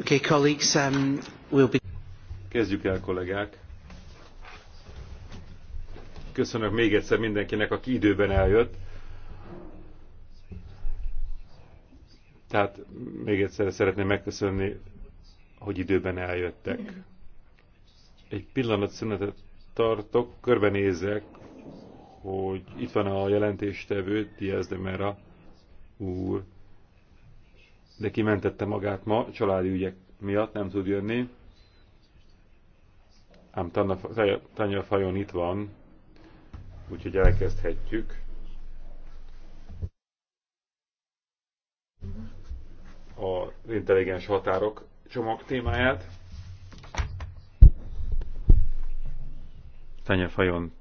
Okay, colleagues, um, we'll be... Kezdjük el, kollégák. Köszönök még egyszer mindenkinek, aki időben eljött. Tehát még egyszer szeretném megköszönni, hogy időben eljöttek. Egy pillanat szünetet tartok, körbenézek, hogy itt van a jelentéstevő, Diaz de Mera úr, de kimentette magát ma, családi ügyek miatt nem tud jönni. Ám Tanya Fajon itt van, úgyhogy elkezdhetjük. a intelligens határok csomag témáját. Tanya Fajon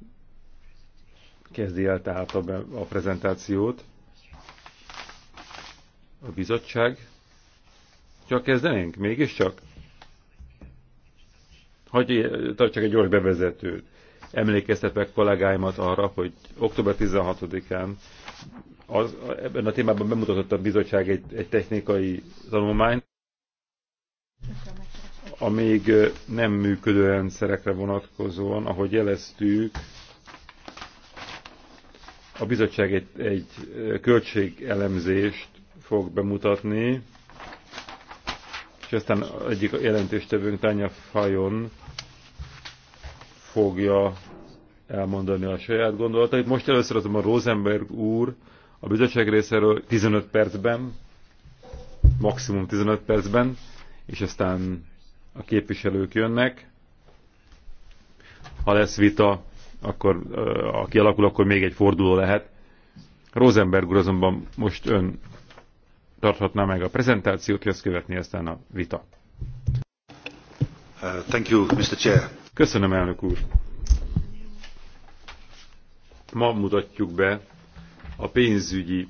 kezdi el tehát a, a prezentációt. A bizottság? Csak kezdenénk? Mégiscsak? Hogy tartsak egy gyors bevezetőt. Emlékeztetek kollégáimat arra, hogy október 16-án az, ebben a témában bemutatott a bizottság egy, egy technikai tanulmányt, a még nem működő rendszerekre vonatkozóan, ahogy jeleztük, a bizottság egy, egy költségelemzést fog bemutatni, és aztán egyik jelentéstevőnk Tanya Fajon fogja elmondani a saját gondolatait. Most először azonban Rosenberg úr a bizottság részéről 15 percben, maximum 15 percben, és aztán a képviselők jönnek. Ha lesz vita, akkor aki alakul, akkor még egy forduló lehet. Rosenberg úr azonban most ön tarthatná meg a prezentációt, ezt követni aztán a vita. Uh, thank you, Mr. Chair. Köszönöm, elnök úr. Ma mutatjuk be a pénzügyi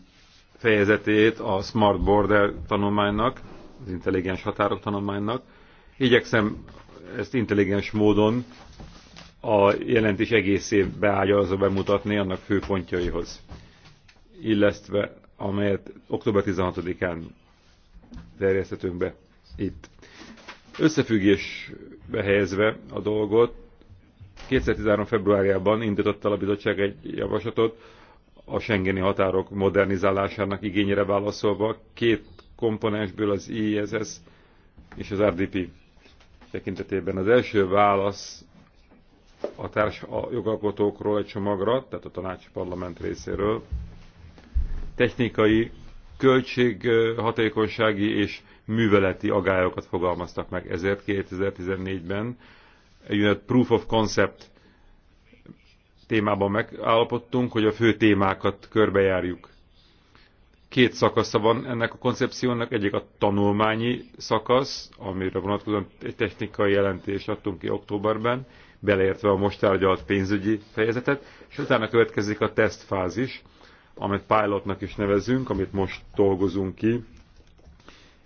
fejezetét a Smart Border tanulmánynak, az intelligens határok tanulmánynak. Igyekszem ezt intelligens módon a jelentés egész évbe bemutatni annak főpontjaihoz, illetve amelyet október 16-án terjesztetünk be itt. Összefüggésbe helyezve a dolgot, 2013. februárjában indította a bizottság egy javaslatot a Schengeni határok modernizálásának igényére válaszolva, két komponensből az IESS és az RDP tekintetében. Az első válasz a társ a jogalkotókról egy csomagra, tehát a tanács parlament részéről, technikai, költséghatékonysági és műveleti agályokat fogalmaztak meg. Ezért 2014-ben egy proof of concept témában megállapodtunk, hogy a fő témákat körbejárjuk. Két szakasza van ennek a koncepciónak, egyik a tanulmányi szakasz, amire vonatkozóan egy technikai jelentést adtunk ki októberben, beleértve a most tárgyalt pénzügyi fejezetet, és utána következik a tesztfázis, amit pilotnak is nevezünk, amit most dolgozunk ki,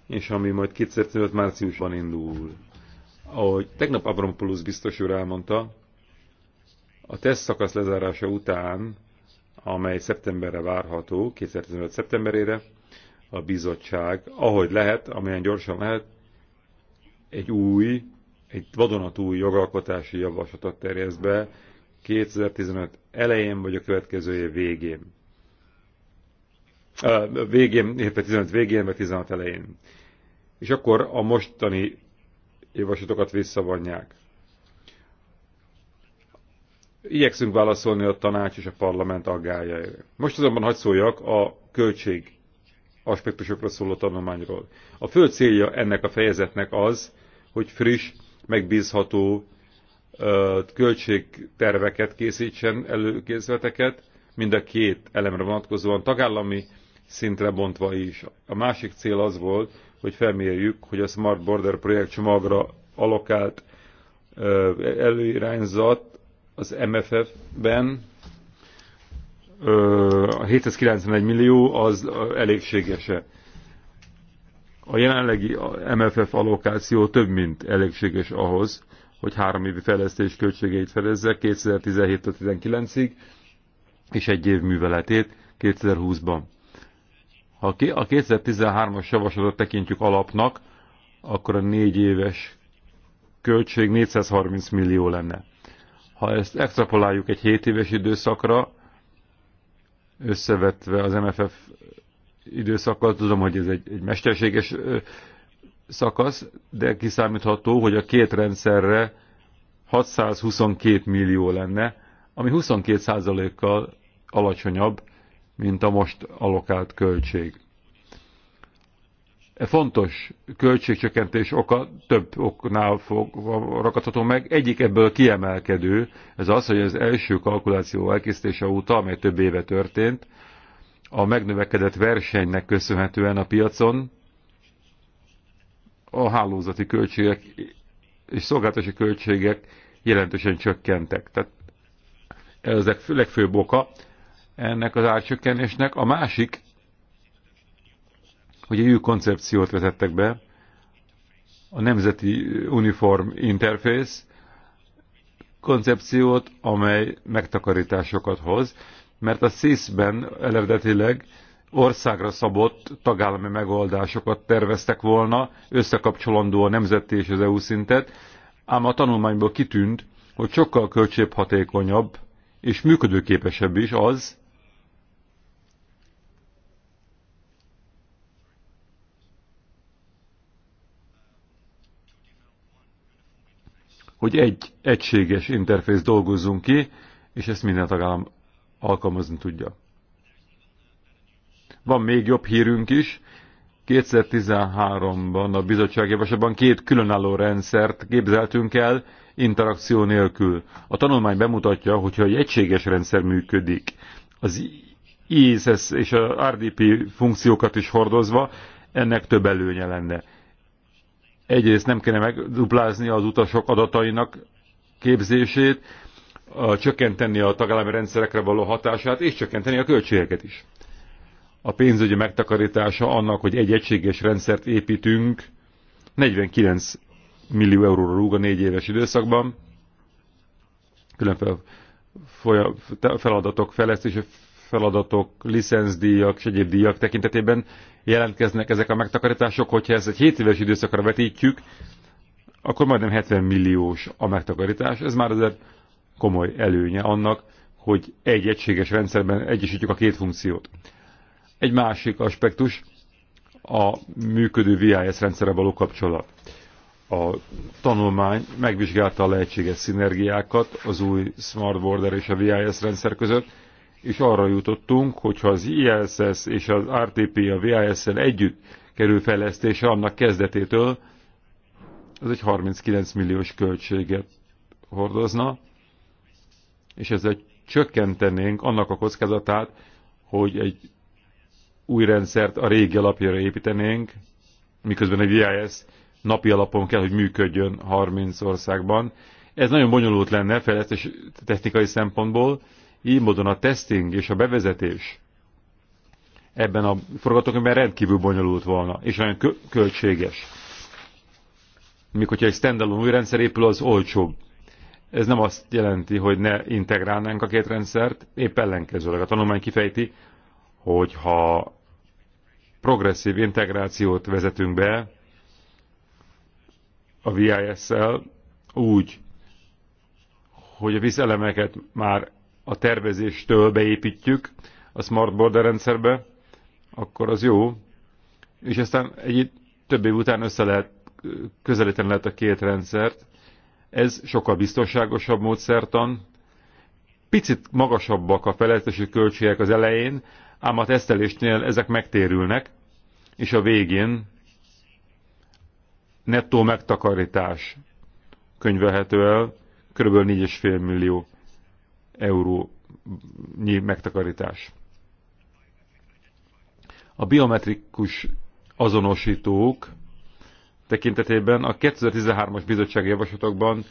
és ami majd 2015 márciusban indul. Ahogy tegnap Avramopoulos biztos úr elmondta, a teszt szakasz lezárása után, amely szeptemberre várható, 2015 szeptemberére, a bizottság, ahogy lehet, amilyen gyorsan lehet, egy új, egy vadonatúj jogalkotási javaslatot terjesz be 2015 elején vagy a következő év végén végén, éppen 15 végén, vagy 16 elején. És akkor a mostani javaslatokat visszavonják. Igyekszünk válaszolni a tanács és a parlament aggájaira. Most azonban hagy szóljak a költség aspektusokra szóló tanulmányról. A fő célja ennek a fejezetnek az, hogy friss, megbízható költségterveket készítsen, előkészleteket, mind a két elemre vonatkozóan tagállami szintre bontva is. A másik cél az volt, hogy felmérjük, hogy a Smart Border projekt csomagra alokált előirányzat az MFF-ben, a 791 millió az elégségese. A jelenlegi MFF allokáció több, mint elégséges ahhoz, hogy három évi fejlesztés költségeit fedezze 2017-19-ig, és egy év műveletét 2020-ban. Ha a 2013-as javaslatot tekintjük alapnak, akkor a négy éves költség 430 millió lenne. Ha ezt extrapoláljuk egy 7 éves időszakra, összevetve az MFF időszakkal, tudom, hogy ez egy, egy mesterséges szakasz, de kiszámítható, hogy a két rendszerre 622 millió lenne, ami 22%-kal alacsonyabb, mint a most alokált költség. E fontos költségcsökkentés oka több oknál fogva rakatható meg. Egyik ebből kiemelkedő, ez az, hogy az első kalkuláció elkészítése óta, amely több éve történt, a megnövekedett versenynek köszönhetően a piacon a hálózati költségek és szolgáltatási költségek jelentősen csökkentek. Tehát ez a legfőbb oka ennek az árcsökkenésnek. A másik, hogy egy új koncepciót vezettek be, a Nemzeti Uniform Interface koncepciót, amely megtakarításokat hoz, mert a CISZ-ben eredetileg országra szabott tagállami megoldásokat terveztek volna, összekapcsolandó a nemzeti és az EU szintet, ám a tanulmányból kitűnt, hogy sokkal költséghatékonyabb és működőképesebb is az, hogy egy egységes interfész dolgozzunk ki, és ezt minden tagállam alkalmazni tudja. Van még jobb hírünk is. 2013-ban a bizottság javaslatban két különálló rendszert képzeltünk el, interakció nélkül. A tanulmány bemutatja, hogyha egy egységes rendszer működik, az ISS és a RDP funkciókat is hordozva, ennek több előnye lenne egyrészt nem kéne megduplázni az utasok adatainak képzését, csökkenteni a tagállami rendszerekre való hatását, és csökkenteni a költségeket is. A pénzügyi megtakarítása annak, hogy egy egységes rendszert építünk, 49 millió euróra rúg a négy éves időszakban, különféle feladatok, fejlesztési feladatok, licenszdíjak és egyéb díjak tekintetében jelentkeznek ezek a megtakarítások, hogyha ezt egy 7 éves időszakra vetítjük, akkor majdnem 70 milliós a megtakarítás. Ez már azért komoly előnye annak, hogy egy egységes rendszerben egyesítjük a két funkciót. Egy másik aspektus a működő VIS rendszerre való kapcsolat. A tanulmány megvizsgálta a lehetséges szinergiákat az új Smart Border és a VIS rendszer között, és arra jutottunk, hogy ha az ISS és az RTP a vas en együtt kerül fejlesztése annak kezdetétől, az egy 39 milliós költséget hordozna, és ezzel csökkentenénk annak a kockázatát, hogy egy új rendszert a régi alapjára építenénk, miközben egy VIS napi alapon kell, hogy működjön 30 országban. Ez nagyon bonyolult lenne fejlesztés technikai szempontból, így módon a testing és a bevezetés ebben a forgatókönyvben rendkívül bonyolult volna, és nagyon költséges. Míg hogyha egy standalone új rendszer épül, az olcsóbb. Ez nem azt jelenti, hogy ne integrálnánk a két rendszert, épp ellenkezőleg. A tanulmány kifejti, hogy ha progresszív integrációt vezetünk be a VIS-szel úgy, hogy a vízelemeket már a tervezéstől beépítjük a Smart Border rendszerbe, akkor az jó, és aztán egy több év után össze lehet, közelíteni lehet a két rendszert. Ez sokkal biztonságosabb módszertan, picit magasabbak a fejlesztési költségek az elején, ám a tesztelésnél ezek megtérülnek, és a végén nettó megtakarítás könyvelhető el, kb. 4,5 millió eurónyi megtakarítás. A biometrikus azonosítók tekintetében a 2013-as bizottsági javaslatokban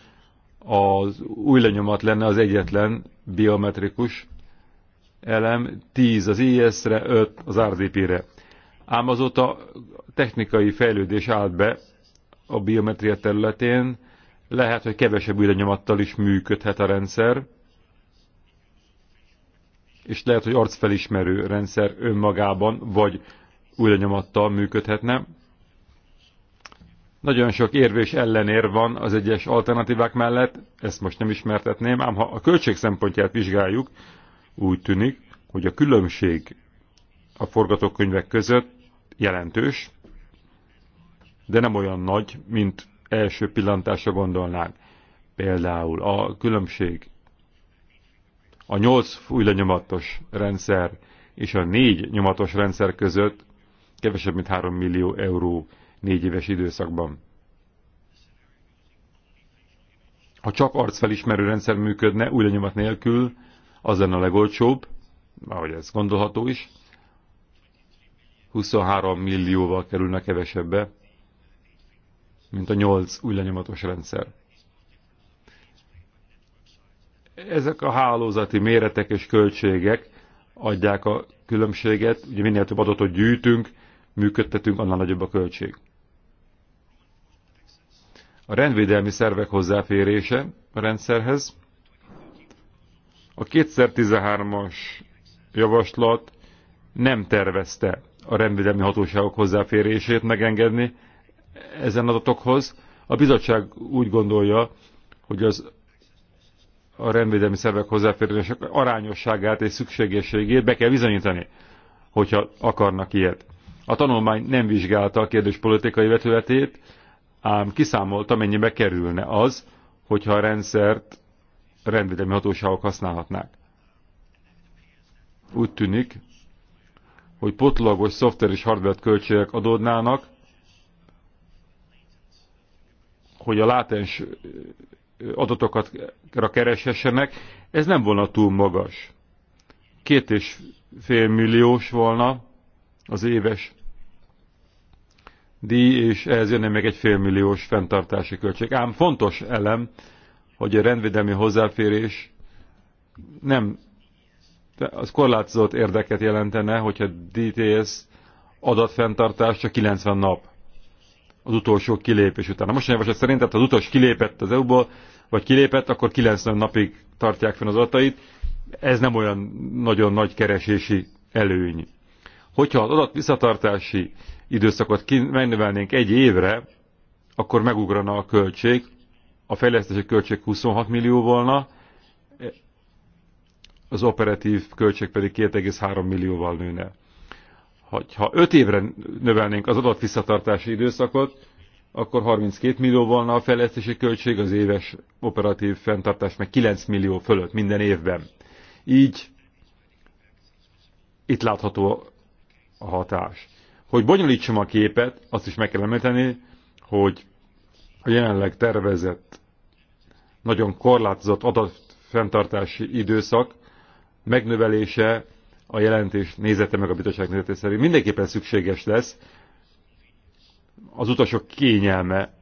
az új lenyomat lenne az egyetlen biometrikus elem, 10 az IS-re, 5 az RDP-re. Ám azóta technikai fejlődés állt be a biometria területén, lehet, hogy kevesebb új lenyomattal is működhet a rendszer, és lehet, hogy arcfelismerő rendszer önmagában, vagy újra nyomattal működhetne. Nagyon sok érvés ellenér van az egyes alternatívák mellett, ezt most nem ismertetném, ám ha a költség szempontját vizsgáljuk, úgy tűnik, hogy a különbség a forgatókönyvek között jelentős, de nem olyan nagy, mint első pillantásra gondolnánk. Például a különbség a nyolc fújlenyomatos rendszer és a négy nyomatos rendszer között kevesebb, mint 3 millió euró négy éves időszakban. Ha csak arcfelismerő rendszer működne, új lenyomat nélkül, az lenne a legolcsóbb, ahogy ez gondolható is, 23 millióval kerülne kevesebbe, mint a 8 új lenyomatos rendszer. Ezek a hálózati méretek és költségek adják a különbséget. Ugye minél több adatot gyűjtünk, működtetünk, annál nagyobb a költség. A rendvédelmi szervek hozzáférése a rendszerhez. A 2013-as javaslat nem tervezte a rendvédelmi hatóságok hozzáférését megengedni ezen adatokhoz. A bizottság úgy gondolja, hogy az a rendvédelmi szervek hozzáférések arányosságát és szükségességét be kell bizonyítani, hogyha akarnak ilyet. A tanulmány nem vizsgálta a kérdés politikai vetületét, ám kiszámolta, mennyibe kerülne az, hogyha a rendszert rendvédelmi hatóságok használhatnák. Úgy tűnik, hogy potlagos szoftver és hardware költségek adódnának, hogy a látens adatokat kereshessenek, ez nem volna túl magas. Két és fél milliós volna az éves díj, és ehhez jönne még egy félmilliós fenntartási költség. Ám fontos elem, hogy a rendvédelmi hozzáférés nem, az korlátozott érdeket jelentene, hogyha DTS adatfenntartás csak 90 nap az utolsó kilépés után. A mostani javaslat szerint, tehát az utolsó kilépett az EU-ból, vagy kilépett, akkor 90 napig tartják fel az adatait. Ez nem olyan nagyon nagy keresési előny. Hogyha az adat visszatartási időszakot megnövelnénk egy évre, akkor megugrana a költség. A fejlesztési költség 26 millió volna, az operatív költség pedig 2,3 millióval nőne hogy ha 5 évre növelnénk az adott visszatartási időszakot, akkor 32 millió volna a fejlesztési költség, az éves operatív fenntartás meg 9 millió fölött minden évben. Így itt látható a hatás. Hogy bonyolítsam a képet, azt is meg kell említeni, hogy a jelenleg tervezett nagyon korlátozott adatfenntartási időszak megnövelése a jelentés nézete meg a bizottság nézete szerint mindenképpen szükséges lesz az utasok kényelme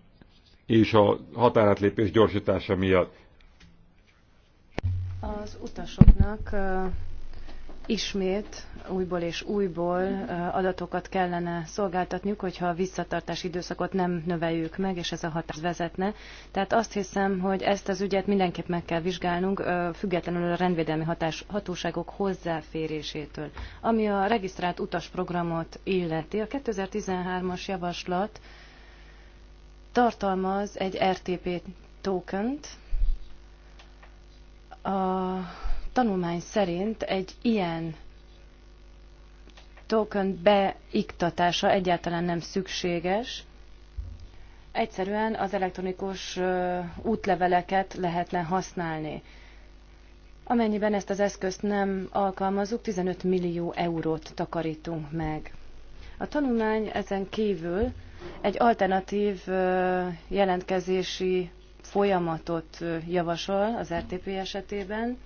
és a határátlépés gyorsítása miatt. Az utasoknak ismét újból és újból adatokat kellene szolgáltatniuk, hogyha a visszatartás időszakot nem növeljük meg, és ez a hatás vezetne. Tehát azt hiszem, hogy ezt az ügyet mindenképp meg kell vizsgálnunk, függetlenül a rendvédelmi hatás, hatóságok hozzáférésétől. Ami a regisztrált utasprogramot illeti, a 2013-as javaslat tartalmaz egy RTP tokent, a tanulmány szerint egy ilyen token beiktatása egyáltalán nem szükséges. Egyszerűen az elektronikus útleveleket lehetne használni. Amennyiben ezt az eszközt nem alkalmazunk, 15 millió eurót takarítunk meg. A tanulmány ezen kívül egy alternatív jelentkezési folyamatot javasol az RTP esetében,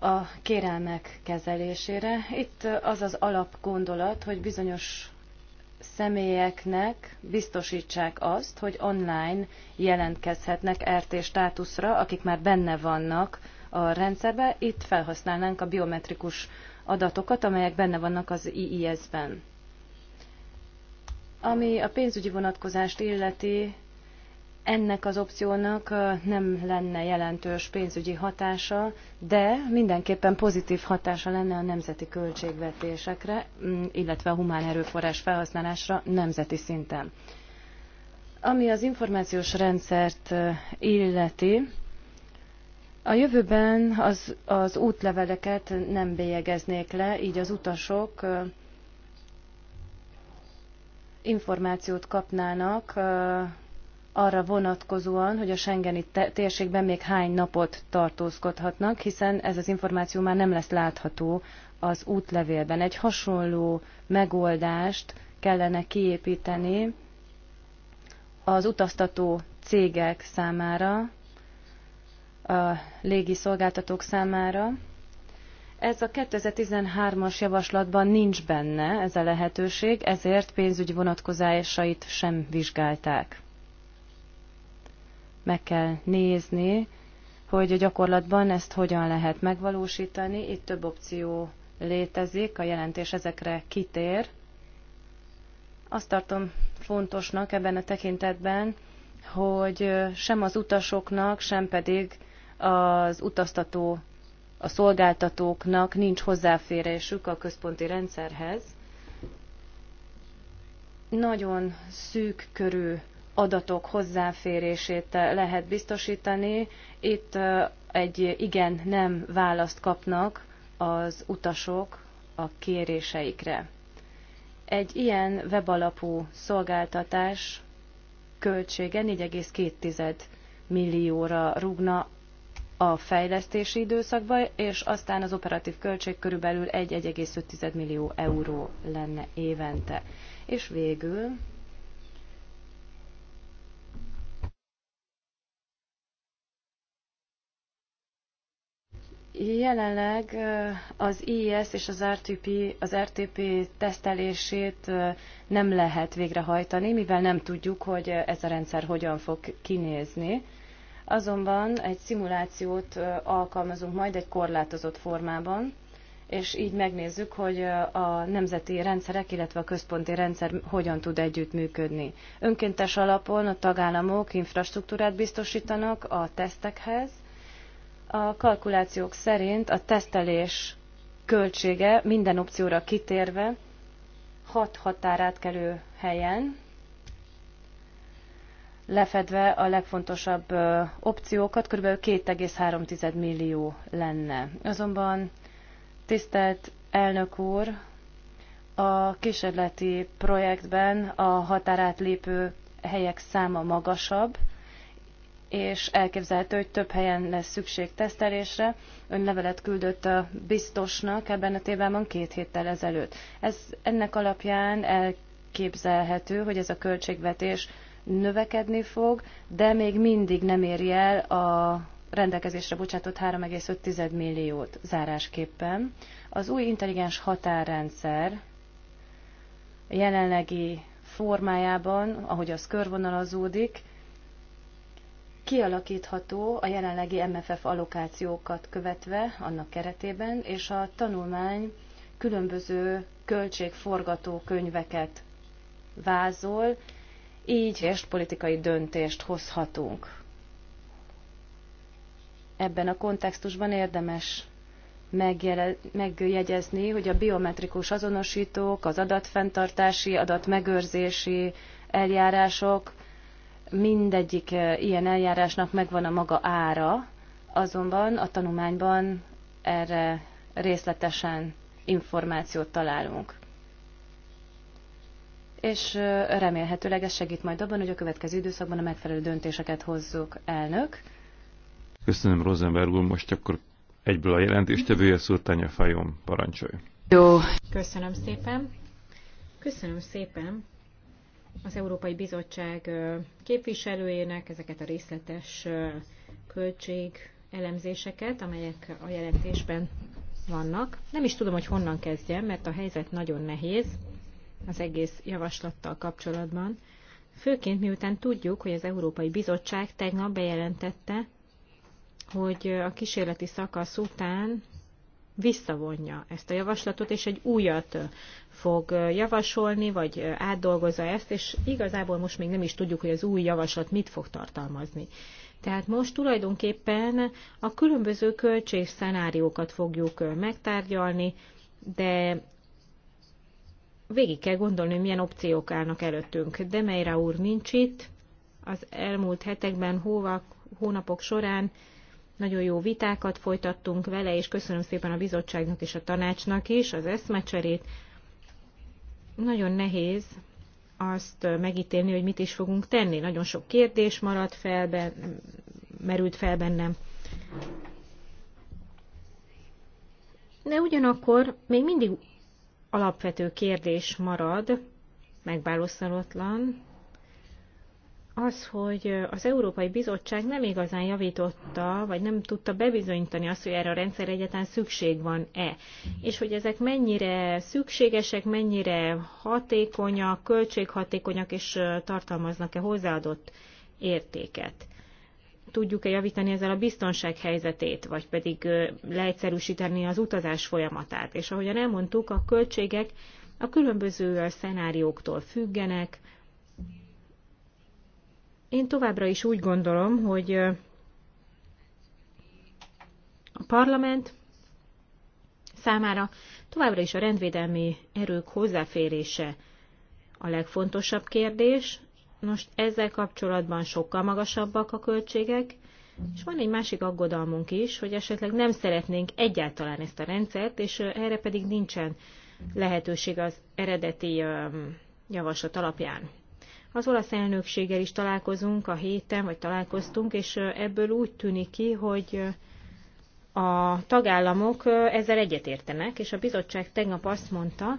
a kérelmek kezelésére. Itt az az alapgondolat, hogy bizonyos személyeknek biztosítsák azt, hogy online jelentkezhetnek RT státuszra, akik már benne vannak a rendszerbe. Itt felhasználnánk a biometrikus adatokat, amelyek benne vannak az IIS-ben. Ami a pénzügyi vonatkozást illeti, ennek az opciónak nem lenne jelentős pénzügyi hatása, de mindenképpen pozitív hatása lenne a nemzeti költségvetésekre, mm, illetve a humán erőforrás felhasználásra nemzeti szinten. Ami az információs rendszert illeti, a jövőben az, az útleveleket nem bélyegeznék le, így az utasok információt kapnának arra vonatkozóan, hogy a Schengeni térségben még hány napot tartózkodhatnak, hiszen ez az információ már nem lesz látható az útlevélben. Egy hasonló megoldást kellene kiépíteni az utaztató cégek számára, a légiszolgáltatók számára. Ez a 2013-as javaslatban nincs benne ez a lehetőség, ezért pénzügyi vonatkozásait sem vizsgálták meg kell nézni, hogy a gyakorlatban ezt hogyan lehet megvalósítani. Itt több opció létezik, a jelentés ezekre kitér. Azt tartom fontosnak ebben a tekintetben, hogy sem az utasoknak, sem pedig az utaztató, a szolgáltatóknak nincs hozzáférésük a központi rendszerhez. Nagyon szűk körű adatok hozzáférését lehet biztosítani. Itt egy igen-nem választ kapnak az utasok a kéréseikre. Egy ilyen webalapú szolgáltatás költsége 4,2 millióra rúgna a fejlesztési időszakba, és aztán az operatív költség körülbelül 1,5 millió euró lenne évente. És végül Jelenleg az IES és az RTP, az RTP tesztelését nem lehet végrehajtani, mivel nem tudjuk, hogy ez a rendszer hogyan fog kinézni. Azonban egy szimulációt alkalmazunk majd egy korlátozott formában, és így megnézzük, hogy a nemzeti rendszerek, illetve a központi rendszer hogyan tud együttműködni. Önkéntes alapon a tagállamok infrastruktúrát biztosítanak a tesztekhez, a kalkulációk szerint a tesztelés költsége minden opcióra kitérve hat határátkelő helyen, lefedve a legfontosabb opciókat, kb. 2,3 millió lenne. Azonban, tisztelt elnök úr, a kísérleti projektben a határátlépő helyek száma magasabb, és elképzelhető, hogy több helyen lesz szükség tesztelésre. Ön levelet küldött a biztosnak ebben a témában két héttel ezelőtt. Ez, ennek alapján elképzelhető, hogy ez a költségvetés növekedni fog, de még mindig nem éri el a rendelkezésre bocsátott 3,5 milliót zárásképpen. Az új intelligens határrendszer jelenlegi formájában, ahogy az körvonalazódik, kialakítható a jelenlegi MFF allokációkat követve annak keretében, és a tanulmány különböző költségforgatókönyveket vázol, így és politikai döntést hozhatunk. Ebben a kontextusban érdemes megjegyezni, hogy a biometrikus azonosítók, az adatfenntartási, adatmegőrzési eljárások Mindegyik eh, ilyen eljárásnak megvan a maga ára, azonban a tanulmányban erre részletesen információt találunk. És eh, remélhetőleg ez segít majd abban, hogy a következő időszakban a megfelelő döntéseket hozzuk elnök. Köszönöm, Rosenberg úr, most akkor egyből a jelentéstevője Szultánya Fajom, parancsolj. Jó. Köszönöm szépen. Köszönöm szépen az Európai Bizottság képviselőjének ezeket a részletes költség elemzéseket, amelyek a jelentésben vannak. Nem is tudom, hogy honnan kezdjem, mert a helyzet nagyon nehéz az egész javaslattal kapcsolatban. Főként miután tudjuk, hogy az Európai Bizottság tegnap bejelentette, hogy a kísérleti szakasz után visszavonja ezt a javaslatot, és egy újat fog javasolni, vagy átdolgozza ezt, és igazából most még nem is tudjuk, hogy az új javaslat mit fog tartalmazni. Tehát most tulajdonképpen a különböző költségszenáriókat fogjuk megtárgyalni, de végig kell gondolni, hogy milyen opciók állnak előttünk. De Meira úr nincs itt, az elmúlt hetekben, hóvak, hónapok során nagyon jó vitákat folytattunk vele, és köszönöm szépen a bizottságnak és a tanácsnak is az eszmecserét. Nagyon nehéz azt megítélni, hogy mit is fogunk tenni. Nagyon sok kérdés maradt fel, ben, merült fel bennem. De ugyanakkor még mindig alapvető kérdés marad, megválaszolatlan, az, hogy az Európai Bizottság nem igazán javította, vagy nem tudta bebizonyítani azt, hogy erre a rendszer egyetlen szükség van-e. És hogy ezek mennyire szükségesek, mennyire hatékonyak, költséghatékonyak, és tartalmaznak-e hozzáadott értéket. Tudjuk-e javítani ezzel a biztonság helyzetét, vagy pedig leegyszerűsíteni az utazás folyamatát. És ahogyan elmondtuk, a költségek a különböző szenárióktól függenek, én továbbra is úgy gondolom, hogy a parlament számára továbbra is a rendvédelmi erők hozzáférése a legfontosabb kérdés. Most ezzel kapcsolatban sokkal magasabbak a költségek, és van egy másik aggodalmunk is, hogy esetleg nem szeretnénk egyáltalán ezt a rendszert, és erre pedig nincsen lehetőség az eredeti javaslat alapján. Az olasz elnökséggel is találkozunk a héten, vagy találkoztunk, és ebből úgy tűnik ki, hogy a tagállamok ezzel egyetértenek, és a bizottság tegnap azt mondta,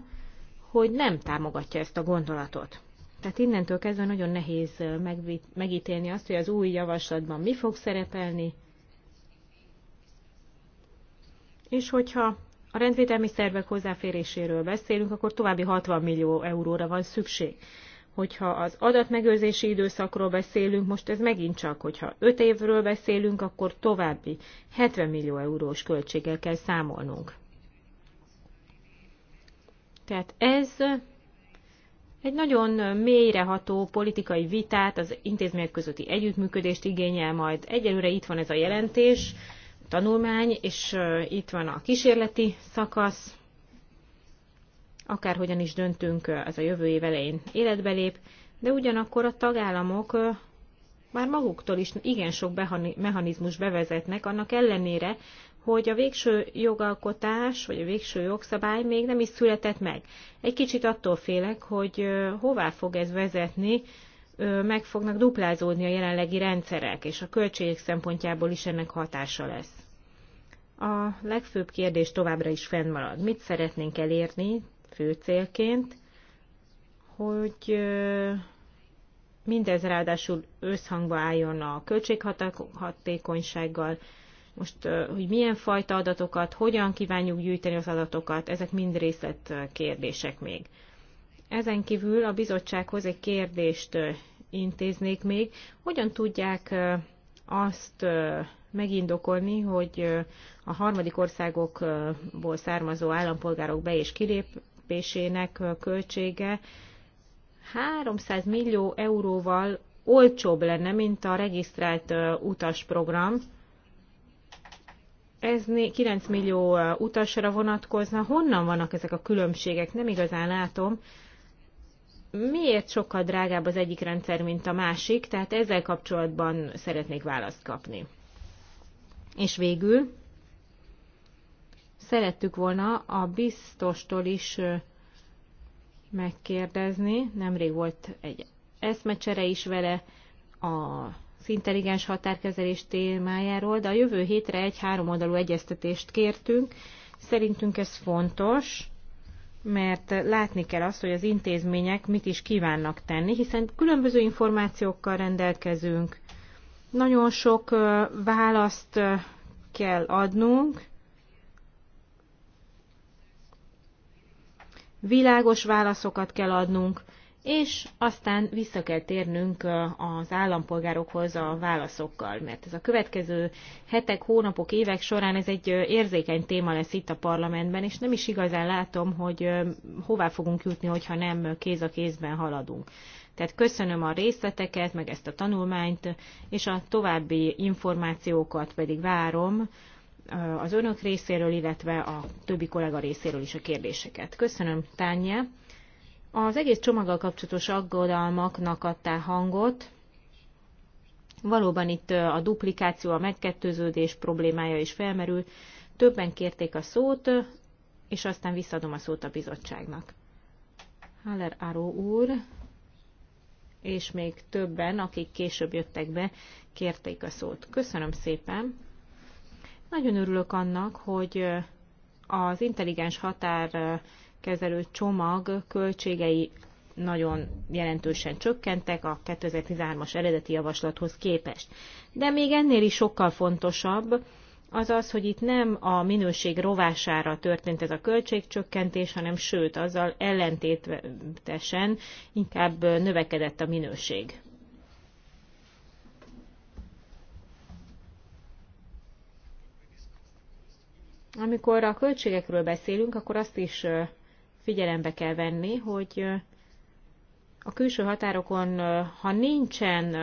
hogy nem támogatja ezt a gondolatot. Tehát innentől kezdve nagyon nehéz megítélni azt, hogy az új javaslatban mi fog szerepelni, és hogyha a rendvédelmi szervek hozzáféréséről beszélünk, akkor további 60 millió euróra van szükség hogyha az adatmegőrzési időszakról beszélünk, most ez megint csak, hogyha 5 évről beszélünk, akkor további 70 millió eurós költséggel kell számolnunk. Tehát ez egy nagyon mélyreható politikai vitát, az intézmények közötti együttműködést igényel majd. Egyelőre itt van ez a jelentés, a tanulmány, és itt van a kísérleti szakasz akárhogyan is döntünk, ez a jövő év elején életbe lép, de ugyanakkor a tagállamok már maguktól is igen sok mechanizmus bevezetnek, annak ellenére, hogy a végső jogalkotás, vagy a végső jogszabály még nem is született meg. Egy kicsit attól félek, hogy hová fog ez vezetni, meg fognak duplázódni a jelenlegi rendszerek, és a költségek szempontjából is ennek hatása lesz. A legfőbb kérdés továbbra is fennmarad. Mit szeretnénk elérni fő célként, hogy mindez ráadásul összhangba álljon a költséghatékonysággal, most, hogy milyen fajta adatokat, hogyan kívánjuk gyűjteni az adatokat, ezek mind részlet kérdések még. Ezen kívül a bizottsághoz egy kérdést intéznék még, hogyan tudják azt megindokolni, hogy a harmadik országokból származó állampolgárok be és kilép, fellépésének költsége 300 millió euróval olcsóbb lenne, mint a regisztrált utasprogram. Ez 9 millió utasra vonatkozna. Honnan vannak ezek a különbségek? Nem igazán látom. Miért sokkal drágább az egyik rendszer, mint a másik? Tehát ezzel kapcsolatban szeretnék választ kapni. És végül szerettük volna a biztostól is megkérdezni, nemrég volt egy eszmecsere is vele a intelligens határkezelés témájáról, de a jövő hétre egy háromoldalú egyeztetést kértünk. Szerintünk ez fontos, mert látni kell azt, hogy az intézmények mit is kívánnak tenni, hiszen különböző információkkal rendelkezünk, nagyon sok választ kell adnunk, világos válaszokat kell adnunk, és aztán vissza kell térnünk az állampolgárokhoz a válaszokkal, mert ez a következő hetek, hónapok, évek során ez egy érzékeny téma lesz itt a parlamentben, és nem is igazán látom, hogy hová fogunk jutni, hogyha nem kéz a kézben haladunk. Tehát köszönöm a részleteket, meg ezt a tanulmányt, és a további információkat pedig várom az önök részéről, illetve a többi kollega részéről is a kérdéseket. Köszönöm, Tánje. Az egész csomaggal kapcsolatos aggodalmaknak adtál hangot. Valóban itt a duplikáció, a megkettőződés problémája is felmerül. Többen kérték a szót, és aztán visszadom a szót a bizottságnak. Haller Aró úr, és még többen, akik később jöttek be, kérték a szót. Köszönöm szépen! Nagyon örülök annak, hogy az intelligens határkezelő csomag költségei nagyon jelentősen csökkentek a 2013-as eredeti javaslathoz képest. De még ennél is sokkal fontosabb az az, hogy itt nem a minőség rovására történt ez a költségcsökkentés, hanem sőt, azzal ellentétesen inkább növekedett a minőség. Amikor a költségekről beszélünk, akkor azt is figyelembe kell venni, hogy a külső határokon, ha nincsen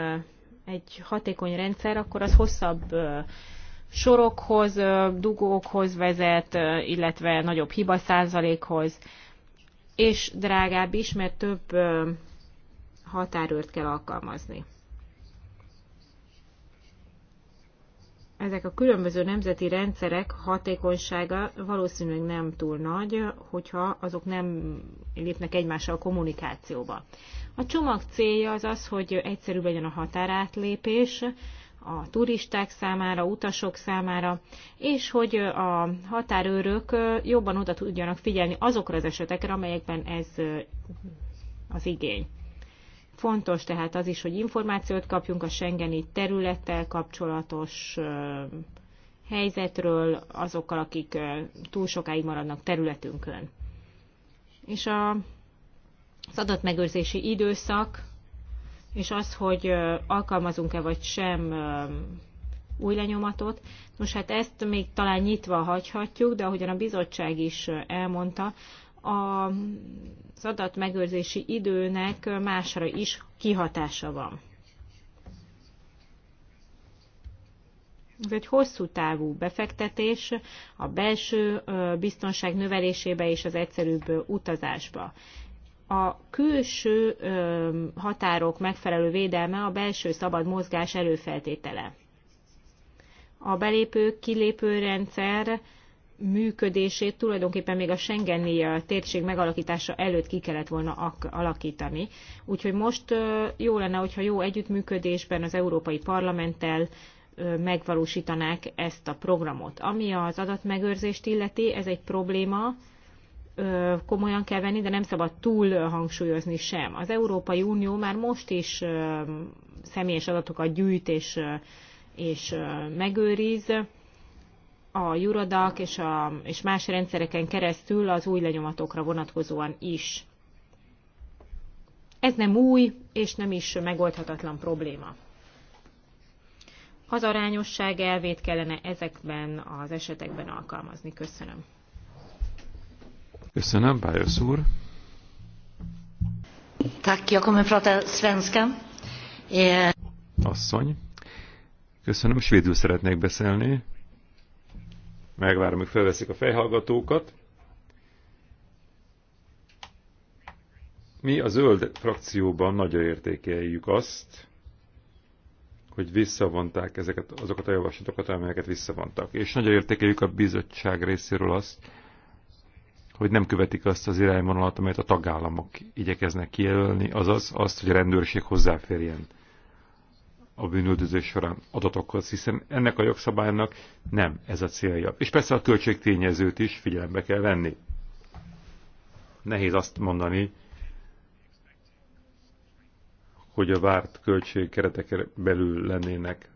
egy hatékony rendszer, akkor az hosszabb sorokhoz, dugókhoz vezet, illetve nagyobb hiba százalékhoz, és drágább is, mert több határőrt kell alkalmazni. ezek a különböző nemzeti rendszerek hatékonysága valószínűleg nem túl nagy, hogyha azok nem lépnek egymással a kommunikációba. A csomag célja az az, hogy egyszerűbb legyen a határátlépés a turisták számára, utasok számára, és hogy a határőrök jobban oda tudjanak figyelni azokra az esetekre, amelyekben ez az igény. Fontos tehát az is, hogy információt kapjunk a Schengeni területtel kapcsolatos helyzetről, azokkal, akik túl sokáig maradnak területünkön. És a, az adatmegőrzési időszak, és az, hogy alkalmazunk-e vagy sem új lenyomatot. Nos, hát ezt még talán nyitva hagyhatjuk, de ahogyan a bizottság is elmondta, a az adatmegőrzési időnek másra is kihatása van. Ez egy hosszú távú befektetés a belső biztonság növelésébe és az egyszerűbb utazásba. A külső határok megfelelő védelme a belső szabad mozgás előfeltétele. A belépő-kilépő rendszer működését tulajdonképpen még a Schengeni térség megalakítása előtt ki kellett volna alakítani. Úgyhogy most jó lenne, hogyha jó együttműködésben az Európai Parlamenttel megvalósítanák ezt a programot. Ami az adatmegőrzést illeti, ez egy probléma, komolyan kell venni, de nem szabad túl hangsúlyozni sem. Az Európai Unió már most is személyes adatokat gyűjt és, és megőriz, a juradak és, a, és más rendszereken keresztül az új lenyomatokra vonatkozóan is. Ez nem új, és nem is megoldhatatlan probléma. Az arányosság elvét kellene ezekben az esetekben alkalmazni. Köszönöm. Köszönöm, Bájosz úr. Tack, jag kommer prata svenska. Eh, Asszony, köszönöm, svédül szeretnék beszélni. Megvárom, hogy felveszik a fejhallgatókat. Mi a zöld frakcióban nagyon értékeljük azt, hogy visszavonták ezeket, azokat a javaslatokat, amelyeket visszavontak. És nagyon értékeljük a bizottság részéről azt, hogy nem követik azt az irányvonalat, amelyet a tagállamok igyekeznek kijelölni, azaz azt, hogy a rendőrség hozzáférjen a bűnöldözés során adatokhoz, hiszen ennek a jogszabálynak nem ez a célja. És persze a költségtényezőt is figyelembe kell venni. Nehéz azt mondani, hogy a várt költség keretek belül lennének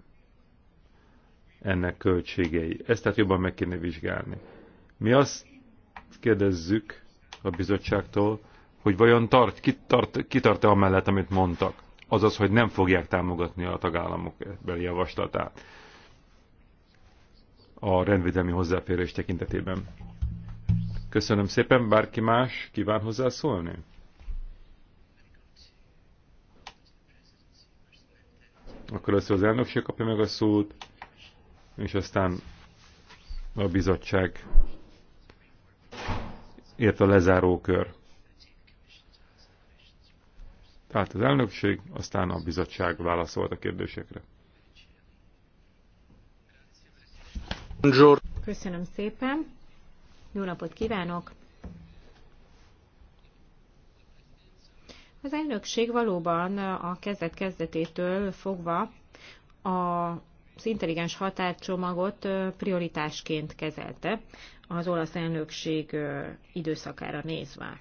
ennek költségei. Ezt tehát jobban meg kéne vizsgálni. Mi azt kérdezzük a bizottságtól, hogy vajon tart, kitart, kitart-e amellett, amit mondtak azaz, hogy nem fogják támogatni a tagállamok beli javaslatát a rendvédelmi hozzáférés tekintetében. Köszönöm szépen, bárki más kíván hozzászólni? Akkor először az elnökség kapja meg a szót, és aztán a bizottság, illetve a lezáró kör. Tehát az elnökség, aztán a bizottság válaszolt a kérdésekre. Köszönöm szépen. Jó napot kívánok! Az elnökség valóban a kezdet kezdetétől fogva az intelligens határcsomagot prioritásként kezelte az olasz elnökség időszakára nézve.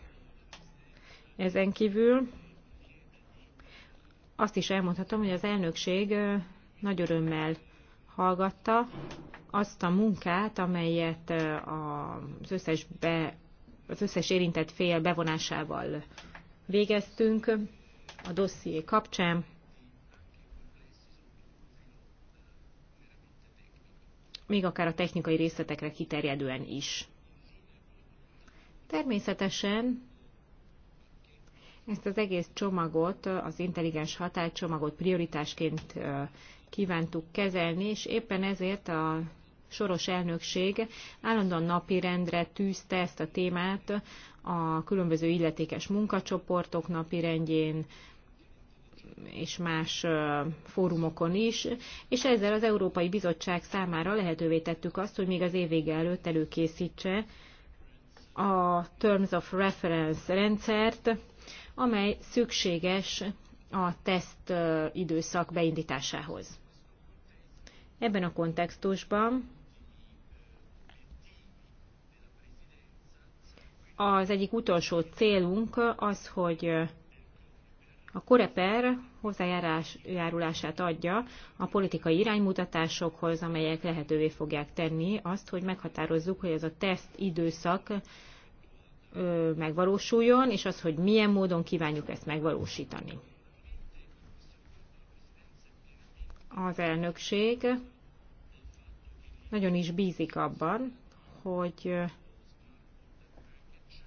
Ezen kívül azt is elmondhatom, hogy az elnökség nagy örömmel hallgatta azt a munkát, amelyet az összes, be, az összes érintett fél bevonásával végeztünk a dosszié kapcsán. még akár a technikai részletekre kiterjedően is. Természetesen ezt az egész csomagot, az intelligens határcsomagot prioritásként kívántuk kezelni, és éppen ezért a soros elnökség állandóan napi rendre tűzte ezt a témát a különböző illetékes munkacsoportok napi rendjén, és más fórumokon is, és ezzel az Európai Bizottság számára lehetővé tettük azt, hogy még az évvége előtt előkészítse a Terms of Reference rendszert, amely szükséges a teszt időszak beindításához. Ebben a kontextusban az egyik utolsó célunk az, hogy a Koreper hozzájárulását adja a politikai iránymutatásokhoz, amelyek lehetővé fogják tenni azt, hogy meghatározzuk, hogy ez a teszt időszak megvalósuljon, és az, hogy milyen módon kívánjuk ezt megvalósítani. Az elnökség nagyon is bízik abban, hogy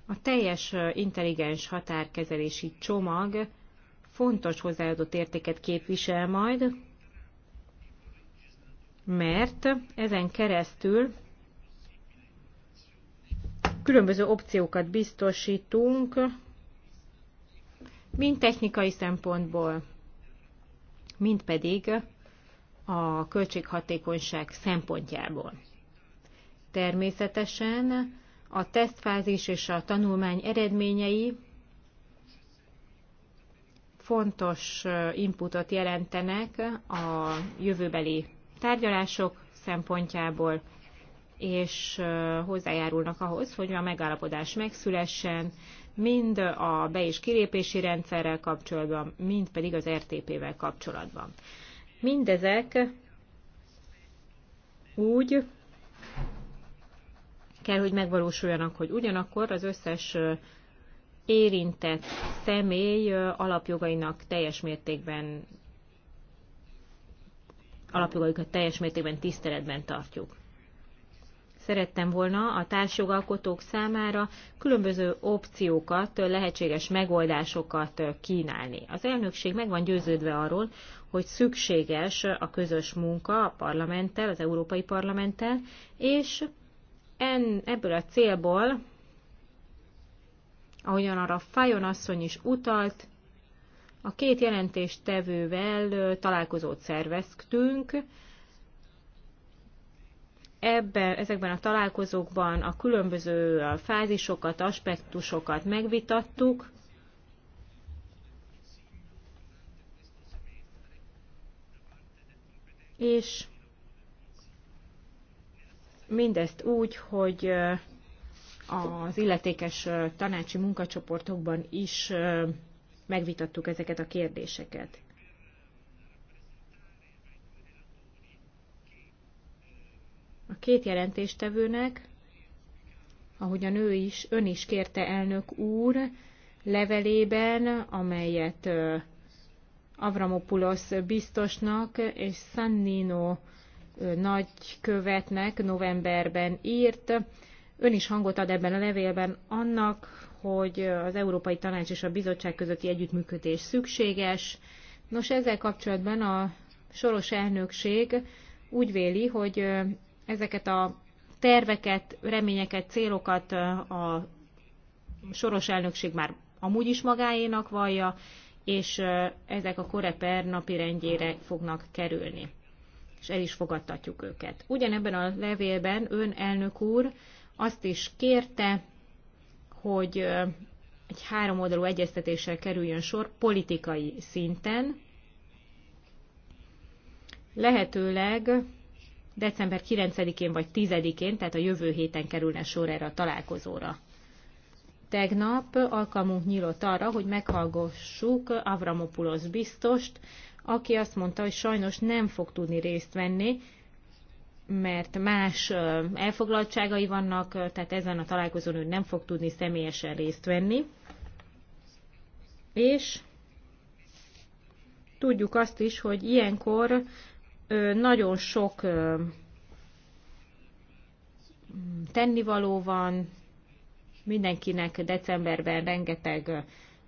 a teljes intelligens határkezelési csomag fontos hozzáadott értéket képvisel majd, mert ezen keresztül különböző opciókat biztosítunk, mind technikai szempontból, mind pedig a költséghatékonyság szempontjából. Természetesen a tesztfázis és a tanulmány eredményei fontos uh, inputot jelentenek a jövőbeli tárgyalások szempontjából, és hozzájárulnak ahhoz, hogy a megállapodás megszülessen, mind a be- és kilépési rendszerrel kapcsolatban, mind pedig az RTP-vel kapcsolatban. Mindezek úgy kell, hogy megvalósuljanak, hogy ugyanakkor az összes érintett személy alapjogainak teljes mértékben alapjogaikat teljes mértékben tiszteletben tartjuk. Szerettem volna a társjogalkotók számára különböző opciókat, lehetséges megoldásokat kínálni. Az elnökség meg van győződve arról, hogy szükséges a közös munka a parlamenttel, az Európai Parlamenttel, és en, ebből a célból, ahogyan arra Fajon asszony is utalt, a két jelentéstevővel találkozót szerveztünk, ebben, ezekben a találkozókban a különböző fázisokat, aspektusokat megvitattuk, és mindezt úgy, hogy az illetékes tanácsi munkacsoportokban is megvitattuk ezeket a kérdéseket. a két jelentéstevőnek, a ő is, ön is kérte elnök úr levelében, amelyet Avramopoulos biztosnak és Sannino nagykövetnek novemberben írt. Ön is hangot ad ebben a levélben annak, hogy az Európai Tanács és a Bizottság közötti együttműködés szükséges. Nos, ezzel kapcsolatban a soros elnökség úgy véli, hogy ezeket a terveket, reményeket, célokat a soros elnökség már amúgy is magáénak vallja, és ezek a koreper napi rendjére fognak kerülni és el is fogadtatjuk őket. Ugyanebben a levélben ön elnök úr azt is kérte, hogy egy oldalú egyeztetéssel kerüljön sor politikai szinten, lehetőleg december 9-én vagy 10-én, tehát a jövő héten kerülne sor erre a találkozóra. Tegnap alkalmunk nyílt arra, hogy meghallgassuk Avramopulos biztost, aki azt mondta, hogy sajnos nem fog tudni részt venni, mert más elfoglaltságai vannak, tehát ezen a találkozón ő nem fog tudni személyesen részt venni. És tudjuk azt is, hogy ilyenkor nagyon sok tennivaló van, mindenkinek decemberben rengeteg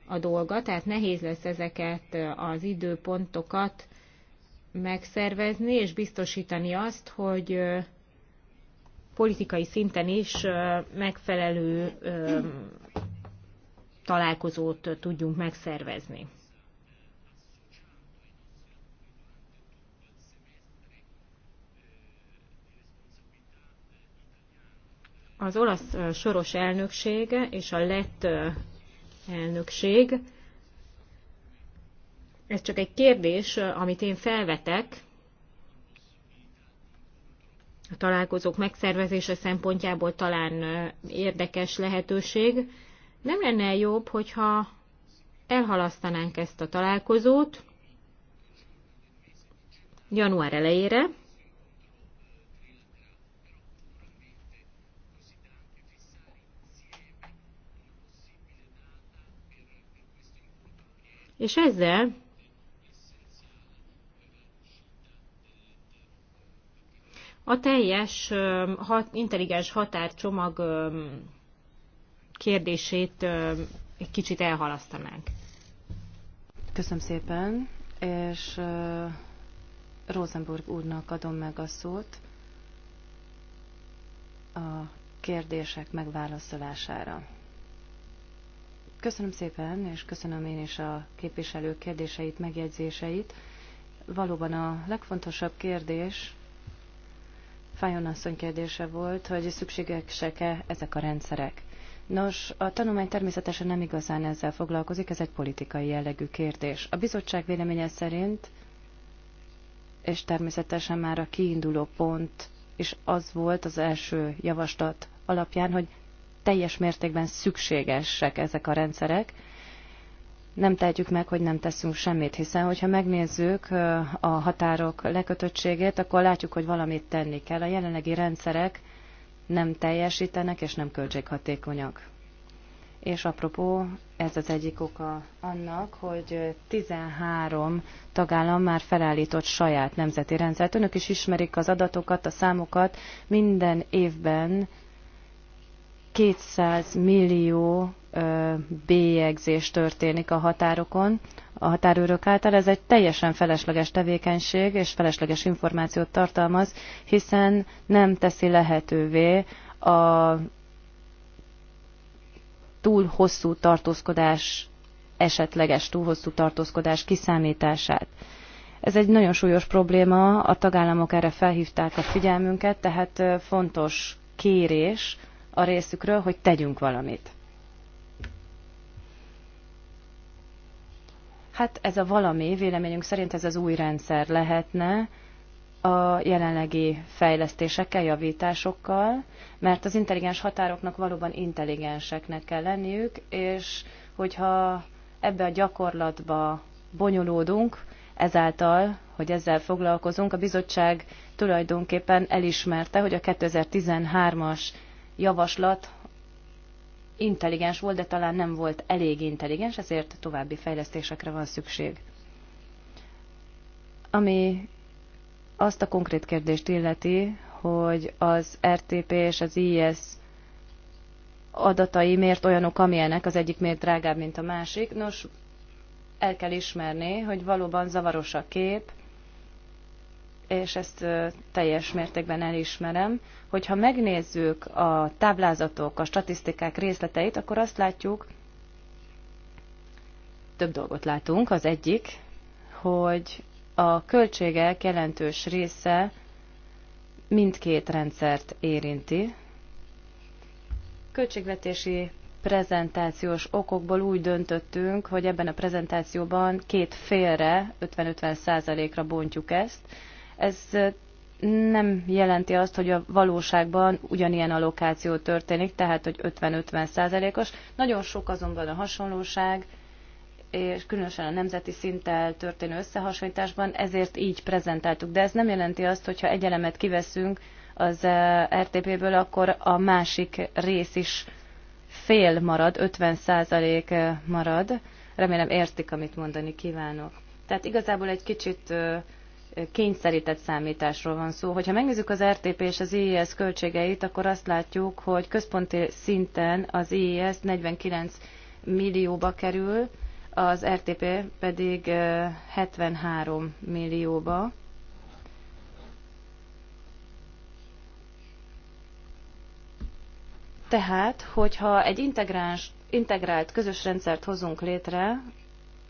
a dolga, tehát nehéz lesz ezeket az időpontokat megszervezni, és biztosítani azt, hogy politikai szinten is megfelelő találkozót tudjunk megszervezni. az olasz soros elnökség és a lett elnökség, ez csak egy kérdés, amit én felvetek a találkozók megszervezése szempontjából talán érdekes lehetőség. Nem lenne jobb, hogyha elhalasztanánk ezt a találkozót január elejére, És ezzel a teljes hat, intelligens határcsomag kérdését egy kicsit elhalasztanánk. Köszönöm szépen, és Rosenburg úrnak adom meg a szót a kérdések megválaszolására. Köszönöm szépen, és köszönöm én is a képviselő kérdéseit, megjegyzéseit. Valóban a legfontosabb kérdés Fájon asszony kérdése volt, hogy szükségesek-e ezek a rendszerek. Nos, a tanulmány természetesen nem igazán ezzel foglalkozik, ez egy politikai jellegű kérdés. A bizottság véleménye szerint, és természetesen már a kiinduló pont és az volt az első javaslat alapján, hogy teljes mértékben szükségesek ezek a rendszerek. Nem tehetjük meg, hogy nem teszünk semmit, hiszen hogyha megnézzük a határok lekötöttségét, akkor látjuk, hogy valamit tenni kell. A jelenlegi rendszerek nem teljesítenek és nem költséghatékonyak. És apropó, ez az egyik oka annak, hogy 13 tagállam már felállított saját nemzeti rendszert. Önök is ismerik az adatokat, a számokat. Minden évben 200 millió bélyegzés történik a határokon, a határőrök által. Ez egy teljesen felesleges tevékenység és felesleges információt tartalmaz, hiszen nem teszi lehetővé a túl hosszú tartózkodás, esetleges túl hosszú tartózkodás kiszámítását. Ez egy nagyon súlyos probléma, a tagállamok erre felhívták a figyelmünket, tehát fontos kérés, a részükről, hogy tegyünk valamit. Hát ez a valami, véleményünk szerint ez az új rendszer lehetne a jelenlegi fejlesztésekkel, javításokkal, mert az intelligens határoknak valóban intelligenseknek kell lenniük, és hogyha ebbe a gyakorlatba bonyolódunk, ezáltal, hogy ezzel foglalkozunk, a bizottság tulajdonképpen elismerte, hogy a 2013-as javaslat intelligens volt, de talán nem volt elég intelligens, ezért további fejlesztésekre van szükség. Ami azt a konkrét kérdést illeti, hogy az RTP és az IS adatai miért olyanok, amilyenek, az egyik miért drágább, mint a másik. Nos, el kell ismerni, hogy valóban zavaros a kép, és ezt teljes mértékben elismerem, hogyha megnézzük a táblázatok, a statisztikák részleteit, akkor azt látjuk, több dolgot látunk. Az egyik, hogy a költségek jelentős része mindkét rendszert érinti. Költségvetési prezentációs okokból úgy döntöttünk, hogy ebben a prezentációban két félre, 50-50 százalékra -50 bontjuk ezt, ez nem jelenti azt, hogy a valóságban ugyanilyen allokáció történik, tehát hogy 50-50 százalékos. -50 Nagyon sok azonban a hasonlóság, és különösen a nemzeti szinttel történő összehasonlításban, ezért így prezentáltuk. De ez nem jelenti azt, hogyha egy elemet kiveszünk az RTP-ből, akkor a másik rész is fél marad, 50 százalék marad. Remélem értik, amit mondani kívánok. Tehát igazából egy kicsit kényszerített számításról van szó. Hogyha megnézzük az RTP és az IES költségeit, akkor azt látjuk, hogy központi szinten az IES 49 millióba kerül, az RTP pedig 73 millióba. Tehát, hogyha egy integráns, integrált közös rendszert hozunk létre,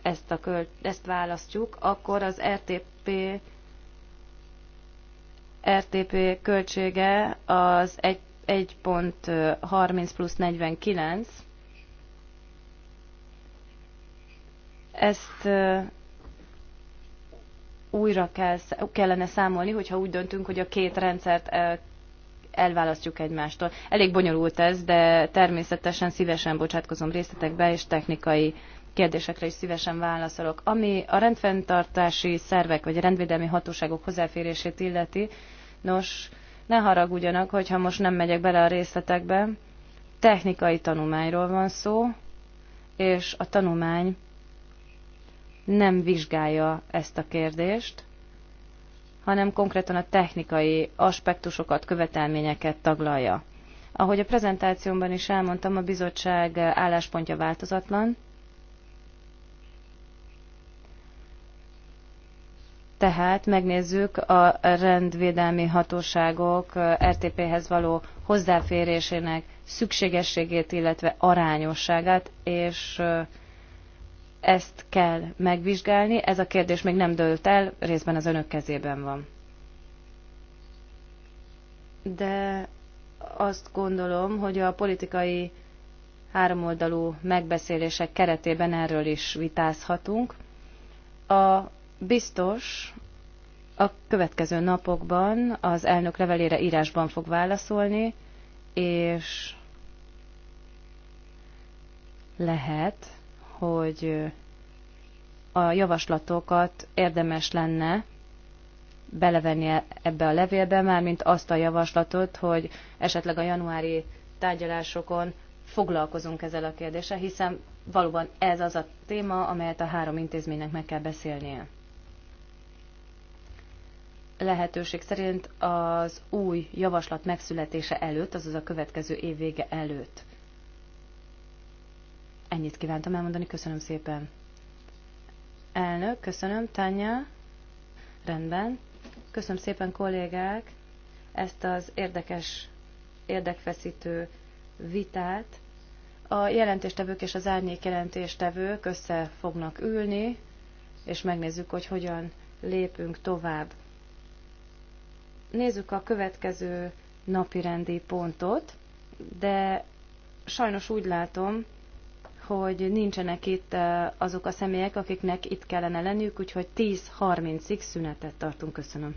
ezt, a költ, ezt választjuk, akkor az RTP RTP költsége az 1.30 plusz 49. Ezt újra kell, kellene számolni, hogyha úgy döntünk, hogy a két rendszert elválasztjuk egymástól. Elég bonyolult ez, de természetesen szívesen bocsátkozom részletekbe, és technikai kérdésekre is szívesen válaszolok. Ami a rendfenntartási szervek vagy a rendvédelmi hatóságok hozzáférését illeti, Nos, ne haragudjanak, hogyha most nem megyek bele a részletekbe. Technikai tanulmányról van szó, és a tanulmány nem vizsgálja ezt a kérdést, hanem konkrétan a technikai aspektusokat, követelményeket taglalja. Ahogy a prezentációmban is elmondtam, a bizottság álláspontja változatlan, Tehát megnézzük a rendvédelmi hatóságok RTP-hez való hozzáférésének szükségességét, illetve arányosságát, és ezt kell megvizsgálni. Ez a kérdés még nem dőlt el, részben az önök kezében van. De azt gondolom, hogy a politikai háromoldalú megbeszélések keretében erről is vitázhatunk. A biztos a következő napokban az elnök levelére írásban fog válaszolni, és lehet, hogy a javaslatokat érdemes lenne belevenni ebbe a levélbe, mármint azt a javaslatot, hogy esetleg a januári tárgyalásokon foglalkozunk ezzel a kérdéssel, hiszen valóban ez az a téma, amelyet a három intézménynek meg kell beszélnie lehetőség szerint az új javaslat megszületése előtt, azaz a következő év vége előtt. Ennyit kívántam elmondani, köszönöm szépen. Elnök, köszönöm, Tanya. Rendben. Köszönöm szépen, kollégák, ezt az érdekes, érdekfeszítő vitát. A jelentéstevők és az árnyék jelentéstevők össze fognak ülni, és megnézzük, hogy hogyan lépünk tovább. Nézzük a következő napirendi pontot, de sajnos úgy látom, hogy nincsenek itt eh, azok a személyek, akiknek itt kellene lenniük, úgyhogy 10.30-ig szünetet tartunk. Köszönöm.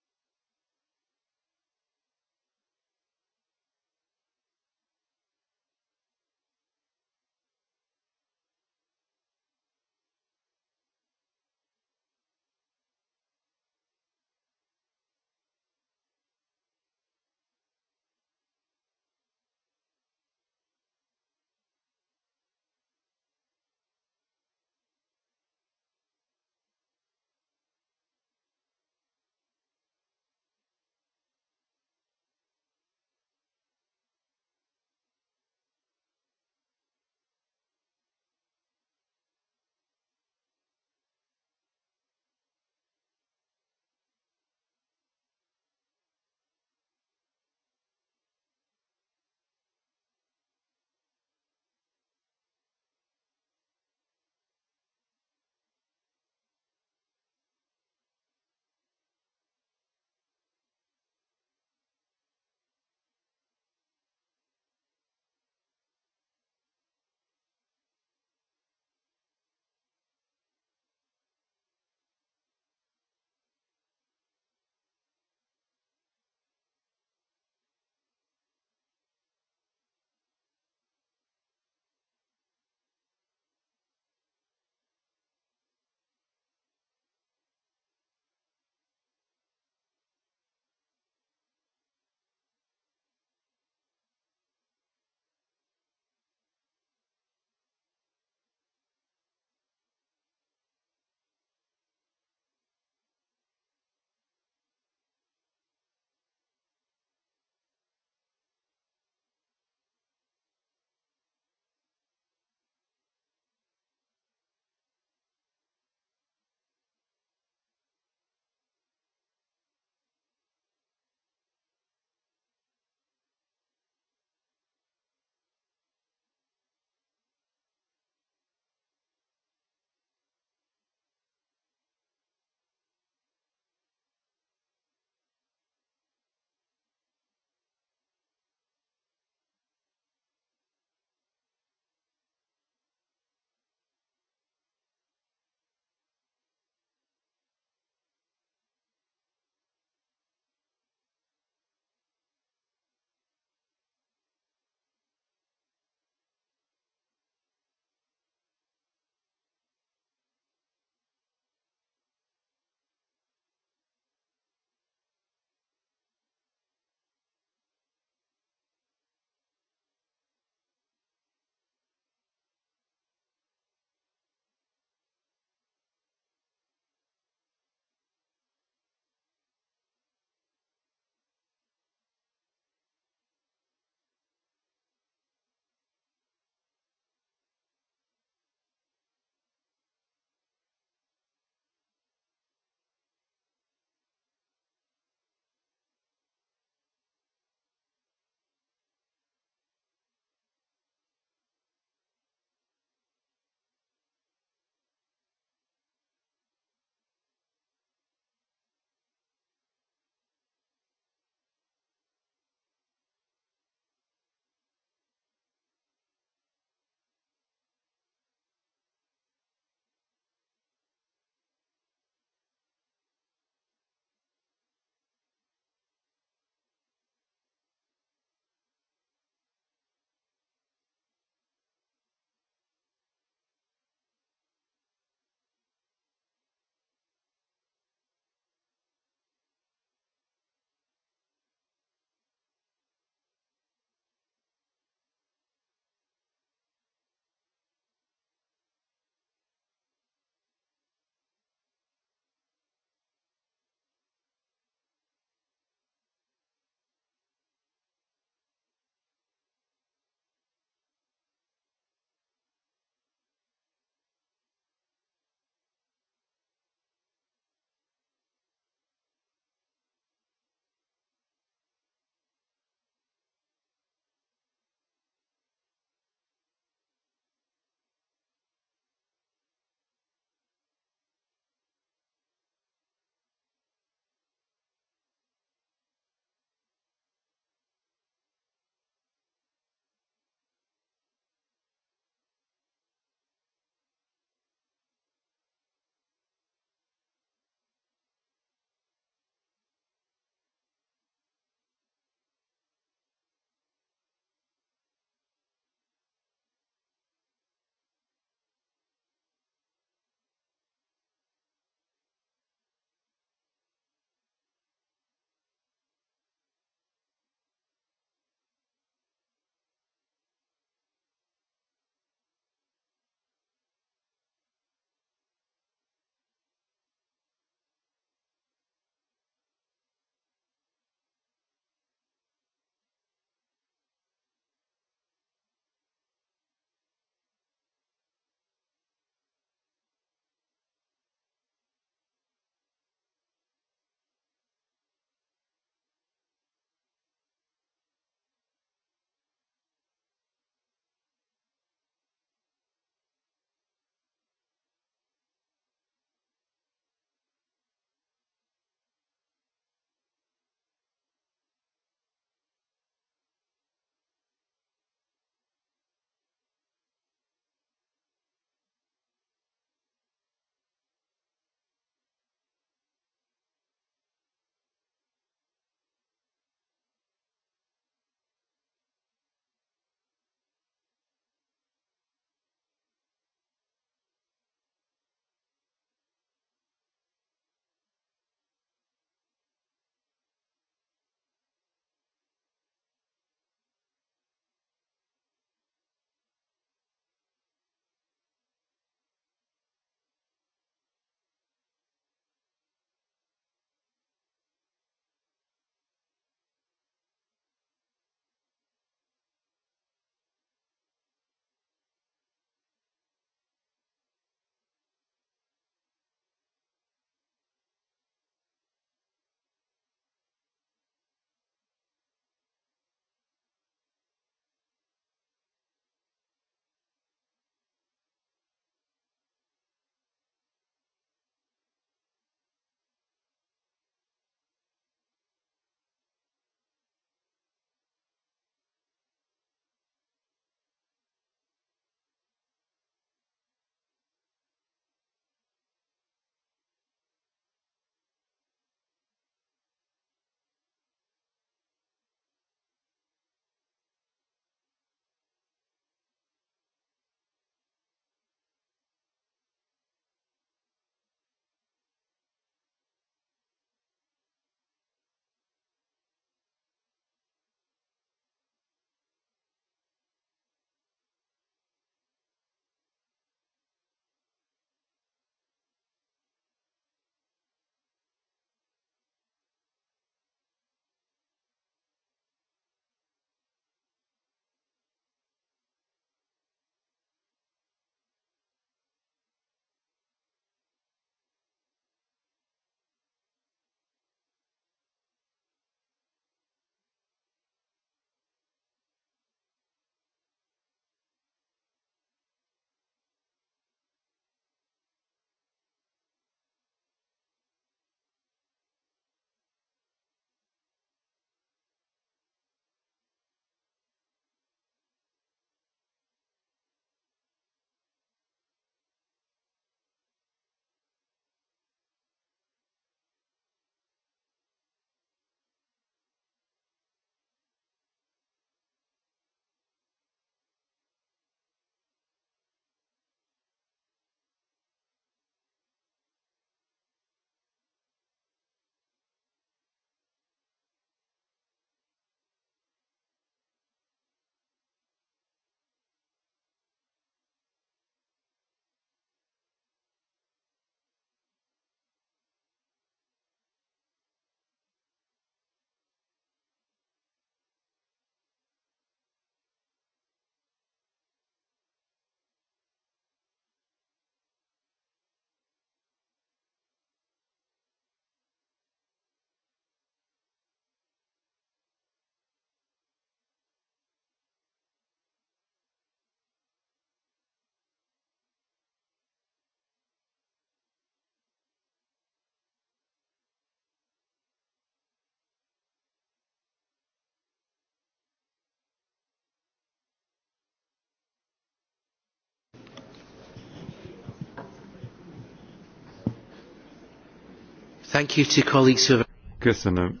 Köszönöm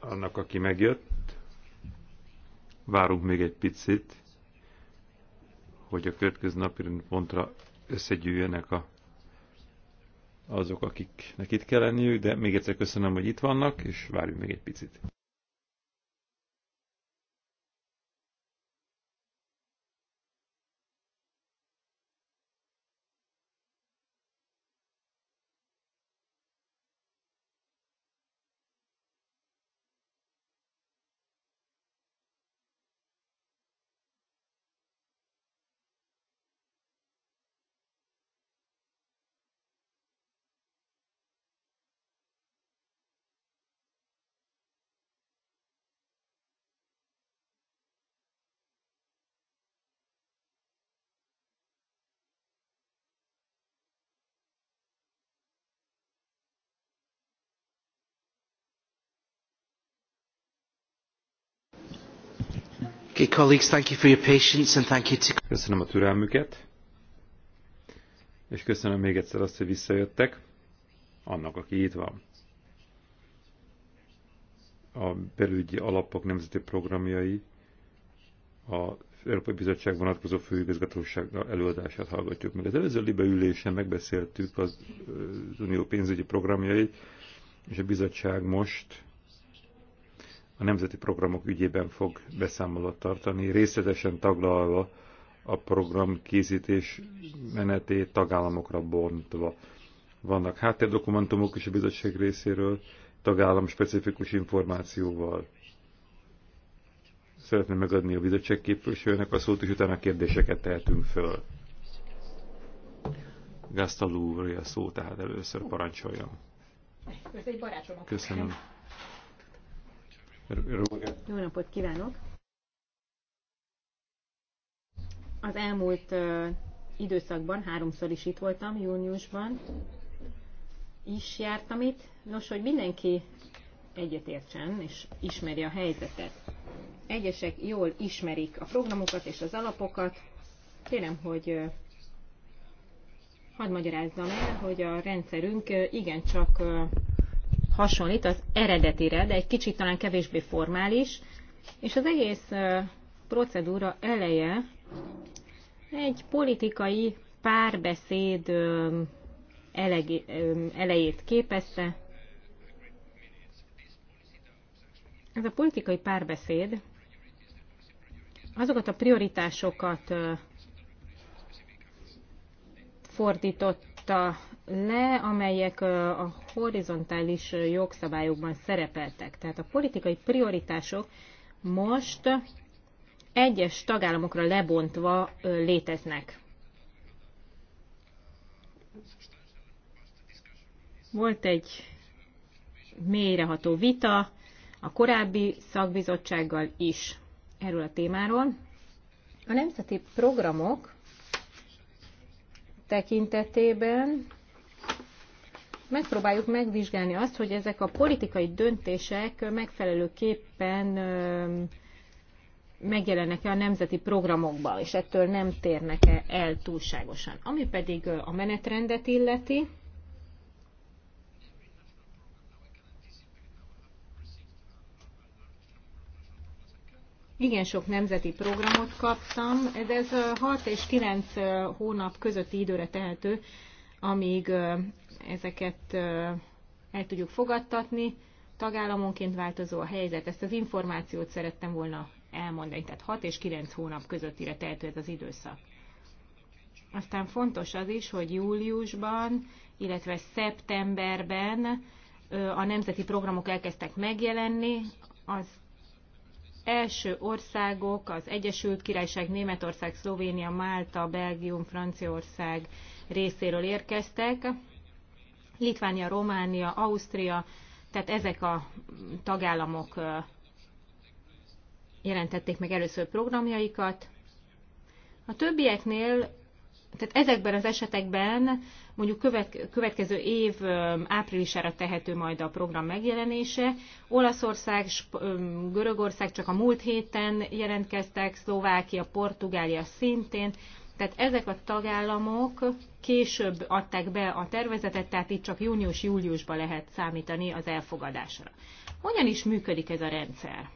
annak, aki megjött. Várunk még egy picit, hogy a következő napi pontra összegyűjjenek a, azok, akiknek itt kell lenniük, de még egyszer köszönöm, hogy itt vannak, és várjunk még egy picit. Köszönöm a türelmüket, és köszönöm még egyszer azt, hogy visszajöttek, annak, aki itt van. A belügyi alapok nemzeti programjai a Európai Bizottság vonatkozó főigazgatósága előadását hallgatjuk meg. Az előző libe ülésen megbeszéltük az, az unió pénzügyi programjait, és a bizottság most a nemzeti programok ügyében fog beszámolót tartani, részletesen taglalva a program készítés menetét tagállamokra bontva. Vannak háttérdokumentumok is a bizottság részéről, tagállam specifikus információval. Szeretném megadni a bizottság képviselőnek a szót, és utána kérdéseket tehetünk föl. Gasztalúrja a szó, tehát először parancsoljon. Ez egy barátom. Köszönöm. Jó napot kívánok! Az elmúlt időszakban háromszor is itt voltam, júniusban is jártam itt. Nos, hogy mindenki egyetértsen és ismeri a helyzetet. Egyesek jól ismerik a programokat és az alapokat. Kérem, hogy ö, hadd magyarázzam el, hogy a rendszerünk igencsak hasonlít az eredetire, de egy kicsit talán kevésbé formális, és az egész procedúra eleje egy politikai párbeszéd elejét képezte. Ez a politikai párbeszéd azokat a prioritásokat fordította le, amelyek a horizontális jogszabályokban szerepeltek. Tehát a politikai prioritások most egyes tagállamokra lebontva léteznek. Volt egy mélyreható vita a korábbi szakbizottsággal is erről a témáról. A nemzeti programok tekintetében megpróbáljuk megvizsgálni azt, hogy ezek a politikai döntések megfelelőképpen megjelennek-e a nemzeti programokba, és ettől nem térnek-e el túlságosan. Ami pedig a menetrendet illeti, Igen sok nemzeti programot kaptam, de ez 6 és 9 hónap közötti időre tehető, amíg ezeket el tudjuk fogadtatni. Tagállamonként változó a helyzet. Ezt az információt szerettem volna elmondani, tehát 6 és 9 hónap közöttire tehető ez az időszak. Aztán fontos az is, hogy júliusban, illetve szeptemberben a nemzeti programok elkezdtek megjelenni. Az első országok, az Egyesült Királyság, Németország, Szlovénia, Málta, Belgium, Franciaország részéről érkeztek. Litvánia, Románia, Ausztria, tehát ezek a tagállamok jelentették meg először programjaikat. A többieknél, tehát ezekben az esetekben mondjuk következő év áprilisára tehető majd a program megjelenése. Olaszország, Görögország csak a múlt héten jelentkeztek, Szlovákia, Portugália szintén. Tehát ezek a tagállamok később adták be a tervezetet, tehát itt csak június-júliusban lehet számítani az elfogadásra. Hogyan is működik ez a rendszer?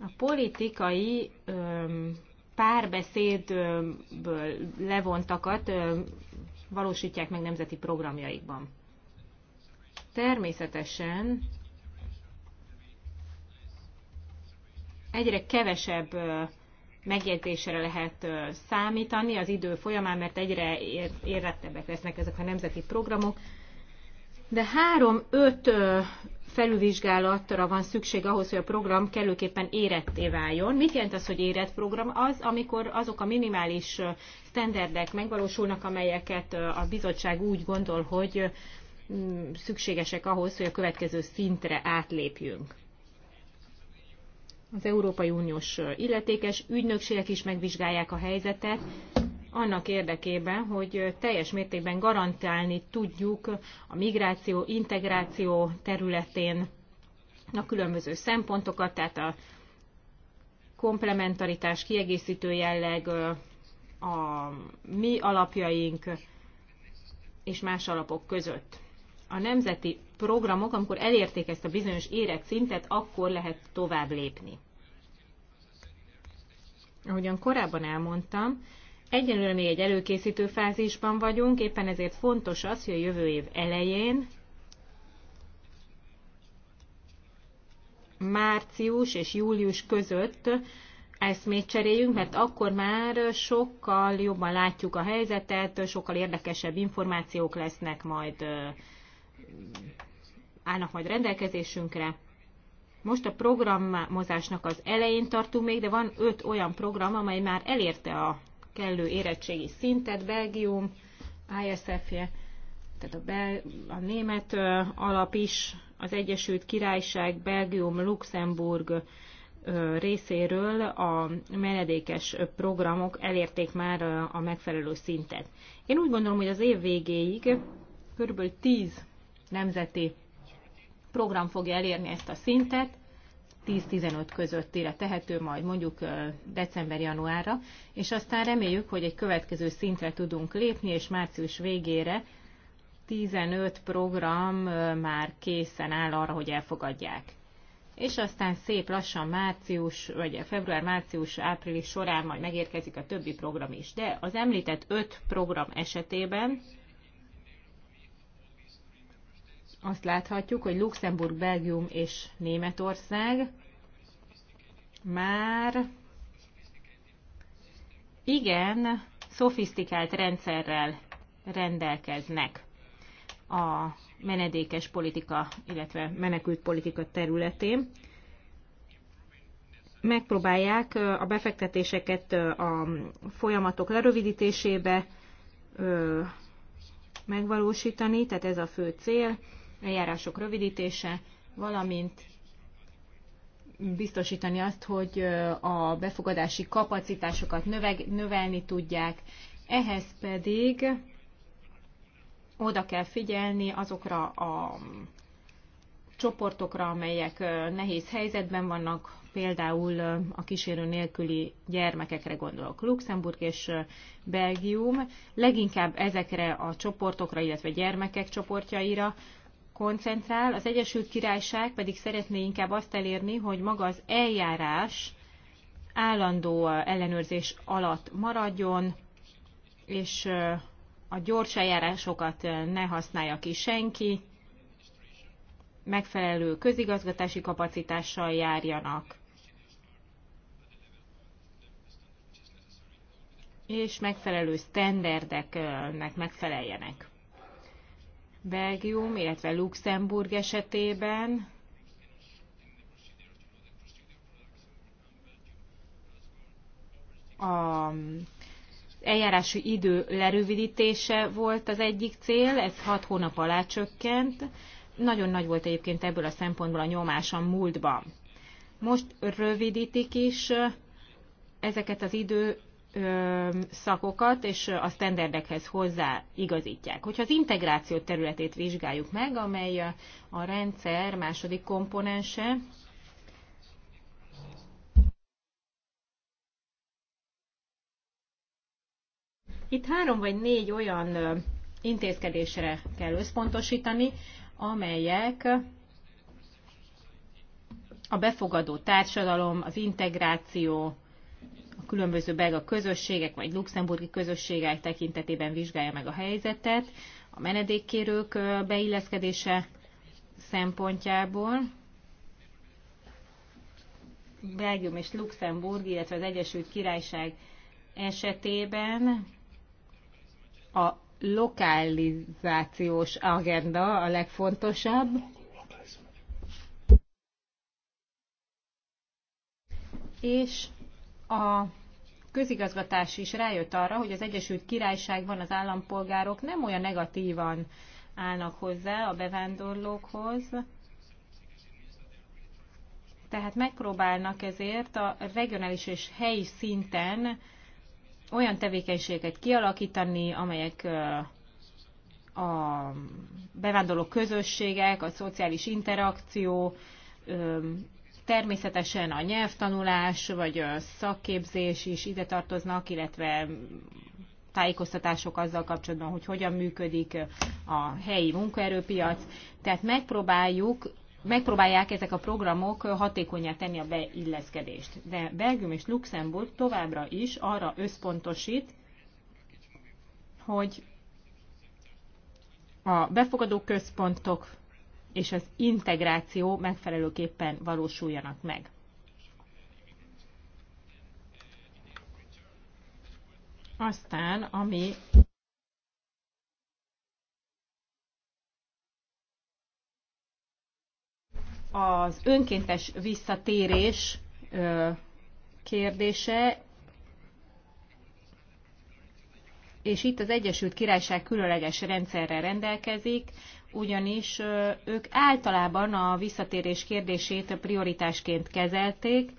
A politikai öm, párbeszédből levontakat öm, valósítják meg nemzeti programjaikban. Természetesen egyre kevesebb öm, megjegyzésre lehet számítani az idő folyamán, mert egyre érettebbek lesznek ezek a nemzeti programok. De három-öt felülvizsgálatra van szükség ahhoz, hogy a program kellőképpen éretté váljon. Mit jelent az, hogy érett program? Az, amikor azok a minimális standardek megvalósulnak, amelyeket a bizottság úgy gondol, hogy szükségesek ahhoz, hogy a következő szintre átlépjünk. Az Európai Uniós illetékes ügynökségek is megvizsgálják a helyzetet, annak érdekében, hogy teljes mértékben garantálni tudjuk a migráció, integráció területén a különböző szempontokat, tehát a komplementaritás, kiegészítő jelleg, a mi alapjaink és más alapok között a nemzeti programok, amikor elérték ezt a bizonyos érett szintet, akkor lehet tovább lépni. Ahogyan korábban elmondtam, egyenlően még egy előkészítő fázisban vagyunk, éppen ezért fontos az, hogy a jövő év elején március és július között eszmét cseréljünk, mert akkor már sokkal jobban látjuk a helyzetet, sokkal érdekesebb információk lesznek majd állnak majd rendelkezésünkre. Most a programozásnak az elején tartunk még, de van öt olyan program, amely már elérte a kellő érettségi szintet, Belgium, ISF-je, tehát a, bel, a német alap is, az Egyesült Királyság, Belgium, Luxemburg részéről a menedékes programok elérték már a megfelelő szintet. Én úgy gondolom, hogy az év végéig körülbelül 10 nemzeti program fogja elérni ezt a szintet, 10-15 közöttire tehető majd mondjuk december-januárra, és aztán reméljük, hogy egy következő szintre tudunk lépni, és március végére 15 program már készen áll arra, hogy elfogadják. És aztán szép lassan március, vagy február-március-április során majd megérkezik a többi program is. De az említett 5 program esetében azt láthatjuk, hogy Luxemburg, Belgium és Németország már igen szofisztikált rendszerrel rendelkeznek a menedékes politika, illetve menekült politika területén. Megpróbálják a befektetéseket a folyamatok lerövidítésébe megvalósítani, tehát ez a fő cél eljárások rövidítése, valamint biztosítani azt, hogy a befogadási kapacitásokat növeg, növelni tudják, ehhez pedig oda kell figyelni azokra a csoportokra, amelyek nehéz helyzetben vannak, például a kísérő nélküli gyermekekre gondolok. Luxemburg és Belgium leginkább ezekre a csoportokra, illetve gyermekek csoportjaira koncentrál, az Egyesült Királyság pedig szeretné inkább azt elérni, hogy maga az eljárás állandó ellenőrzés alatt maradjon, és a gyors eljárásokat ne használja ki senki, megfelelő közigazgatási kapacitással járjanak. és megfelelő sztenderdeknek megfeleljenek. Belgium, illetve Luxemburg esetében a eljárási idő lerövidítése volt az egyik cél, ez hat hónap alá csökkent. Nagyon nagy volt egyébként ebből a szempontból a nyomás a múltban. Most rövidítik is eh, ezeket az idő szakokat és a sztenderdekhez hozzá igazítják. Hogyha az integráció területét vizsgáljuk meg, amely a rendszer második komponense, Itt három vagy négy olyan intézkedésre kell összpontosítani, amelyek a befogadó társadalom, az integráció, a különböző belga közösségek vagy luxemburgi közösségek tekintetében vizsgálja meg a helyzetet, a menedékkérők beilleszkedése szempontjából. Belgium és Luxemburg, illetve az Egyesült Királyság esetében a lokalizációs agenda a legfontosabb. És a közigazgatás is rájött arra, hogy az Egyesült Királyságban az állampolgárok nem olyan negatívan állnak hozzá a bevándorlókhoz, tehát megpróbálnak ezért a regionális és helyi szinten olyan tevékenységeket kialakítani, amelyek a bevándorló közösségek, a szociális interakció Természetesen a nyelvtanulás vagy a szakképzés is ide tartoznak, illetve tájékoztatások azzal kapcsolatban, hogy hogyan működik a helyi munkaerőpiac. Tehát megpróbáljuk megpróbálják ezek a programok hatékonyá tenni a beilleszkedést. De Belgium és Luxemburg továbbra is arra összpontosít, hogy a befogadó központok és az integráció megfelelőképpen valósuljanak meg. Aztán, ami az önkéntes visszatérés kérdése, és itt az Egyesült Királyság különleges rendszerrel rendelkezik, ugyanis ők általában a visszatérés kérdését prioritásként kezelték,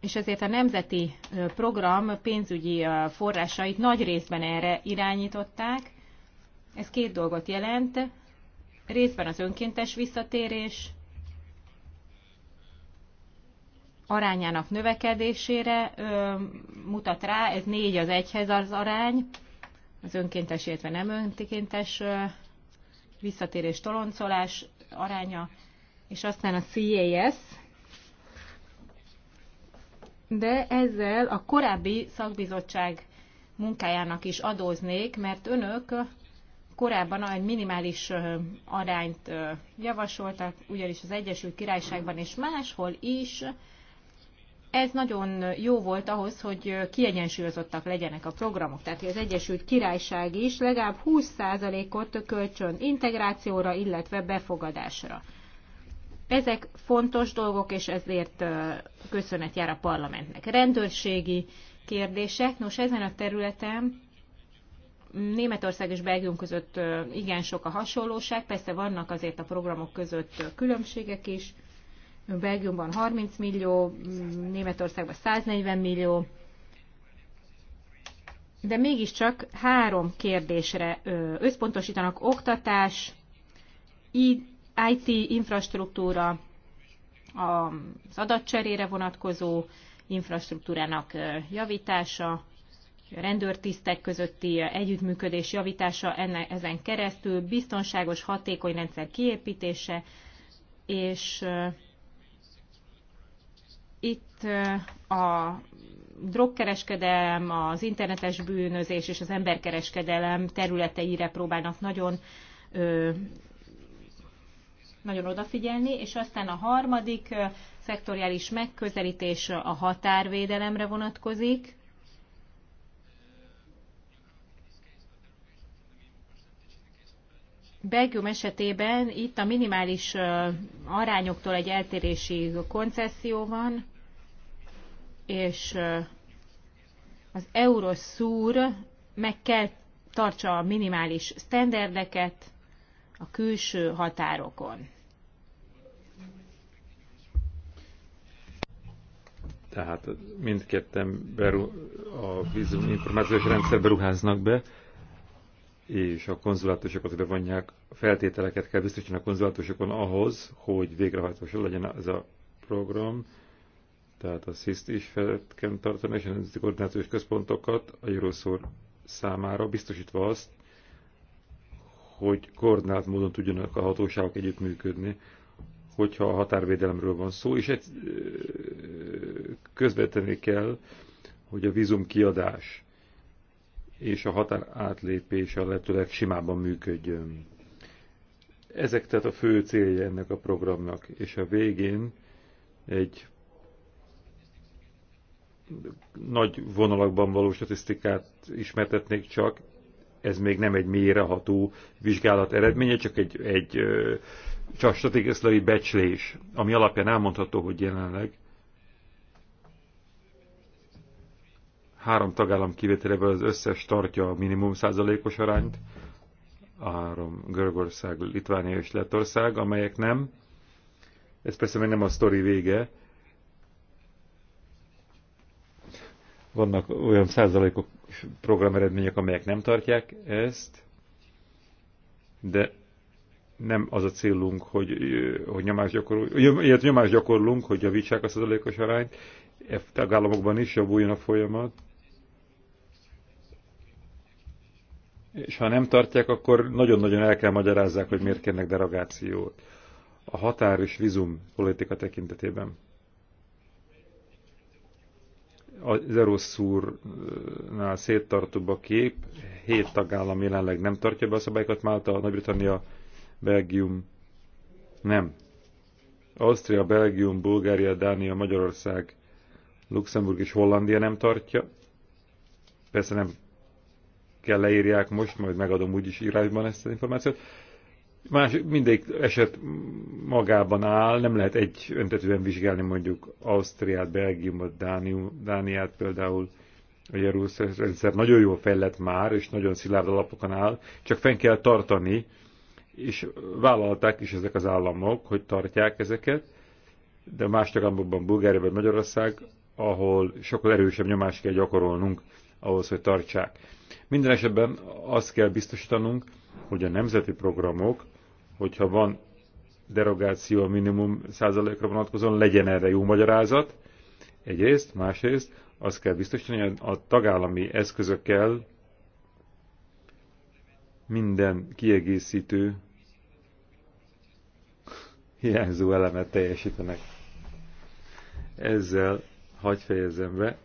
és ezért a nemzeti program pénzügyi forrásait nagy részben erre irányították. Ez két dolgot jelent. Részben az önkéntes visszatérés arányának növekedésére mutat rá, ez négy az egyhez az arány, az önkéntes, illetve nem önkéntes visszatérés toloncolás aránya, és aztán a CAS, de ezzel a korábbi szakbizottság munkájának is adóznék, mert önök korábban egy minimális arányt javasoltak, ugyanis az Egyesült Királyságban és máshol is ez nagyon jó volt ahhoz, hogy kiegyensúlyozottak legyenek a programok. Tehát, az Egyesült Királyság is legalább 20%-ot kölcsön integrációra, illetve befogadásra. Ezek fontos dolgok, és ezért köszönet jár a parlamentnek. Rendőrségi kérdések. Nos, ezen a területen Németország és Belgium között igen sok a hasonlóság, persze vannak azért a programok között különbségek is. Belgiumban 30 millió, Németországban 140 millió, de mégiscsak három kérdésre összpontosítanak, oktatás, IT infrastruktúra, az adatcserére vonatkozó infrastruktúrának javítása, rendőrtisztek közötti együttműködés javítása enne, ezen keresztül, biztonságos, hatékony rendszer kiépítése, és itt a drogkereskedelem, az internetes bűnözés és az emberkereskedelem területeire próbálnak nagyon nagyon odafigyelni, és aztán a harmadik szektoriális megközelítés a határvédelemre vonatkozik. Belgium esetében itt a minimális arányoktól egy eltérési koncesszió van, és az Euroszúr meg kell tartsa a minimális sztenderdeket a külső határokon. Tehát mindketten beru- a vízum információk rendszerbe ruháznak be, és a konzulátusokat bevonják, feltételeket kell biztosítani a konzulátusokon ahhoz, hogy végrehajtós legyen ez a program, tehát a SZISZT is fel kell tartani, és a nemzeti koordinációs központokat a Euroszor számára, biztosítva azt, hogy koordinált módon tudjanak a hatóságok együttműködni, hogyha a határvédelemről van szó, és egy, közvetlenül kell, hogy a vízum kiadás és a határ átlépése lehetőleg simábban működjön. Ezek tehát a fő célja ennek a programnak, és a végén egy nagy vonalakban való statisztikát ismertetnék csak, ez még nem egy mélyreható vizsgálat eredménye, csak egy, egy csak statisztikai becslés, ami alapján elmondható, hogy jelenleg Három tagállam kivételével az összes tartja a minimum százalékos arányt, három Görögország, Litvánia és Lettország, amelyek nem. Ez persze még nem a sztori vége. Vannak olyan százalékok programeredmények, amelyek nem tartják ezt, de nem az a célunk, hogy, hogy nyomást, gyakorlunk, ilyet gyakorlunk, hogy javítsák a százalékos arányt, A e tagállamokban is javuljon a folyamat, és ha nem tartják, akkor nagyon-nagyon el kell magyarázzák, hogy miért kérnek derogációt a határ és vizum politika tekintetében. Az Eroszúrnál széttartóbb a kép, hét tagállam jelenleg nem tartja be a szabályokat, Málta, Nagy-Britannia, Belgium nem. Ausztria, Belgium, Bulgária, Dánia, Magyarország, Luxemburg és Hollandia nem tartja. Persze nem kell leírják most, majd megadom úgyis írásban ezt az információt. Más, mindegy eset magában áll, nem lehet egy öntetően vizsgálni mondjuk Ausztriát, Belgiumot, Dániu, Dániát például, a rendszer nagyon jól fejlett már, és nagyon szilárd alapokon áll, csak fenn kell tartani, és vállalták is ezek az államok, hogy tartják ezeket, de más tagállamokban, Bulgária vagy Magyarország, ahol sokkal erősebb nyomást kell gyakorolnunk ahhoz, hogy tartsák. Minden esetben azt kell biztosítanunk, hogy a nemzeti programok, hogyha van derogáció a minimum százalékra vonatkozóan, legyen erre jó magyarázat, egyrészt, másrészt azt kell biztosítani, hogy a tagállami eszközökkel minden kiegészítő hiányzó elemet teljesítenek. Ezzel hagyj fejezem be,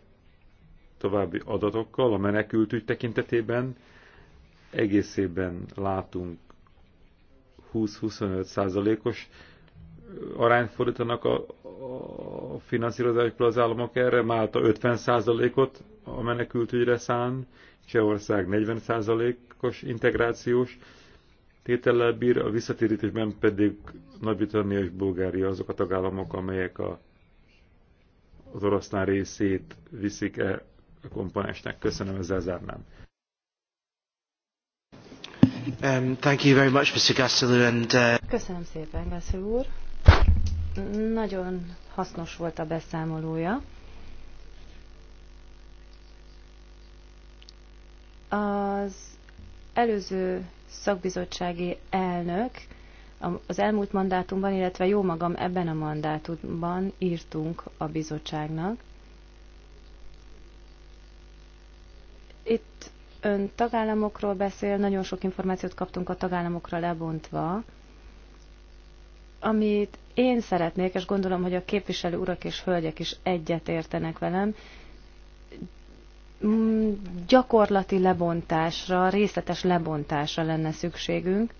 további adatokkal a menekültügy tekintetében egészében látunk 20-25 százalékos arányt fordítanak a, a finanszírozásból az államok erre, Málta 50 százalékot a menekültügyre szán, Csehország 40 százalékos integrációs tétellel bír, a visszatérítésben pedig Nagy-Britannia és Bulgária azok a tagállamok, amelyek a, az oroszlán részét viszik el komponensnek. Köszönöm, ezzel zárnám. Um, thank you very much, Mr. Gasselu, and, uh... Köszönöm szépen, Gastelou úr. Nagyon hasznos volt a beszámolója. Az előző szakbizottsági elnök az elmúlt mandátumban, illetve jó magam ebben a mandátumban írtunk a bizottságnak, Itt ön tagállamokról beszél, nagyon sok információt kaptunk a tagállamokra lebontva. Amit én szeretnék, és gondolom, hogy a képviselő urak és hölgyek is egyet értenek velem, mm, gyakorlati lebontásra, részletes lebontásra lenne szükségünk.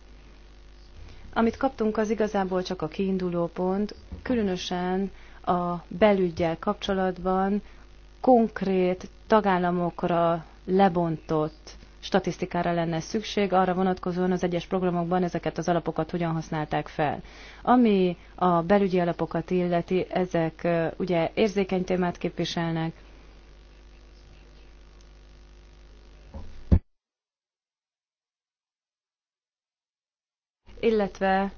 Amit kaptunk, az igazából csak a kiinduló pont, különösen a belügyel kapcsolatban konkrét tagállamokra lebontott statisztikára lenne szükség, arra vonatkozóan az egyes programokban ezeket az alapokat hogyan használták fel. Ami a belügyi alapokat illeti, ezek ugye érzékeny témát képviselnek, illetve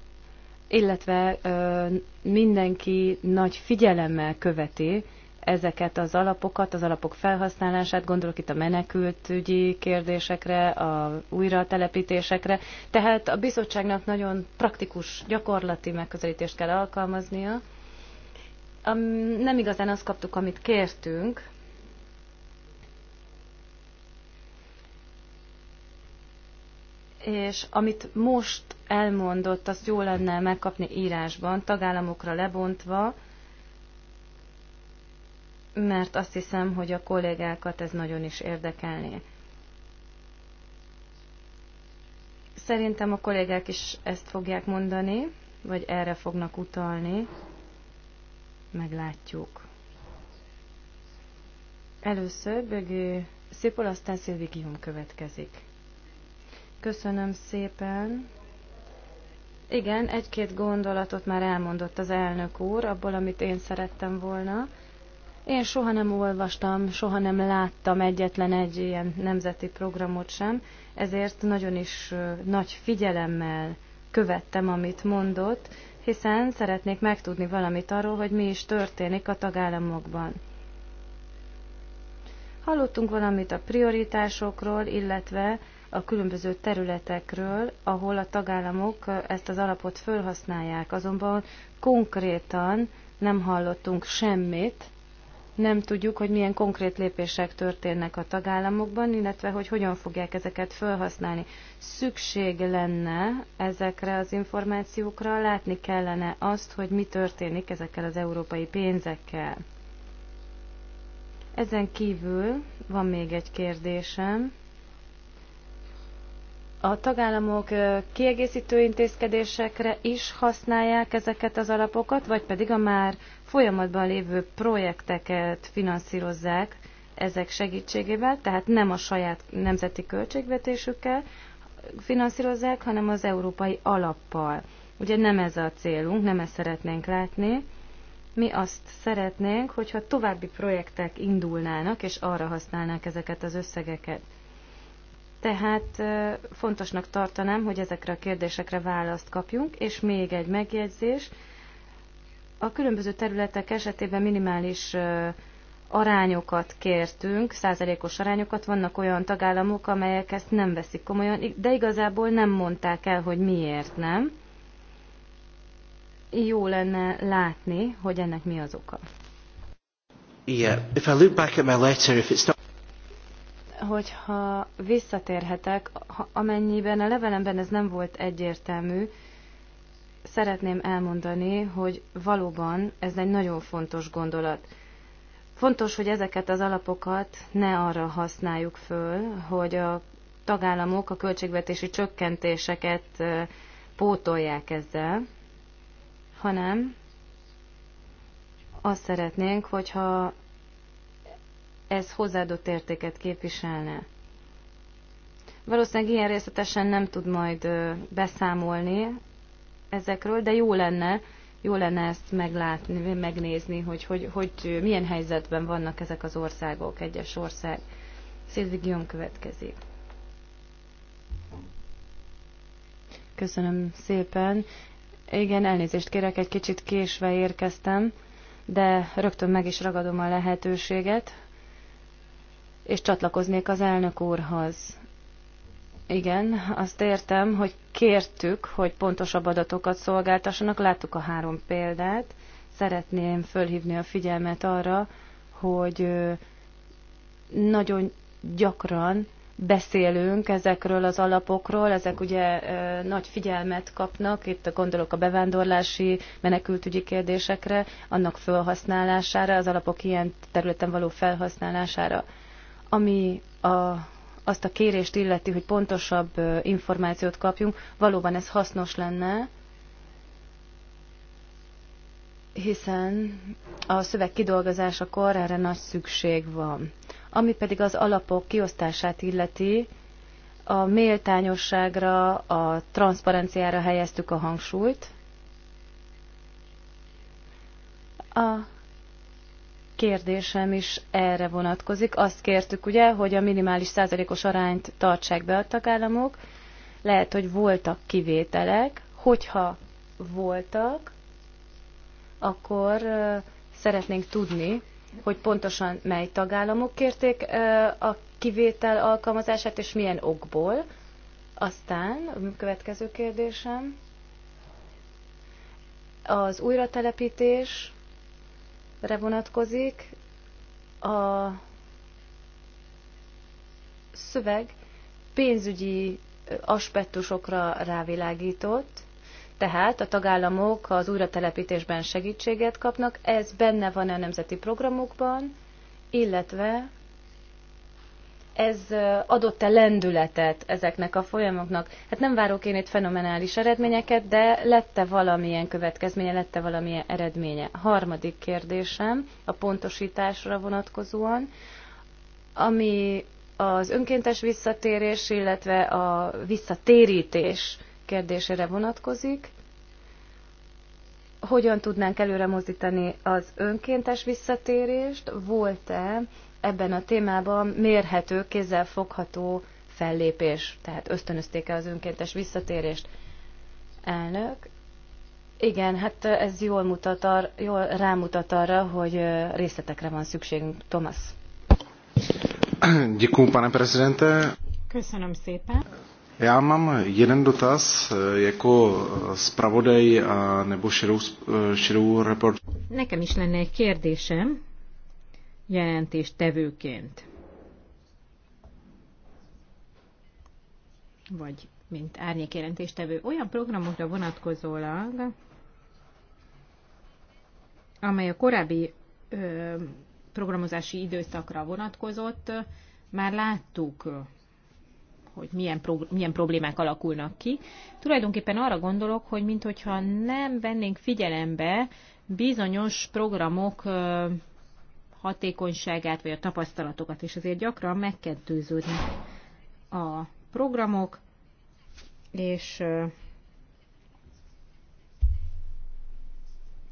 illetve ö, mindenki nagy figyelemmel követi ezeket az alapokat, az alapok felhasználását, gondolok itt a menekültügyi kérdésekre, a újratelepítésekre. Tehát a bizottságnak nagyon praktikus, gyakorlati megközelítést kell alkalmaznia. Nem igazán azt kaptuk, amit kértünk, és amit most elmondott, azt jó lenne megkapni írásban, tagállamokra lebontva, mert azt hiszem, hogy a kollégákat ez nagyon is érdekelné. Szerintem a kollégák is ezt fogják mondani, vagy erre fognak utalni. Meglátjuk. Először Bögő Szipol, aztán Szilvigium következik. Köszönöm szépen. Igen, egy-két gondolatot már elmondott az elnök úr, abból, amit én szerettem volna. Én soha nem olvastam, soha nem láttam egyetlen egy ilyen nemzeti programot sem, ezért nagyon is nagy figyelemmel követtem, amit mondott, hiszen szeretnék megtudni valamit arról, hogy mi is történik a tagállamokban. Hallottunk valamit a prioritásokról, illetve a különböző területekről, ahol a tagállamok ezt az alapot felhasználják, azonban konkrétan nem hallottunk semmit nem tudjuk, hogy milyen konkrét lépések történnek a tagállamokban, illetve hogy hogyan fogják ezeket felhasználni. Szükség lenne ezekre az információkra, látni kellene azt, hogy mi történik ezekkel az európai pénzekkel. Ezen kívül van még egy kérdésem a tagállamok kiegészítő intézkedésekre is használják ezeket az alapokat, vagy pedig a már folyamatban lévő projekteket finanszírozzák ezek segítségével, tehát nem a saját nemzeti költségvetésükkel finanszírozzák, hanem az európai alappal. Ugye nem ez a célunk, nem ezt szeretnénk látni. Mi azt szeretnénk, hogyha további projektek indulnának, és arra használnák ezeket az összegeket. Tehát fontosnak tartanám, hogy ezekre a kérdésekre választ kapjunk, és még egy megjegyzés. A különböző területek esetében minimális arányokat kértünk, százalékos arányokat. Vannak olyan tagállamok, amelyek ezt nem veszik komolyan, de igazából nem mondták el, hogy miért nem. Jó lenne látni, hogy ennek mi az oka. Yeah, if I look back at my letter, if it's not hogyha visszatérhetek, ha amennyiben a levelemben ez nem volt egyértelmű, szeretném elmondani, hogy valóban ez egy nagyon fontos gondolat. Fontos, hogy ezeket az alapokat ne arra használjuk föl, hogy a tagállamok a költségvetési csökkentéseket pótolják ezzel, hanem azt szeretnénk, hogyha ez hozzáadott értéket képviselne. Valószínűleg ilyen részletesen nem tud majd beszámolni ezekről, de jó lenne, jó lenne ezt meglátni, megnézni, hogy, hogy, hogy milyen helyzetben vannak ezek az országok, egyes ország. Szilvigion következik. Köszönöm szépen. Igen, elnézést kérek, egy kicsit késve érkeztem, de rögtön meg is ragadom a lehetőséget, és csatlakoznék az elnök úrhoz. Igen, azt értem, hogy kértük, hogy pontosabb adatokat szolgáltassanak. Láttuk a három példát. Szeretném fölhívni a figyelmet arra, hogy nagyon gyakran beszélünk ezekről az alapokról, ezek ugye nagy figyelmet kapnak, itt gondolok a bevándorlási, menekültügyi kérdésekre, annak felhasználására, az alapok ilyen területen való felhasználására ami a, azt a kérést illeti, hogy pontosabb információt kapjunk, valóban ez hasznos lenne, hiszen a szöveg kidolgozásakor erre nagy szükség van. Ami pedig az alapok kiosztását illeti, a méltányosságra, a transzparenciára helyeztük a hangsúlyt. A kérdésem is erre vonatkozik. Azt kértük ugye, hogy a minimális százalékos arányt tartsák be a tagállamok. Lehet, hogy voltak kivételek. Hogyha voltak, akkor szeretnénk tudni, hogy pontosan mely tagállamok kérték a kivétel alkalmazását, és milyen okból. Aztán a következő kérdésem. Az újratelepítés re vonatkozik. A szöveg pénzügyi aspektusokra rávilágított, tehát a tagállamok az újratelepítésben segítséget kapnak, ez benne van a nemzeti programokban, illetve ez adott-e lendületet ezeknek a folyamoknak? Hát nem várok én itt fenomenális eredményeket, de lette valamilyen következménye, lette valamilyen eredménye. A harmadik kérdésem a pontosításra vonatkozóan, ami az önkéntes visszatérés, illetve a visszatérítés kérdésére vonatkozik. Hogyan tudnánk előre mozdítani az önkéntes visszatérést? Volt-e ebben a témában mérhető, kézzel fogható fellépés, tehát ösztönözték el az önkéntes visszatérést. Elnök, igen, hát ez jól, mutat ar, jól rámutat arra, hogy részletekre van szükségünk. Thomas. Děkuji, pane prezidente. Köszönöm szépen. Já mám jeden dotaz e, jako zpravodaj nebo širou, širou report. Nekem is lenne egy kérdésem, jelentés tevőként, vagy mint árnyékjelentéstevő, olyan programokra vonatkozólag, amely a korábbi ö, programozási időszakra vonatkozott, már láttuk, hogy milyen, prog- milyen problémák alakulnak ki. Tulajdonképpen arra gondolok, hogy minthogyha nem vennénk figyelembe bizonyos programok ö, hatékonyságát, vagy a tapasztalatokat, és azért gyakran megkettőződnek a programok, és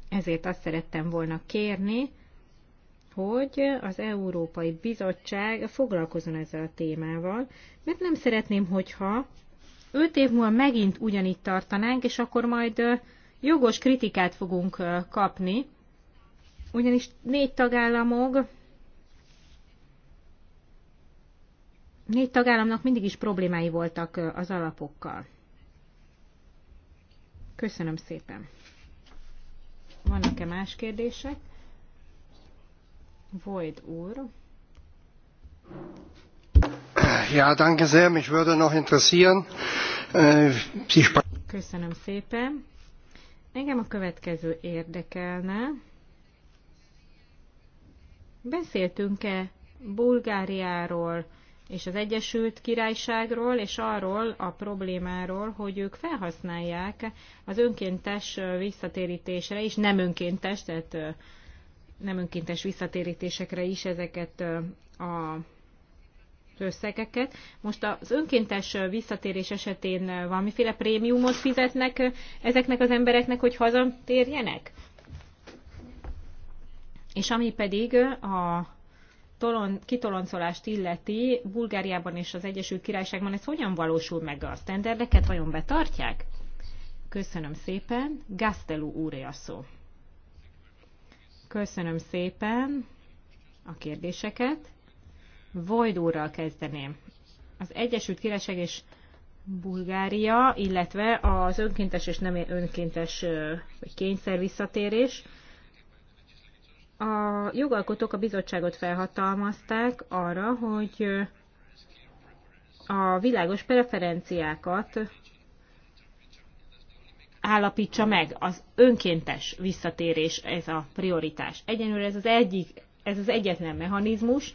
ezért azt szerettem volna kérni, hogy az Európai Bizottság foglalkozon ezzel a témával, mert nem szeretném, hogyha öt év múlva megint ugyanígy tartanánk, és akkor majd jogos kritikát fogunk kapni, ugyanis négy tagállamok négy tagállamnak mindig is problémái voltak az alapokkal. Köszönöm szépen. Vannak-e más kérdések? Void úr. Ja, danke sehr. Mich würde noch interessieren. Äh, Köszönöm szépen. Engem a következő érdekelne. Beszéltünk-e Bulgáriáról és az Egyesült Királyságról, és arról a problémáról, hogy ők felhasználják az önkéntes visszatérítésre is, nem önkéntes, tehát nem önkéntes visszatérítésekre is ezeket a összegeket. Most az önkéntes visszatérés esetén valamiféle prémiumot fizetnek ezeknek az embereknek, hogy hazatérjenek? És ami pedig a tolon, kitoloncolást illeti Bulgáriában és az Egyesült Királyságban, ez hogyan valósul meg a sztenderdeket, vajon betartják? Köszönöm szépen. Gasztelú úré a szó. Köszönöm szépen a kérdéseket. Vojd úrral kezdeném. Az Egyesült Királyság és Bulgária, illetve az önkéntes és nem önkéntes vagy kényszer visszatérés a jogalkotók a bizottságot felhatalmazták arra, hogy a világos preferenciákat állapítsa meg az önkéntes visszatérés, ez a prioritás. Egyenlőre ez az, egyik, ez az egyetlen mechanizmus,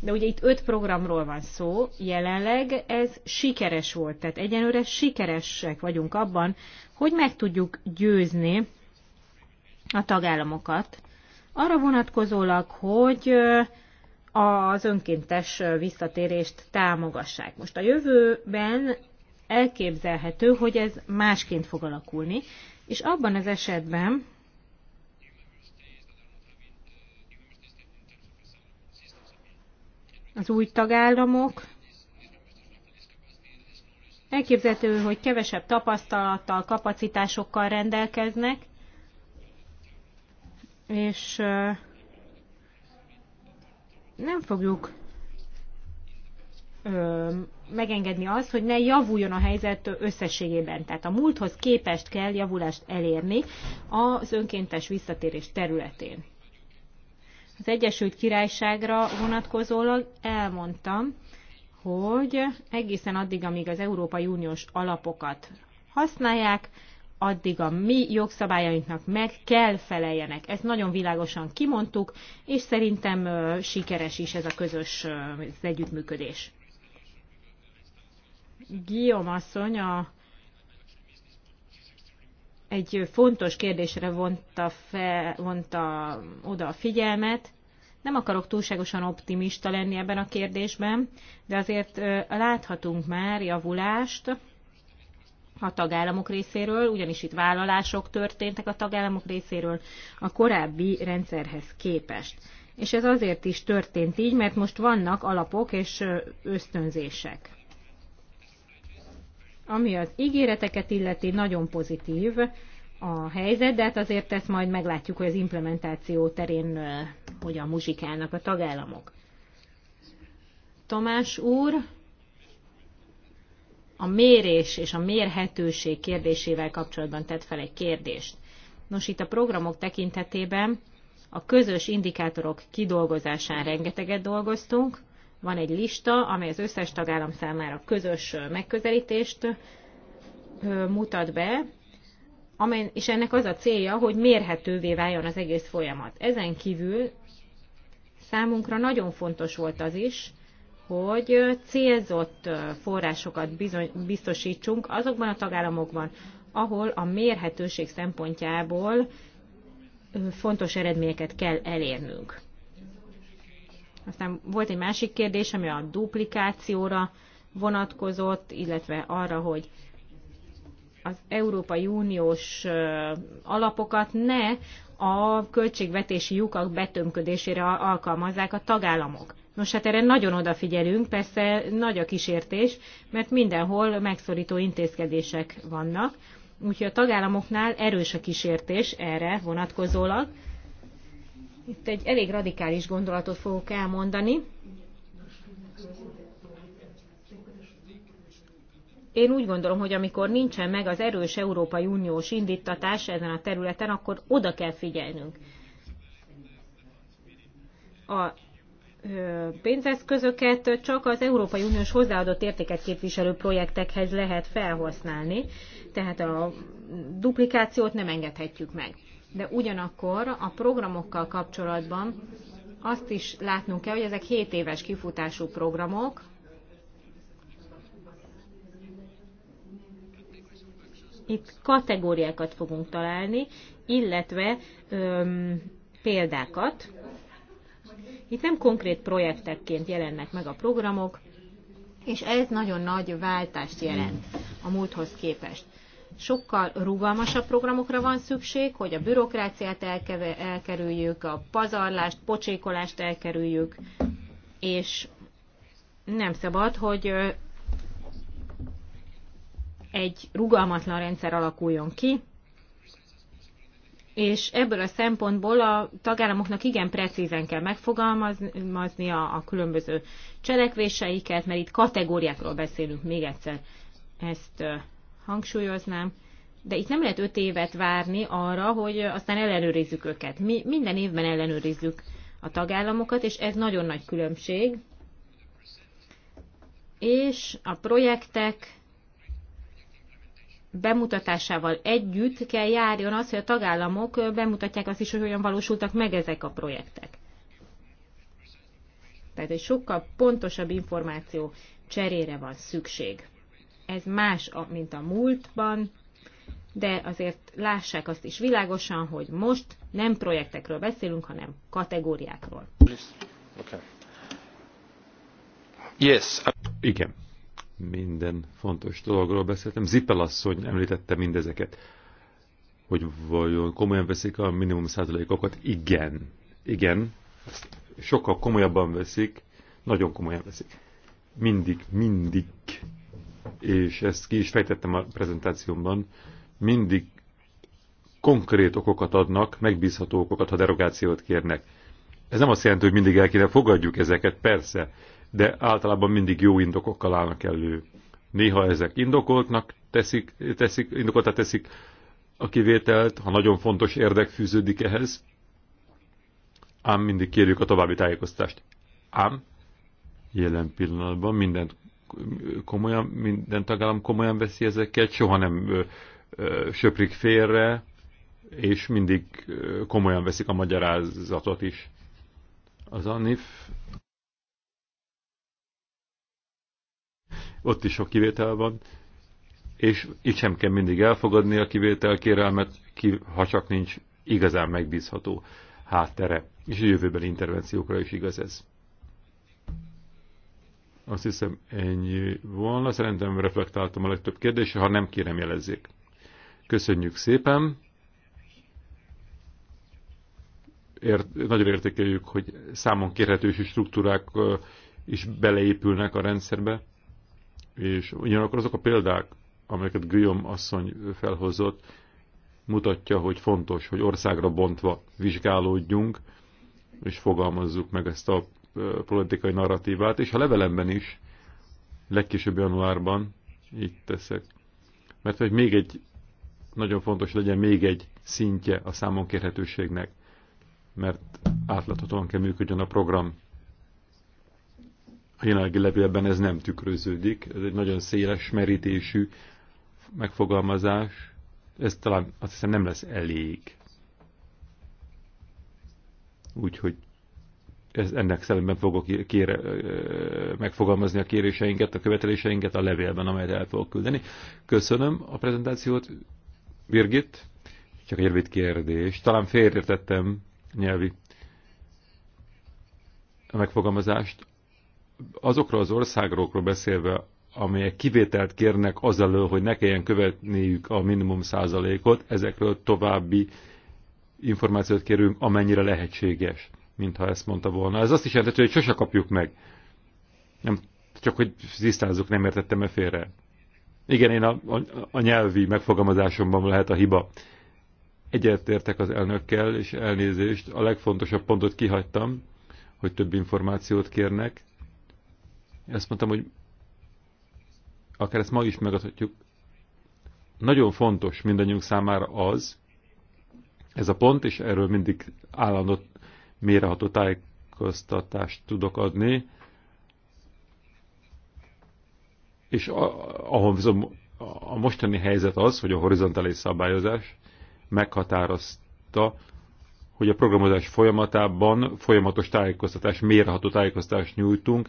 de ugye itt öt programról van szó, jelenleg ez sikeres volt, tehát egyenlőre sikeresek vagyunk abban, hogy meg tudjuk győzni a tagállamokat arra vonatkozólag, hogy az önkéntes visszatérést támogassák. Most a jövőben elképzelhető, hogy ez másként fog alakulni, és abban az esetben, az új tagállamok. Elképzelhető, hogy kevesebb tapasztalattal, kapacitásokkal rendelkeznek, és nem fogjuk megengedni azt, hogy ne javuljon a helyzet összességében. Tehát a múlthoz képest kell javulást elérni az önkéntes visszatérés területén. Az Egyesült Királyságra vonatkozólag elmondtam, hogy egészen addig, amíg az Európai Uniós alapokat használják, addig a mi jogszabályainknak meg kell feleljenek. Ezt nagyon világosan kimondtuk, és szerintem sikeres is ez a közös ez együttműködés. Guillaume asszony a egy fontos kérdésre vonta, fe, vonta oda a figyelmet. Nem akarok túlságosan optimista lenni ebben a kérdésben, de azért láthatunk már javulást a tagállamok részéről, ugyanis itt vállalások történtek a tagállamok részéről a korábbi rendszerhez képest. És ez azért is történt így, mert most vannak alapok és ösztönzések. Ami az ígéreteket illeti, nagyon pozitív a helyzet, de hát azért ezt majd meglátjuk, hogy az implementáció terén hogyan muzsikálnak a tagállamok. Tomás úr, a mérés és a mérhetőség kérdésével kapcsolatban tett fel egy kérdést. Nos, itt a programok tekintetében a közös indikátorok kidolgozásán rengeteget dolgoztunk. Van egy lista, amely az összes tagállam számára közös megközelítést mutat be, amely, és ennek az a célja, hogy mérhetővé váljon az egész folyamat. Ezen kívül számunkra nagyon fontos volt az is, hogy célzott forrásokat bizony, biztosítsunk azokban a tagállamokban, ahol a mérhetőség szempontjából fontos eredményeket kell elérnünk. Aztán volt egy másik kérdés, ami a duplikációra vonatkozott, illetve arra, hogy az Európai Uniós alapokat ne a költségvetési lyukak betömködésére alkalmazzák a tagállamok. Nos, hát erre nagyon odafigyelünk, persze nagy a kísértés, mert mindenhol megszorító intézkedések vannak, úgyhogy a tagállamoknál erős a kísértés erre vonatkozólag. Itt egy elég radikális gondolatot fogok elmondani. Én úgy gondolom, hogy amikor nincsen meg az erős Európai Uniós indítatás ezen a területen, akkor oda kell figyelnünk. A pénzeszközöket csak az Európai Uniós hozzáadott értéket képviselő projektekhez lehet felhasználni, tehát a duplikációt nem engedhetjük meg. De ugyanakkor a programokkal kapcsolatban azt is látnunk kell, hogy ezek 7 éves kifutású programok, itt kategóriákat fogunk találni, illetve öm, példákat, itt nem konkrét projektekként jelennek meg a programok, és ez nagyon nagy váltást jelent hmm. a múlthoz képest. Sokkal rugalmasabb programokra van szükség, hogy a bürokráciát elkerüljük, a pazarlást, pocsékolást elkerüljük, és nem szabad, hogy egy rugalmatlan rendszer alakuljon ki, és ebből a szempontból a tagállamoknak igen precízen kell megfogalmaznia a különböző cselekvéseiket, mert itt kategóriákról beszélünk, még egyszer ezt hangsúlyoznám. De itt nem lehet öt évet várni arra, hogy aztán ellenőrizzük őket. Mi minden évben ellenőrizzük a tagállamokat, és ez nagyon nagy különbség. És a projektek bemutatásával együtt kell járjon az, hogy a tagállamok bemutatják azt is, hogy hogyan valósultak meg ezek a projektek. Tehát egy sokkal pontosabb információ cserére van szükség. Ez más, mint a múltban, de azért lássák azt is világosan, hogy most nem projektekről beszélünk, hanem kategóriákról. Okay. Yes. Igen minden fontos dologról beszéltem. Zipelasszony asszony említette mindezeket, hogy vajon komolyan veszik a minimum százalékokat. Igen, igen, ezt sokkal komolyabban veszik, nagyon komolyan veszik. Mindig, mindig, és ezt ki is fejtettem a prezentációmban, mindig konkrét okokat adnak, megbízható okokat, ha derogációt kérnek. Ez nem azt jelenti, hogy mindig el kéne fogadjuk ezeket, persze, de általában mindig jó indokokkal állnak elő. Néha ezek indokoltnak teszik, teszik, indokoltá teszik a kivételt, ha nagyon fontos érdek fűződik ehhez, ám mindig kérjük a további tájékoztást. Ám jelen pillanatban mindent komolyan, minden tagállam komolyan veszi ezeket, soha nem ö, ö, söprik félre, és mindig komolyan veszik a magyarázatot is. Az ANIF ott is sok kivétel van, és itt sem kell mindig elfogadni a kivétel kérelmet, ki, ha csak nincs igazán megbízható háttere. És a jövőben intervenciókra is igaz ez. Azt hiszem ennyi volna. Szerintem reflektáltam a legtöbb kérdésre, ha nem kérem jelezzék. Köszönjük szépen. Ért, nagyon értékeljük, hogy számon kérhetős struktúrák is beleépülnek a rendszerbe és ugyanakkor azok a példák, amelyeket Guillaume asszony felhozott, mutatja, hogy fontos, hogy országra bontva vizsgálódjunk, és fogalmazzuk meg ezt a politikai narratívát, és a levelemben is, legkésőbb januárban, így teszek. Mert hogy még egy, nagyon fontos legyen még egy szintje a számon kérhetőségnek, mert átláthatóan kell működjön a program jelenlegi levélben ez nem tükröződik, ez egy nagyon széles merítésű megfogalmazás, ez talán azt hiszem nem lesz elég. Úgyhogy ez, ennek szellemben fogok kére, megfogalmazni a kéréseinket, a követeléseinket a levélben, amelyet el fogok küldeni. Köszönöm a prezentációt, Virgit. Csak egy rövid kérdés. Talán félértettem nyelvi a megfogalmazást azokról az országokról beszélve, amelyek kivételt kérnek azelől, hogy ne kelljen követniük a minimum százalékot, ezekről további információt kérünk, amennyire lehetséges, mintha ezt mondta volna. Ez azt is jelenti, hogy sose kapjuk meg. Nem, csak hogy tisztázzuk, nem értettem-e félre. Igen, én a, a, a nyelvi megfogalmazásomban lehet a hiba. Egyetértek az elnökkel, és elnézést, a legfontosabb pontot kihagytam, hogy több információt kérnek azt mondtam, hogy akár ezt ma is megadhatjuk. Nagyon fontos mindannyiunk számára az, ez a pont, és erről mindig állandó méreható tájékoztatást tudok adni, és a, ahol viszont a mostani helyzet az, hogy a horizontális szabályozás meghatározta, hogy a programozás folyamatában folyamatos tájékoztatás, mérható tájékoztatást nyújtunk,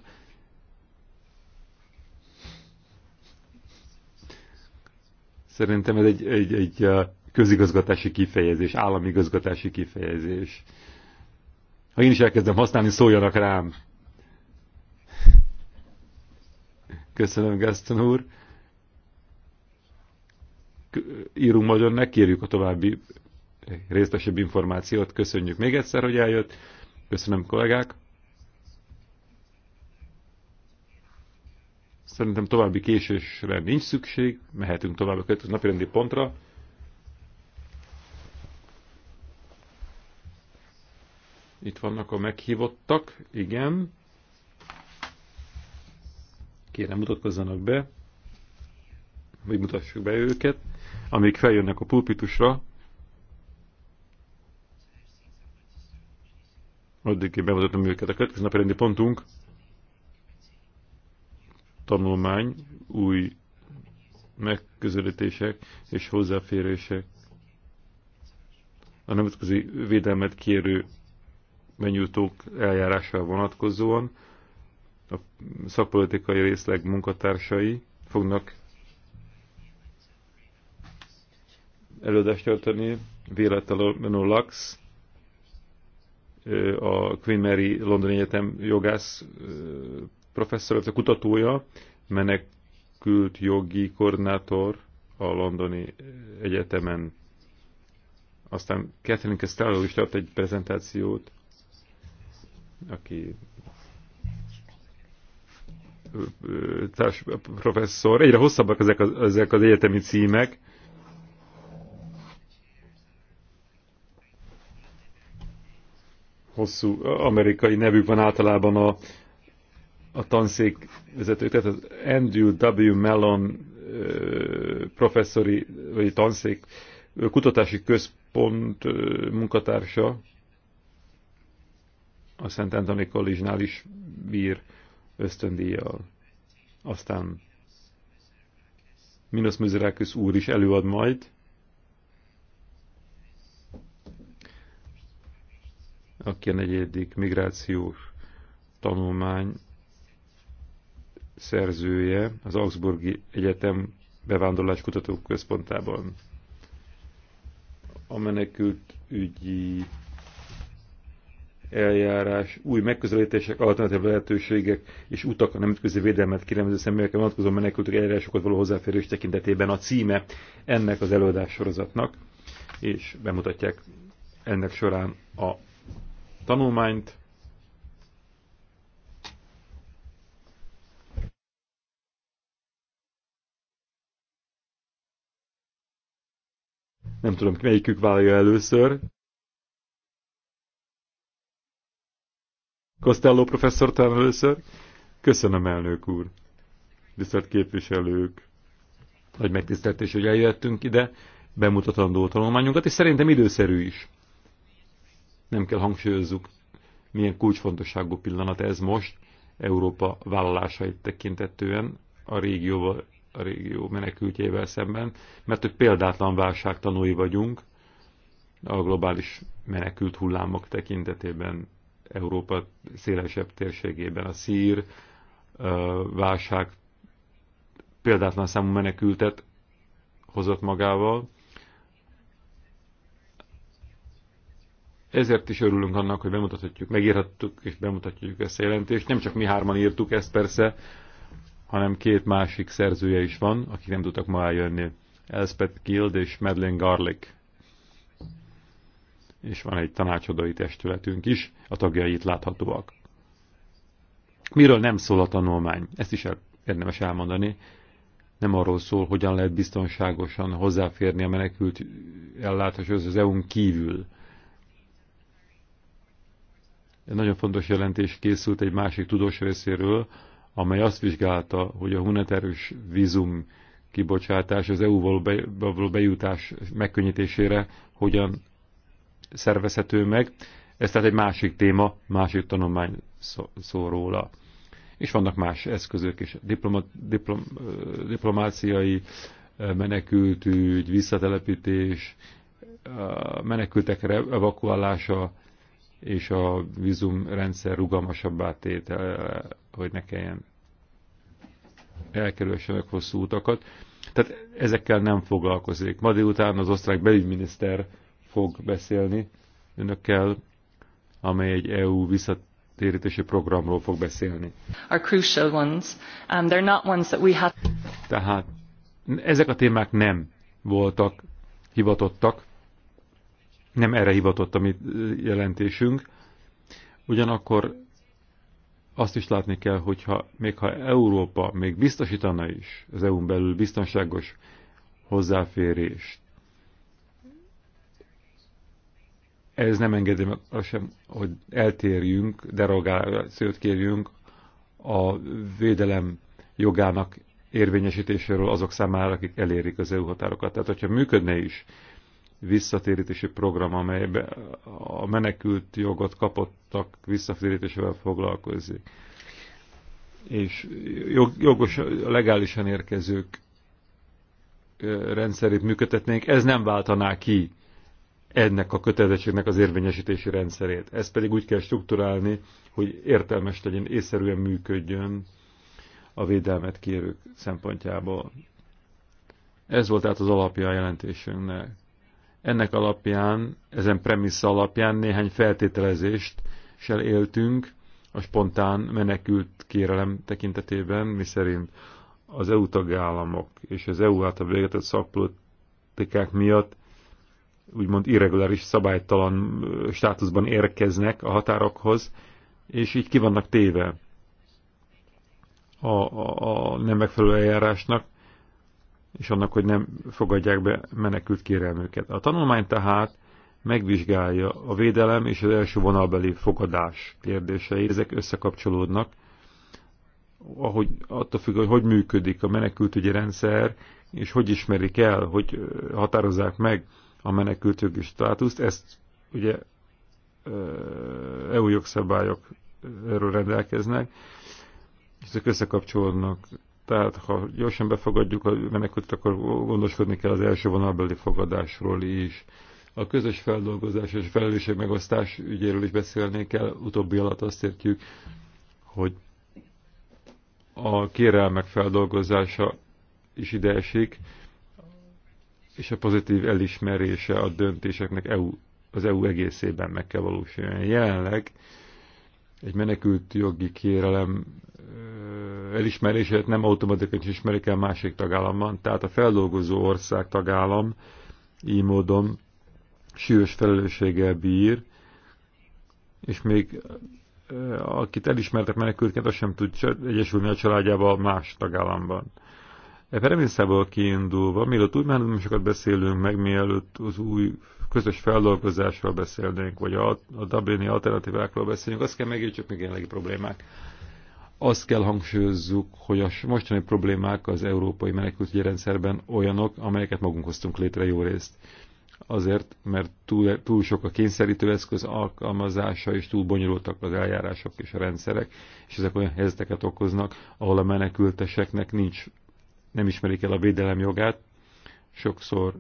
Szerintem ez egy, egy, egy közigazgatási kifejezés, állami igazgatási kifejezés. Ha én is elkezdem használni, szóljanak rám. Köszönöm, Gaston úr. Írunk magyar, megkérjük a további részletesebb információt. Köszönjük még egyszer, hogy eljött. Köszönöm, kollégák. Szerintem további késésre nincs szükség, mehetünk tovább a következő napirendi pontra. Itt vannak a meghívottak, igen. Kérem mutatkozzanak be, hogy mutassuk be őket, amíg feljönnek a pulpitusra. Addig bemutatom őket. A következő napi rendi pontunk tanulmány új megközelítések és hozzáférések a nemzetközi védelmet kérő menyújtók eljárásával vonatkozóan a szakpolitikai részleg munkatársai fognak előadást tartani, véletlenül Lax, a Queen Mary London Egyetem jogász professzor, a kutatója, menekült jogi koordinátor a londoni egyetemen. Aztán Catherine Castello is tart egy prezentációt, aki társ professzor. Egyre hosszabbak ezek az, ezek az egyetemi címek. Hosszú amerikai nevük van általában a a tanszék vezetők, tehát az Andrew W. Mellon professzori, vagy tanszék kutatási központ munkatársa, a Szent Antoni College-nál is bír ösztöndíjjal. Aztán Minos Mözerakus úr is előad majd. Aki a negyedik migrációs tanulmány szerzője az Augsburgi Egyetem bevándorlás kutatók központában. A menekült ügyi eljárás, új megközelítések, alternatív lehetőségek és utak a nemzetközi védelmet kiremező személyekkel vonatkozó menekültök eljárásokat való hozzáférés tekintetében a címe ennek az előadás sorozatnak, és bemutatják ennek során a tanulmányt, Nem tudom, melyikük válja először. Costello professzor talán először. Köszönöm, elnök úr. Tisztelt képviselők. Nagy megtiszteltés, hogy eljöttünk ide. Bemutatandó tanulmányunkat, és szerintem időszerű is. Nem kell hangsúlyozzuk, milyen kulcsfontosságú pillanat ez most, Európa vállalásait tekintetően a régióval a régió menekültjével szemben, mert hogy példátlan válság tanúi vagyunk a globális menekült hullámok tekintetében Európa szélesebb térségében. A szír válság példátlan számú menekültet hozott magával. Ezért is örülünk annak, hogy bemutathatjuk, megírhattuk és bemutatjuk ezt a jelentést. Nem csak mi hárman írtuk ezt persze, hanem két másik szerzője is van, akik nem tudtak ma eljönni. Elspeth Guild és Madeleine Garlick. És van egy tanácsadói testületünk is, a tagjai itt láthatóak. Miről nem szól a tanulmány? Ezt is el, érdemes elmondani. Nem arról szól, hogyan lehet biztonságosan hozzáférni a menekült ellátáshoz az EU-n kívül. Egy nagyon fontos jelentés készült egy másik tudós részéről, amely azt vizsgálta, hogy a humanitárius vízum kibocsátás az EU-val be, bejutás megkönnyítésére hogyan szervezhető meg. Ez tehát egy másik téma, másik tanulmány szó, szó róla. És vannak más eszközök is, diploma, diplom, diplomáciai menekültügy, visszatelepítés, menekültek evakuálása és a vízumrendszer rugalmasabbá tétele hogy ne kelljen elkerülsenek hosszú utakat. Tehát ezekkel nem foglalkozik. Ma délután az osztrák belügyminiszter fog beszélni önökkel, amely egy EU visszatérítési programról fog beszélni. Are crucial ones. Um, they're not ones that we have... Tehát ezek a témák nem voltak hivatottak, nem erre hivatott a mi jelentésünk. Ugyanakkor azt is látni kell, hogyha még ha Európa még biztosítana is az EU-n belül biztonságos hozzáférést, ez nem engedi meg azt sem, hogy eltérjünk, derogációt kérjünk a védelem jogának érvényesítéséről azok számára, akik elérik az EU határokat. Tehát, hogyha működne is visszatérítési program, amelyben a menekült jogot kapottak visszatérítésével foglalkozik. És jogos, legálisan érkezők rendszerét működtetnénk, ez nem váltaná ki ennek a kötelezettségnek az érvényesítési rendszerét. Ezt pedig úgy kell strukturálni, hogy értelmes legyen, észszerűen működjön a védelmet kérők szempontjából. Ez volt tehát az alapja a jelentésünknek. Ennek alapján, ezen premissza alapján néhány feltételezést sel éltünk a spontán menekült kérelem tekintetében, miszerint az EU tagállamok és az EU által végetett szakpolitikák miatt úgymond irreguláris, szabálytalan státuszban érkeznek a határokhoz, és így ki vannak téve a, a, a nem megfelelő eljárásnak, és annak, hogy nem fogadják be menekült kérelmüket. A tanulmány tehát megvizsgálja a védelem és az első vonalbeli fogadás kérdései. Ezek összekapcsolódnak, ahogy attól függ, hogy hogy működik a menekültügyi rendszer, és hogy ismerik el, hogy határozzák meg a menekültjogi státuszt, ezt ugye EU jogszabályok erről rendelkeznek, és ezek összekapcsolódnak tehát, ha gyorsan befogadjuk a menekült, akkor gondoskodni kell az első vonalbeli fogadásról is. A közös feldolgozás és felelősség megosztás ügyéről is beszélni kell. Utóbbi alatt azt értjük, hogy a kérelmek feldolgozása is ide esik, és a pozitív elismerése a döntéseknek EU, az EU egészében meg kell valósulni. Jelenleg egy menekült jogi kérelem elismerését nem automatikusan ismerik el másik tagállamban, tehát a feldolgozó ország tagállam így módon sűrűs felelősséggel bír, és még akit elismertek menekültként, azt sem tud egyesülni a családjába más tagállamban. E premisszából kiindulva, mielőtt új mechanizmusokat beszélünk meg, mielőtt az új közös feldolgozásról beszélnénk, vagy a, a Dublini alternatívákról beszélünk, azt kell megértsük még jelenlegi problémák. Azt kell hangsúlyozzuk, hogy a mostani problémák az európai menekültügyi rendszerben olyanok, amelyeket magunk hoztunk létre jó részt. Azért, mert túl, túl sok a kényszerítő eszköz alkalmazása, és túl bonyolultak az eljárások és a rendszerek, és ezek olyan helyzeteket okoznak, ahol a menekülteseknek nincs nem ismerik el a védelem jogát, sokszor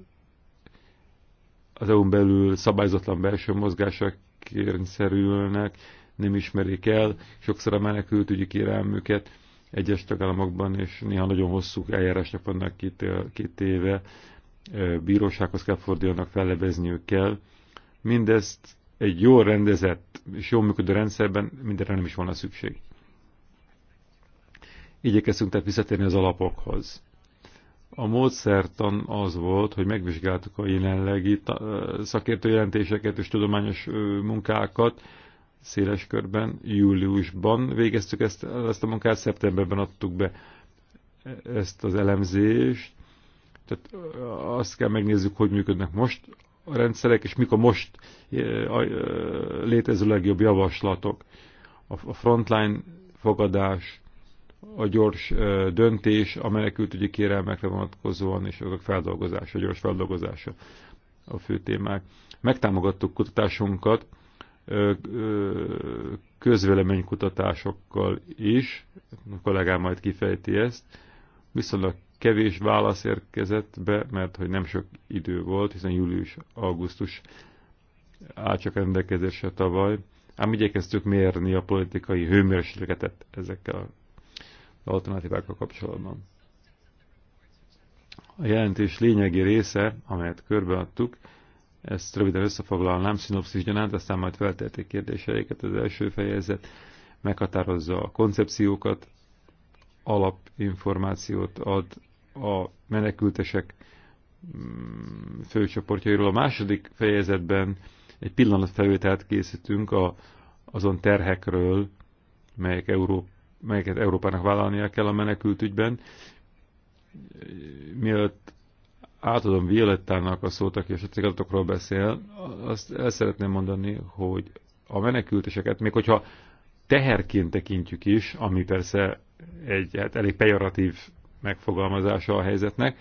az EU-n belül szabályzatlan belső mozgásra kényszerülnek, nem ismerik el, sokszor a menekültügyi kérelmüket egyes tagállamokban, és néha nagyon hosszú eljárásnak vannak két, két éve, bírósághoz kell fordulnak, fellebezniük kell. Mindezt egy jól rendezett és jól működő rendszerben mindenre nem is volna szükség. Igyekeztünk tehát visszatérni az alapokhoz. A módszertan az volt, hogy megvizsgáltuk a jelenlegi szakértő jelentéseket és tudományos munkákat széles körben. Júliusban végeztük ezt, ezt a munkát, szeptemberben adtuk be ezt az elemzést. Tehát azt kell megnézzük, hogy működnek most a rendszerek, és mik a most létező legjobb javaslatok. A frontline fogadás, a gyors döntés a menekültügyi kérelmekre vonatkozóan és azok feldolgozása, a gyors feldolgozása a fő témák. Megtámogattuk kutatásunkat közvéleménykutatásokkal is, a kollégám majd kifejti ezt, viszonylag kevés válasz érkezett be, mert hogy nem sok idő volt, hiszen július-augusztus áll csak rendelkezésre tavaly, ám igyekeztük mérni a politikai hőmérsékletet ezekkel a alternatívákkal kapcsolatban. A jelentés lényegi része, amelyet körbeadtuk, ezt röviden összefoglalnám szinopszis gyanánt, aztán majd feltelték kérdéseiket az első fejezet, meghatározza a koncepciókat, alapinformációt ad a menekültesek mm, főcsoportjairól. A második fejezetben egy pillanatfelvételt készítünk a, azon terhekről, melyek Európa melyeket Európának vállalnia kell a menekültügyben. Mielőtt átadom Violettának a szót, aki a statisztikai beszél, azt el szeretném mondani, hogy a menekülteseket, még hogyha teherként tekintjük is, ami persze egy hát elég pejoratív megfogalmazása a helyzetnek,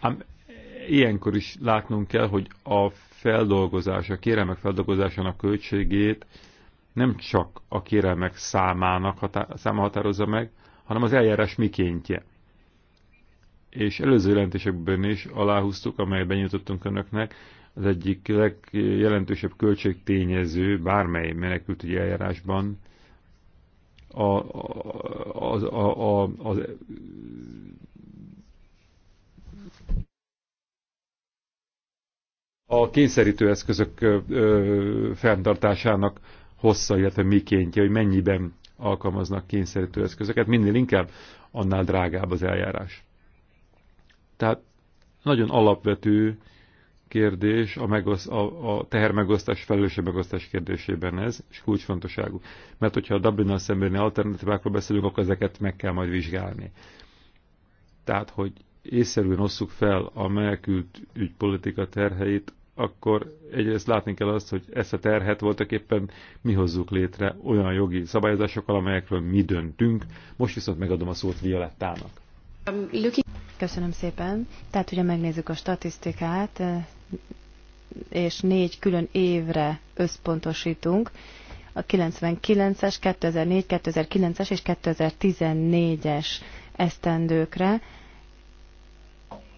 ám ilyenkor is látnunk kell, hogy a feldolgozása, a kérelmek feldolgozásának költségét nem csak a kérelmek számának hatá száma határozza meg, hanem az eljárás mikéntje. És előző jelentésekben is aláhúztuk, amelyet benyújtottunk önöknek, az egyik legjelentősebb költségtényező bármely menekültügyi eljárásban a, a, a, a, a, az a kényszerítő eszközök fenntartásának hossza, illetve mikéntje, hogy mennyiben alkalmaznak kényszerítő eszközöket, minél inkább, annál drágább az eljárás. Tehát nagyon alapvető kérdés a, megosz, a, a tehermegosztás, felelősség megosztás kérdésében ez, és kulcsfontosságú. Mert hogyha a Dublin-nal szembeni alternatívákról beszélünk, akkor ezeket meg kell majd vizsgálni. Tehát, hogy észszerűen osszuk fel a menekült ügypolitika terheit akkor egyrészt látni kell azt, hogy ezt a terhet voltak éppen mi hozzuk létre olyan jogi szabályozásokkal, amelyekről mi döntünk. Most viszont megadom a szót Violettának. Um, Köszönöm szépen. Tehát, hogyha megnézzük a statisztikát, eh, és négy külön évre összpontosítunk, a 99-es, 2004, 2009-es és 2014-es esztendőkre,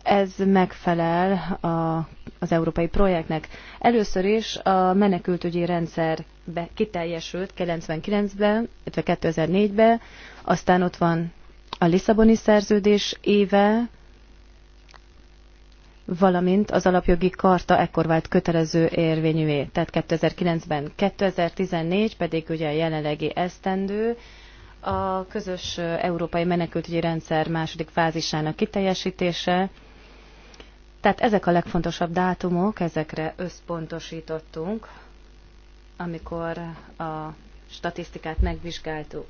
ez megfelel a, az európai projektnek. Először is a menekültügyi rendszer be, kiteljesült 99-ben, illetve 2004-ben, aztán ott van a Lisszaboni szerződés éve, valamint az alapjogi karta ekkor vált kötelező érvényűvé, tehát 2009-ben. 2014 pedig ugye a jelenlegi esztendő, a közös európai menekültügyi rendszer második fázisának kiteljesítése, tehát ezek a legfontosabb dátumok, ezekre összpontosítottunk, amikor a statisztikát megvizsgáltuk.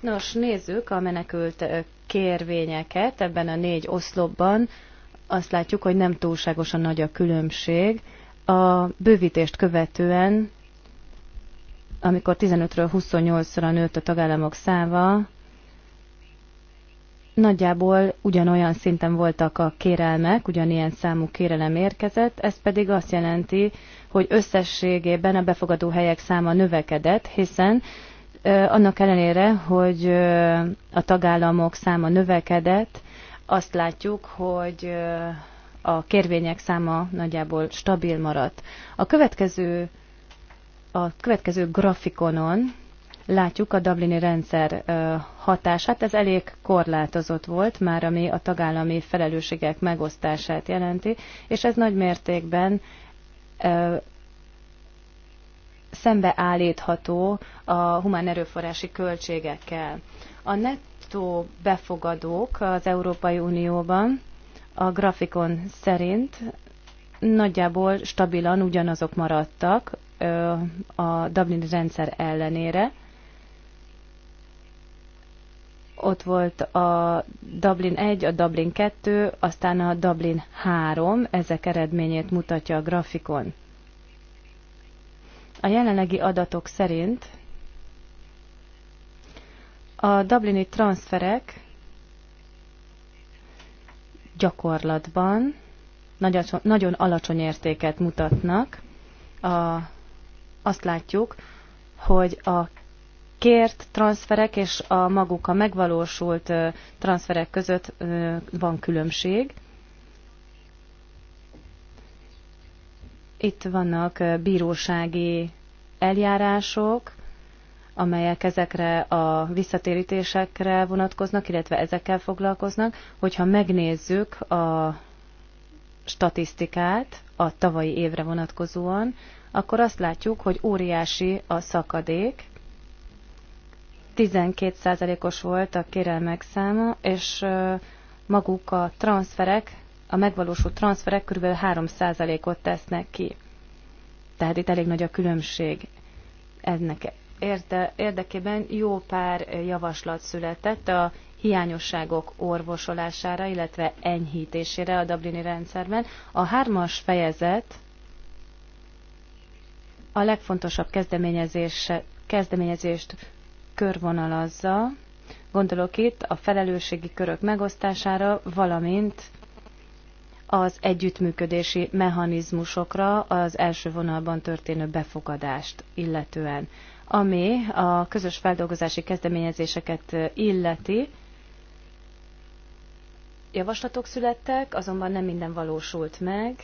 Nos, nézzük a menekült kérvényeket ebben a négy oszlopban. Azt látjuk, hogy nem túlságosan nagy a különbség. A bővítést követően, amikor 15-ről 28-ra nőtt a tagállamok száma, nagyjából ugyanolyan szinten voltak a kérelmek, ugyanilyen számú kérelem érkezett, ez pedig azt jelenti, hogy összességében a befogadó helyek száma növekedett, hiszen annak ellenére, hogy a tagállamok száma növekedett, azt látjuk, hogy a kérvények száma nagyjából stabil maradt. A következő, a következő grafikonon látjuk a Dublini rendszer hatását. Ez elég korlátozott volt, már ami a tagállami felelősségek megosztását jelenti, és ez nagy mértékben szembeállítható a humán erőforrási költségekkel. A nettó befogadók az Európai Unióban a grafikon szerint nagyjából stabilan ugyanazok maradtak a Dublin rendszer ellenére, ott volt a Dublin 1, a Dublin 2, aztán a Dublin 3, ezek eredményét mutatja a grafikon. A jelenlegi adatok szerint a dublini transferek gyakorlatban nagyon, nagyon alacsony értéket mutatnak. A, azt látjuk, hogy a kért transferek és a maguk a megvalósult transferek között van különbség. Itt vannak bírósági eljárások, amelyek ezekre a visszatérítésekre vonatkoznak, illetve ezekkel foglalkoznak. Hogyha megnézzük a statisztikát a tavalyi évre vonatkozóan, akkor azt látjuk, hogy óriási a szakadék, 12%-os volt a kérelmek száma, és maguk a transferek, a megvalósult transferek kb. 3%-ot tesznek ki. Tehát itt elég nagy a különbség. Ennek érde, érdekében jó pár javaslat született a hiányosságok orvosolására, illetve enyhítésére a Dublini rendszerben. A hármas fejezet a legfontosabb kezdeményezést körvonalazza, gondolok itt a felelősségi körök megosztására, valamint az együttműködési mechanizmusokra az első vonalban történő befogadást illetően, ami a közös feldolgozási kezdeményezéseket illeti. Javaslatok születtek, azonban nem minden valósult meg,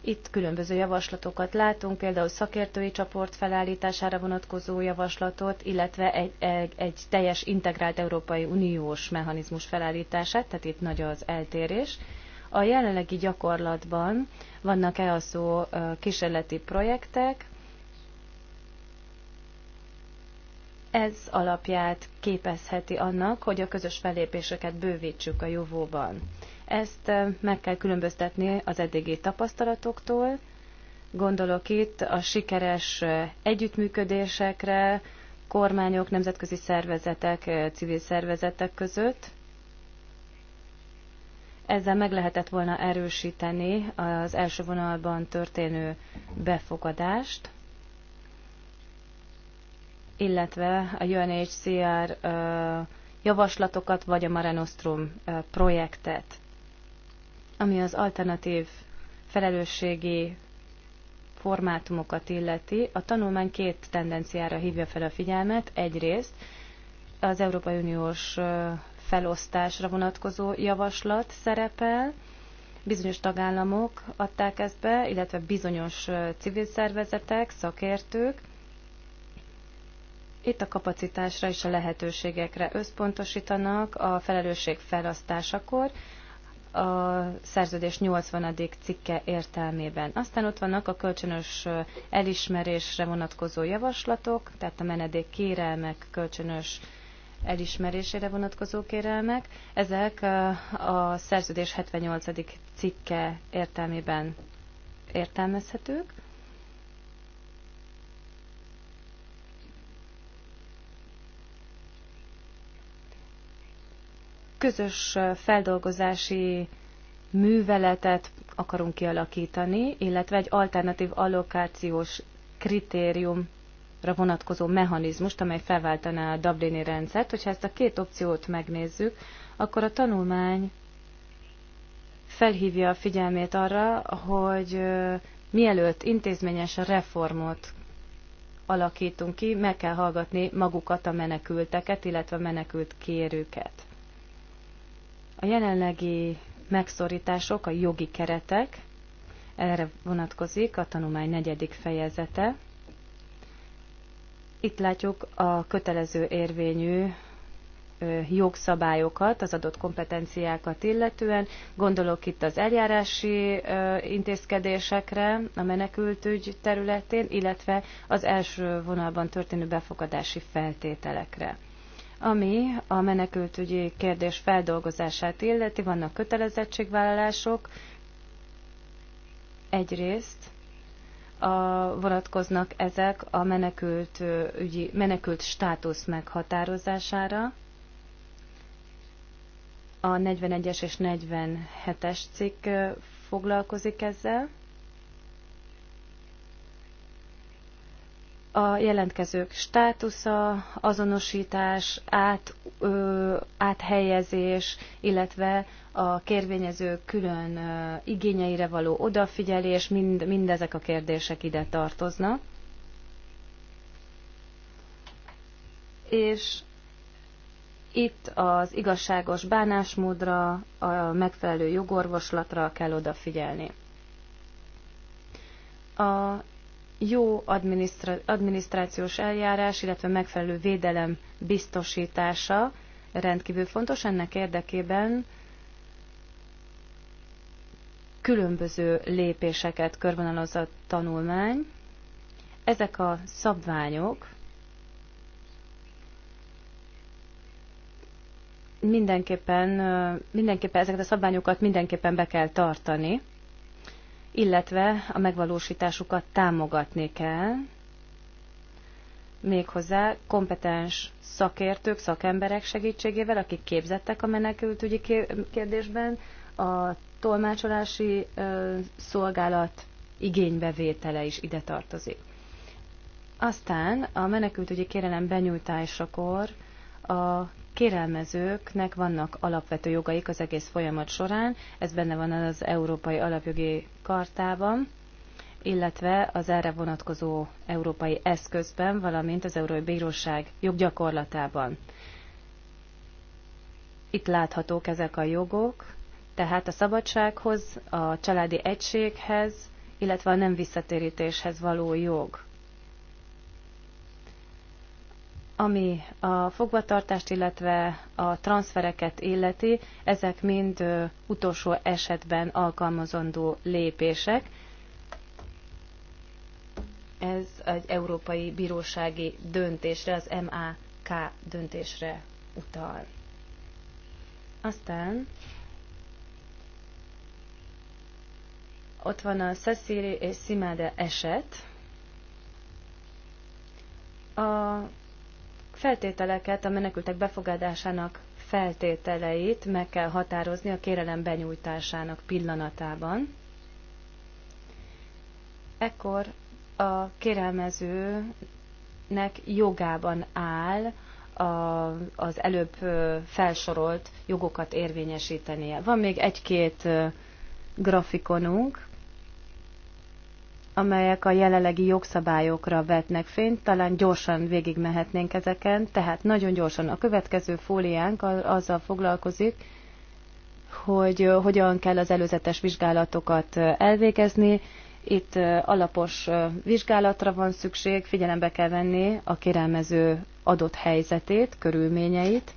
itt különböző javaslatokat látunk, például szakértői csoport felállítására vonatkozó javaslatot, illetve egy, egy, egy teljes integrált Európai Uniós mechanizmus felállítását, tehát itt nagy az eltérés. A jelenlegi gyakorlatban vannak EASZO kísérleti projektek, ez alapját képezheti annak, hogy a közös fellépéseket bővítsük a jövőben. Ezt meg kell különböztetni az eddigi tapasztalatoktól. Gondolok itt a sikeres együttműködésekre, kormányok, nemzetközi szervezetek, civil szervezetek között. Ezzel meg lehetett volna erősíteni az első vonalban történő befogadást, illetve a UNHCR javaslatokat vagy a Mare Nostrum projektet. Ami az alternatív felelősségi formátumokat illeti, a tanulmány két tendenciára hívja fel a figyelmet. Egyrészt az Európai Uniós felosztásra vonatkozó javaslat szerepel, bizonyos tagállamok adták ezt be, illetve bizonyos civil szervezetek, szakértők. Itt a kapacitásra és a lehetőségekre összpontosítanak a felelősség felosztásakor, a szerződés 80. cikke értelmében. Aztán ott vannak a kölcsönös elismerésre vonatkozó javaslatok, tehát a menedék kérelmek kölcsönös elismerésére vonatkozó kérelmek. Ezek a szerződés 78. cikke értelmében értelmezhetők. közös feldolgozási műveletet akarunk kialakítani, illetve egy alternatív allokációs kritériumra vonatkozó mechanizmust, amely felváltaná a Dublini rendszert. Hogyha ezt a két opciót megnézzük, akkor a tanulmány felhívja a figyelmét arra, hogy mielőtt intézményes reformot alakítunk ki, meg kell hallgatni magukat a menekülteket, illetve a menekült kérőket. A jelenlegi megszorítások, a jogi keretek, erre vonatkozik a tanulmány negyedik fejezete. Itt látjuk a kötelező érvényű jogszabályokat, az adott kompetenciákat illetően. Gondolok itt az eljárási intézkedésekre a menekültügy területén, illetve az első vonalban történő befogadási feltételekre. Ami a menekültügyi kérdés feldolgozását illeti, vannak kötelezettségvállalások, egyrészt a, vonatkoznak ezek a menekült, ügyi, menekült státusz meghatározására, a 41-es és 47-es cikk foglalkozik ezzel, a jelentkezők státusza, azonosítás, át, ö, áthelyezés, illetve a kérvényezők külön ö, igényeire való odafigyelés, mind, mindezek a kérdések ide tartoznak. És itt az igazságos bánásmódra, a megfelelő jogorvoslatra kell odafigyelni. A jó adminisztrációs eljárás, illetve megfelelő védelem biztosítása rendkívül fontos. Ennek érdekében különböző lépéseket körvonaloz a tanulmány. Ezek a szabványok mindenképpen, mindenképpen ezeket a szabványokat mindenképpen be kell tartani illetve a megvalósításukat támogatni kell, méghozzá kompetens szakértők, szakemberek segítségével, akik képzettek a menekültügyi kérdésben, a tolmácsolási szolgálat igénybevétele is ide tartozik. Aztán a menekültügyi kérelem benyújtásakor a kérelmezőknek vannak alapvető jogaik az egész folyamat során, ez benne van az Európai Alapjogi Kartában, illetve az erre vonatkozó európai eszközben, valamint az Európai Bíróság joggyakorlatában. Itt láthatók ezek a jogok, tehát a szabadsághoz, a családi egységhez, illetve a nem visszatérítéshez való jog. Ami a fogvatartást, illetve a transfereket illeti, ezek mind utolsó esetben alkalmazandó lépések. Ez egy európai bírósági döntésre, az MAK döntésre utal. Aztán ott van a Cecily és Simade eset. A feltételeket, a menekültek befogadásának feltételeit meg kell határozni a kérelem benyújtásának pillanatában. Ekkor a kérelmezőnek jogában áll a, az előbb felsorolt jogokat érvényesítenie. Van még egy-két grafikonunk, amelyek a jelenlegi jogszabályokra vetnek fényt, talán gyorsan végigmehetnénk ezeken, tehát nagyon gyorsan. A következő fóliánk azzal foglalkozik, hogy hogyan kell az előzetes vizsgálatokat elvégezni. Itt alapos vizsgálatra van szükség, figyelembe kell venni a kérelmező adott helyzetét, körülményeit,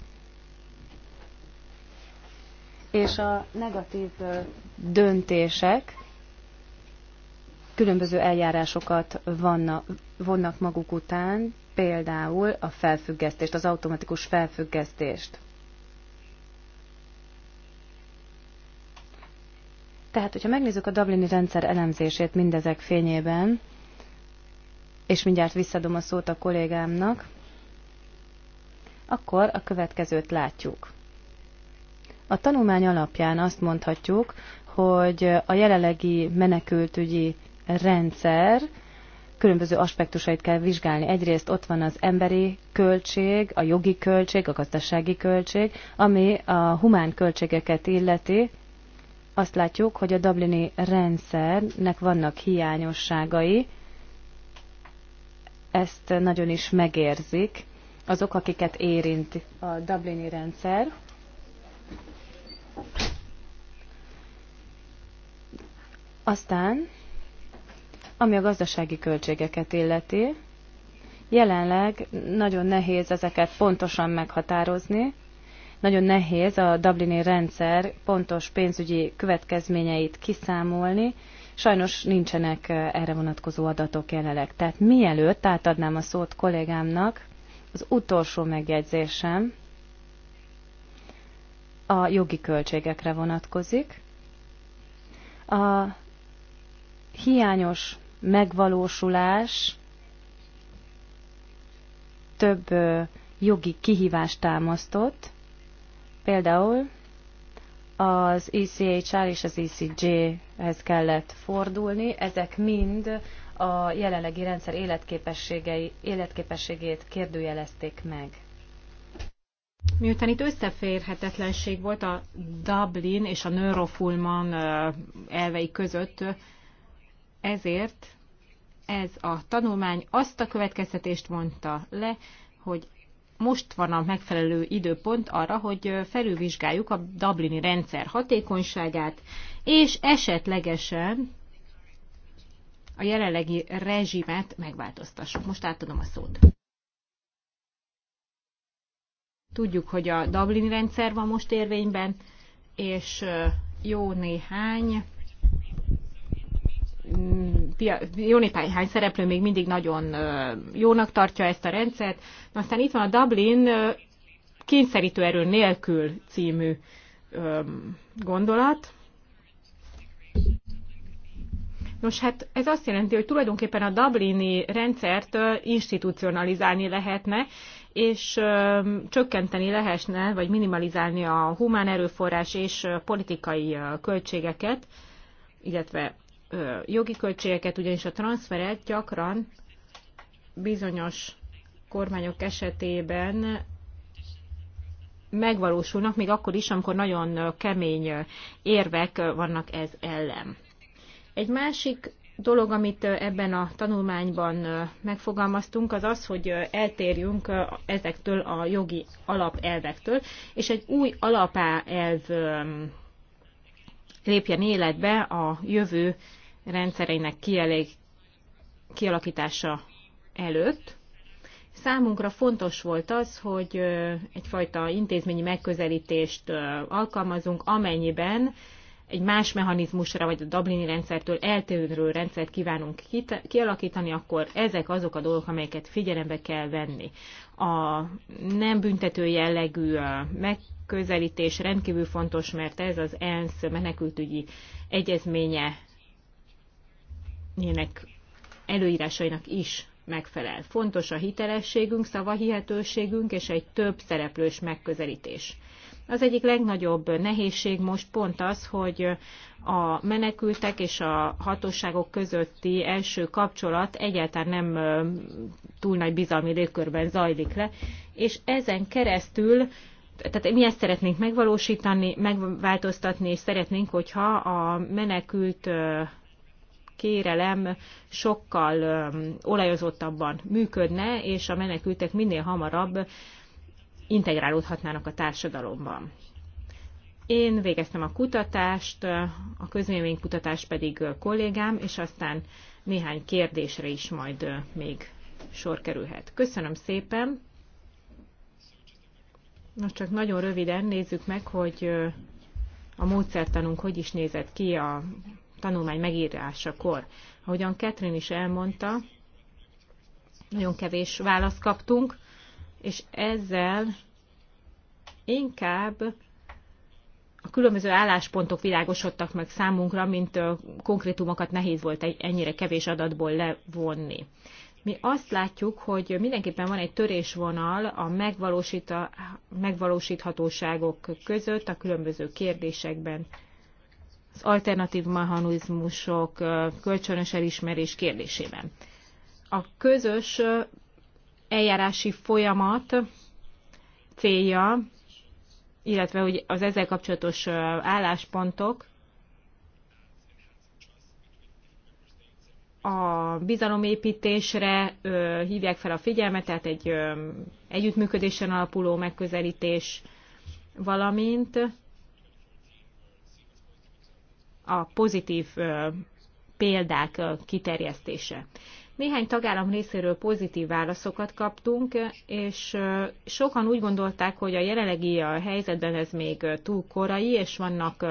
és a negatív döntések, különböző eljárásokat vannak, vonnak maguk után, például a felfüggesztést, az automatikus felfüggesztést. Tehát, hogyha megnézzük a Dublini rendszer elemzését mindezek fényében, és mindjárt visszadom a szót a kollégámnak, akkor a következőt látjuk. A tanulmány alapján azt mondhatjuk, hogy a jelenlegi menekültügyi rendszer különböző aspektusait kell vizsgálni. Egyrészt ott van az emberi költség, a jogi költség, a gazdasági költség, ami a humán költségeket illeti. Azt látjuk, hogy a Dublini rendszernek vannak hiányosságai, ezt nagyon is megérzik azok, akiket érint a Dublini rendszer. Aztán ami a gazdasági költségeket illeti, jelenleg nagyon nehéz ezeket pontosan meghatározni, nagyon nehéz a Dublini rendszer pontos pénzügyi következményeit kiszámolni, sajnos nincsenek eh, erre vonatkozó adatok jelenleg. Tehát mielőtt átadnám a szót kollégámnak, az utolsó megjegyzésem a jogi költségekre vonatkozik. A hiányos megvalósulás több jogi kihívást támasztott, például az ECHR és az ECJ-hez kellett fordulni, ezek mind a jelenlegi rendszer életképességei, életképességét kérdőjelezték meg. Miután itt összeférhetetlenség volt a Dublin és a Neurofulman elvei között, ezért ez a tanulmány azt a következtetést mondta le, hogy most van a megfelelő időpont arra, hogy felülvizsgáljuk a Dublini rendszer hatékonyságát, és esetlegesen a jelenlegi rezsimet megváltoztassuk. Most átadom a szót. Tudjuk, hogy a Dublini rendszer van most érvényben, és jó néhány jó hány szereplő még mindig nagyon jónak tartja ezt a rendszert. Aztán itt van a Dublin kényszerítő erő nélkül című gondolat. Nos, hát ez azt jelenti, hogy tulajdonképpen a Dublini rendszert institucionalizálni lehetne, és csökkenteni lehetne, vagy minimalizálni a humán erőforrás és politikai költségeket, illetve jogi költségeket, ugyanis a transferet gyakran bizonyos kormányok esetében megvalósulnak, még akkor is, amikor nagyon kemény érvek vannak ez ellen. Egy másik dolog, amit ebben a tanulmányban megfogalmaztunk, az az, hogy eltérjünk ezektől a jogi alapelvektől, és egy új alapelv lépjen életbe a jövő rendszereinek kielég, kialakítása előtt. Számunkra fontos volt az, hogy egyfajta intézményi megközelítést alkalmazunk, amennyiben egy más mechanizmusra, vagy a Dublini rendszertől eltérő rendszert kívánunk kialakítani, akkor ezek azok a dolgok, amelyeket figyelembe kell venni. A nem büntető jellegű megközelítés rendkívül fontos, mert ez az ENSZ menekültügyi egyezménye ennek előírásainak is megfelel. Fontos a hitelességünk, szavahihetőségünk és egy több szereplős megközelítés. Az egyik legnagyobb nehézség most pont az, hogy a menekültek és a hatóságok közötti első kapcsolat egyáltalán nem túl nagy bizalmi légkörben zajlik le, és ezen keresztül tehát mi ezt szeretnénk megvalósítani, megváltoztatni, és szeretnénk, hogyha a menekült kérelem sokkal olajozottabban működne, és a menekültek minél hamarabb integrálódhatnának a társadalomban. Én végeztem a kutatást, a kutatás pedig kollégám, és aztán néhány kérdésre is majd még sor kerülhet. Köszönöm szépen! Most csak nagyon röviden nézzük meg, hogy a módszertanunk hogy is nézett ki a tanulmány megírásakor. Ahogyan Catherine is elmondta, nagyon kevés választ kaptunk, és ezzel inkább a különböző álláspontok világosodtak meg számunkra, mint konkrétumokat nehéz volt ennyire kevés adatból levonni. Mi azt látjuk, hogy mindenképpen van egy törésvonal a megvalósíthatóságok között a különböző kérdésekben az alternatív mechanizmusok kölcsönös elismerés kérdésében. A közös eljárási folyamat célja, illetve hogy az ezzel kapcsolatos álláspontok a bizalomépítésre ö, hívják fel a figyelmet, tehát egy ö, együttműködésen alapuló megközelítés, valamint a pozitív példák kiterjesztése. Néhány tagállam részéről pozitív válaszokat kaptunk, és sokan úgy gondolták, hogy a jelenlegi helyzetben ez még túl korai, és vannak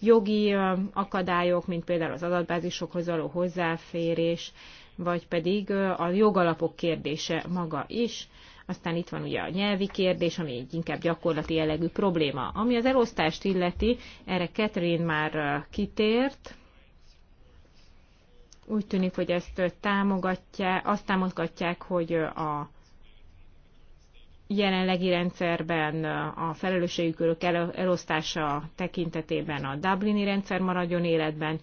jogi akadályok, mint például az adatbázisokhoz való hozzáférés, vagy pedig a jogalapok kérdése maga is. Aztán itt van ugye a nyelvi kérdés, ami egy inkább gyakorlati jellegű probléma. Ami az elosztást illeti, erre Catherine már kitért. Úgy tűnik, hogy ezt támogatják, azt támogatják, hogy a jelenlegi rendszerben a felelősségükörök elosztása tekintetében a Dublini rendszer maradjon életben.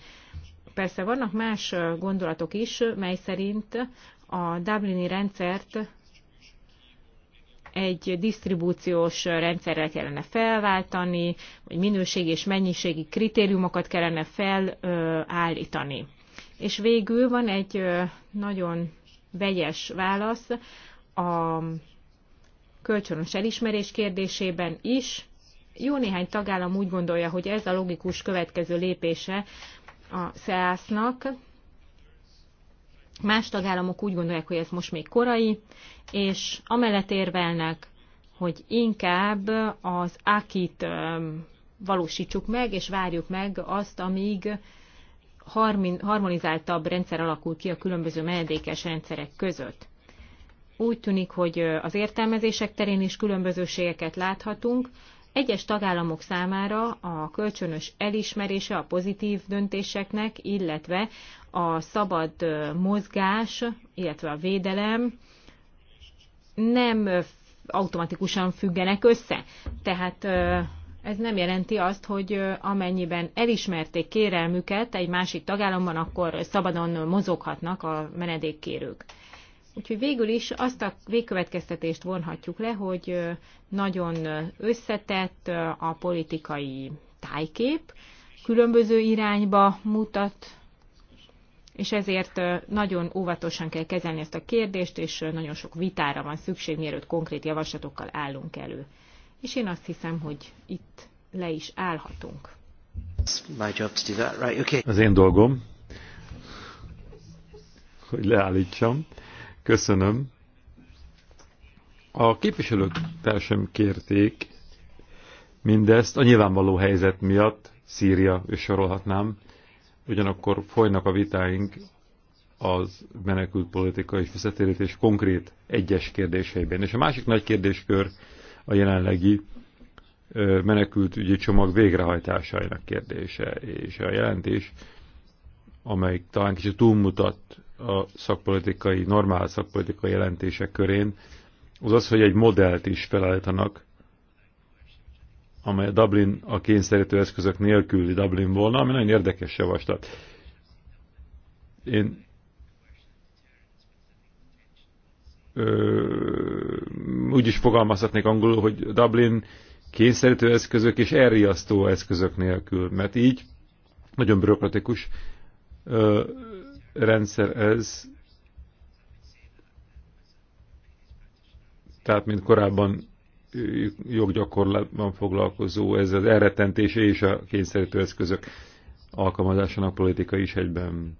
Persze vannak más gondolatok is, mely szerint a Dublini rendszert egy disztribúciós rendszerrel kellene felváltani, vagy minőségi és mennyiségi kritériumokat kellene felállítani. És végül van egy nagyon vegyes válasz a kölcsönös elismerés kérdésében is. Jó néhány tagállam úgy gondolja, hogy ez a logikus következő lépése a SEASZ-nak, Más tagállamok úgy gondolják, hogy ez most még korai, és amellett érvelnek, hogy inkább az akit valósítsuk meg, és várjuk meg azt, amíg harmonizáltabb rendszer alakul ki a különböző menedékes rendszerek között. Úgy tűnik, hogy az értelmezések terén is különbözőségeket láthatunk, egyes tagállamok számára a kölcsönös elismerése a pozitív döntéseknek, illetve a szabad mozgás, illetve a védelem nem automatikusan függenek össze. Tehát ez nem jelenti azt, hogy amennyiben elismerték kérelmüket egy másik tagállamban, akkor szabadon mozoghatnak a menedékkérők. Úgyhogy végül is azt a végkövetkeztetést vonhatjuk le, hogy nagyon összetett a politikai tájkép, különböző irányba mutat, és ezért nagyon óvatosan kell kezelni ezt a kérdést, és nagyon sok vitára van szükség, mielőtt konkrét javaslatokkal állunk elő. És én azt hiszem, hogy itt le is állhatunk. Az én dolgom, hogy leállítsam. Köszönöm. A képviselők sem kérték mindezt a nyilvánvaló helyzet miatt, Szíria, és sorolhatnám, ugyanakkor folynak a vitáink az menekült politika és visszatérítés konkrét egyes kérdéseiben. És a másik nagy kérdéskör a jelenlegi menekült ügyi csomag végrehajtásainak kérdése, és a jelentés, amely talán kicsit túlmutat a szakpolitikai, normál szakpolitikai jelentések körén, az az, hogy egy modellt is felállítanak, amely Dublin a kényszerítő eszközök nélküli Dublin volna, ami nagyon érdekes javaslat. Én ö, úgy is fogalmazhatnék angolul, hogy Dublin kényszerítő eszközök és elriasztó eszközök nélkül, mert így nagyon bürokratikus rendszer ez, tehát mint korábban joggyakorlatban foglalkozó, ez az elretentése és a kényszerítő eszközök alkalmazásának politika is egyben.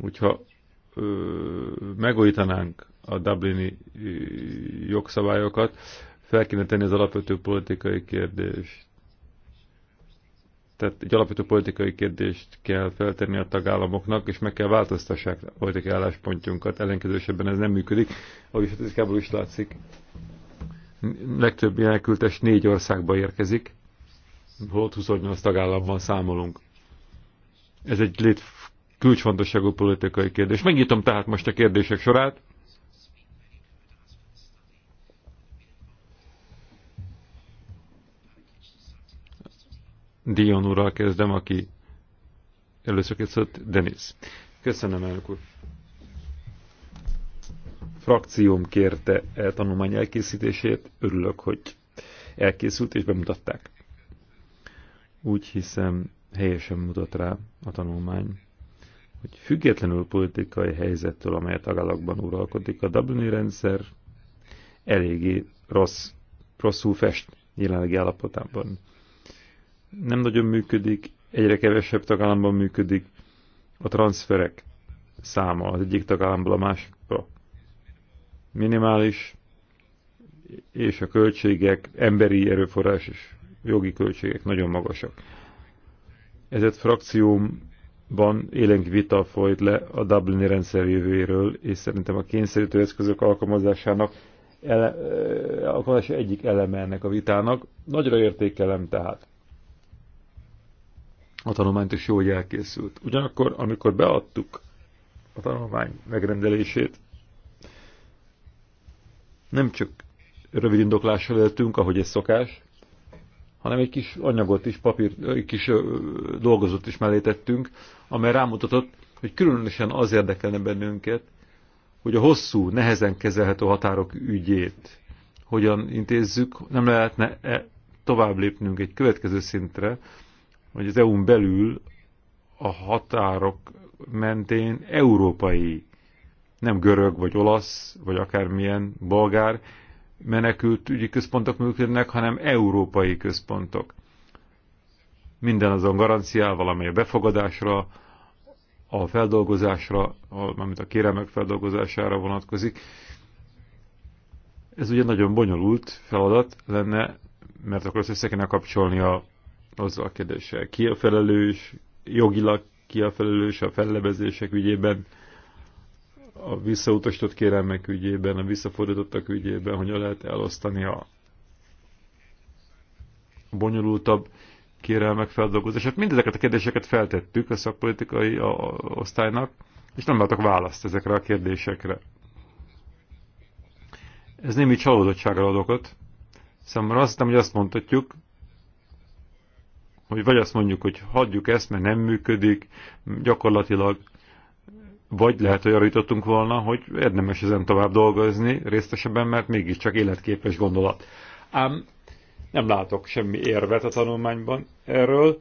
Hogyha ö, megújítanánk a Dublini jogszabályokat, fel kéne tenni az alapvető politikai kérdést. Tehát egy alapvető politikai kérdést kell feltenni a tagállamoknak, és meg kell változtassák a politikai álláspontjunkat, ellenkezősebben ez nem működik, ahogy a is látszik. Legtöbb menekültes négy országba érkezik, holott 28 tagállamban számolunk. Ez egy létfontosságú politikai kérdés. Megnyitom tehát most a kérdések sorát. Dion úrral kezdem, aki először készült, Denis. Köszönöm, elnök úr. Frakcióm kérte e tanulmány elkészítését, örülök, hogy elkészült és bemutatták. Úgy hiszem, helyesen mutat rá a tanulmány, hogy függetlenül politikai helyzettől, amely a tagállakban uralkodik, a Dublini rendszer eléggé rossz, rosszul fest jelenlegi állapotában nem nagyon működik, egyre kevesebb tagállamban működik a transferek száma az egyik tagállamból a másikba Minimális, és a költségek, emberi erőforrás és jogi költségek nagyon magasak. Ezért frakciómban élenk vita folyt le a Dublini rendszer jövőjéről, és szerintem a kényszerítő eszközök alkalmazásának ele, alkalmazása egyik eleme ennek a vitának. Nagyra értékelem tehát a tanulmányt is jó, hogy elkészült. Ugyanakkor, amikor beadtuk a tanulmány megrendelését, nem csak rövid indoklással éltünk, ahogy ez szokás, hanem egy kis anyagot is, papír, egy kis dolgozót is mellé tettünk, amely rámutatott, hogy különösen az érdekelne bennünket, hogy a hosszú, nehezen kezelhető határok ügyét hogyan intézzük, nem lehetne -e tovább lépnünk egy következő szintre, hogy az EU-n belül a határok mentén európai, nem görög, vagy olasz, vagy akármilyen bolgár menekült ügyi központok működnek, hanem európai központok. Minden azon garanciával, amely a befogadásra, a feldolgozásra, amit a kéremek feldolgozására vonatkozik. Ez ugye nagyon bonyolult feladat lenne, mert akkor össze kéne kapcsolni a azzal a kérdéssel, ki a felelős, jogilag ki a felelős a fellebezések ügyében, a visszautasított kérelmek ügyében, a visszafordítottak ügyében, hogy lehet elosztani a bonyolultabb kérelmek feldolgozását. Mindezeket a kérdéseket feltettük a szakpolitikai osztálynak, és nem adtak választ ezekre a kérdésekre. Ez némi csalódottsággal ad okot. Számomra azt hiszem, hogy azt mondhatjuk, hogy vagy azt mondjuk, hogy hagyjuk ezt, mert nem működik, gyakorlatilag, vagy lehet, hogy arra jutottunk volna, hogy érdemes ezen tovább dolgozni részesebben, mert mégiscsak életképes gondolat. Ám nem látok semmi érvet a tanulmányban erről.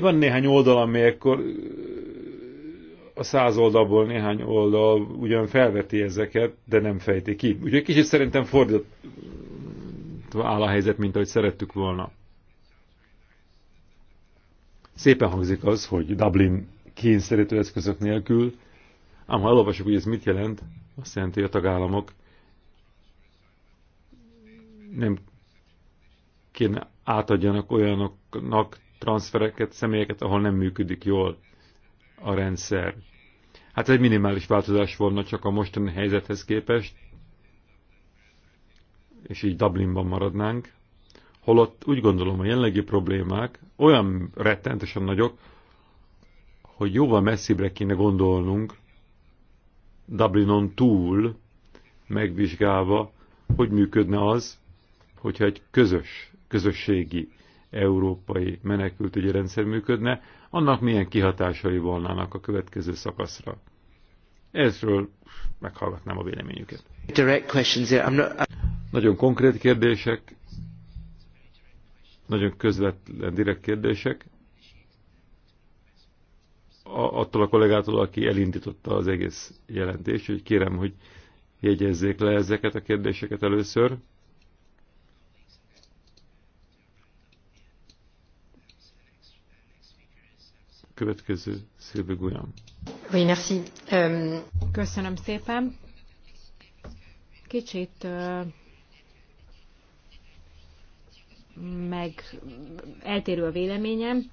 Van néhány oldal, amelyekkor a száz oldalból néhány oldal ugyan felveti ezeket, de nem fejti ki. Úgyhogy kicsit szerintem fordít, fordítva áll a helyzet, mint ahogy szerettük volna. Szépen hangzik az, hogy Dublin kényszerítő eszközök nélkül, ám ha elolvasjuk, hogy ez mit jelent, azt jelenti, hogy a tagállamok nem kéne átadjanak olyanoknak transfereket, személyeket, ahol nem működik jól a rendszer. Hát egy minimális változás volna csak a mostani helyzethez képest, és így Dublinban maradnánk, holott úgy gondolom a jelenlegi problémák olyan rettentesen nagyok, hogy jóval messzibbre kéne gondolnunk Dublinon túl, megvizsgálva, hogy működne az, hogyha egy közös, közösségi európai menekültügyi rendszer működne, annak milyen kihatásai volnának a következő szakaszra. Ezről meghallgatnám a véleményüket. Nagyon konkrét kérdések, nagyon közvetlen direkt kérdések, attól a kollégától, aki elindította az egész jelentést, hogy kérem, hogy jegyezzék le ezeket a kérdéseket először. Következő Szilvi Gulyán. Oui, merci. Um... Köszönöm szépen. Kicsit uh, meg eltérő a véleményem,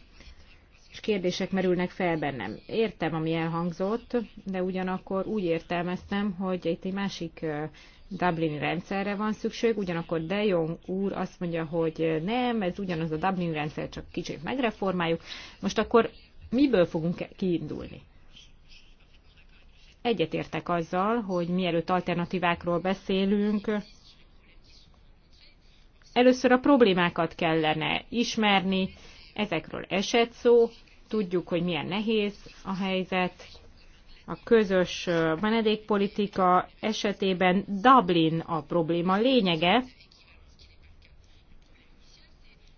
és kérdések merülnek fel bennem. Értem, ami elhangzott, de ugyanakkor úgy értelmeztem, hogy itt egy másik Dublini rendszerre van szükség, ugyanakkor De Jong úr azt mondja, hogy nem, ez ugyanaz a Dublin rendszer, csak kicsit megreformáljuk. Most akkor miből fogunk kiindulni? Egyetértek azzal, hogy mielőtt alternatívákról beszélünk, Először a problémákat kellene ismerni, ezekről esett szó, tudjuk, hogy milyen nehéz a helyzet. A közös menedékpolitika esetében Dublin a probléma lényege,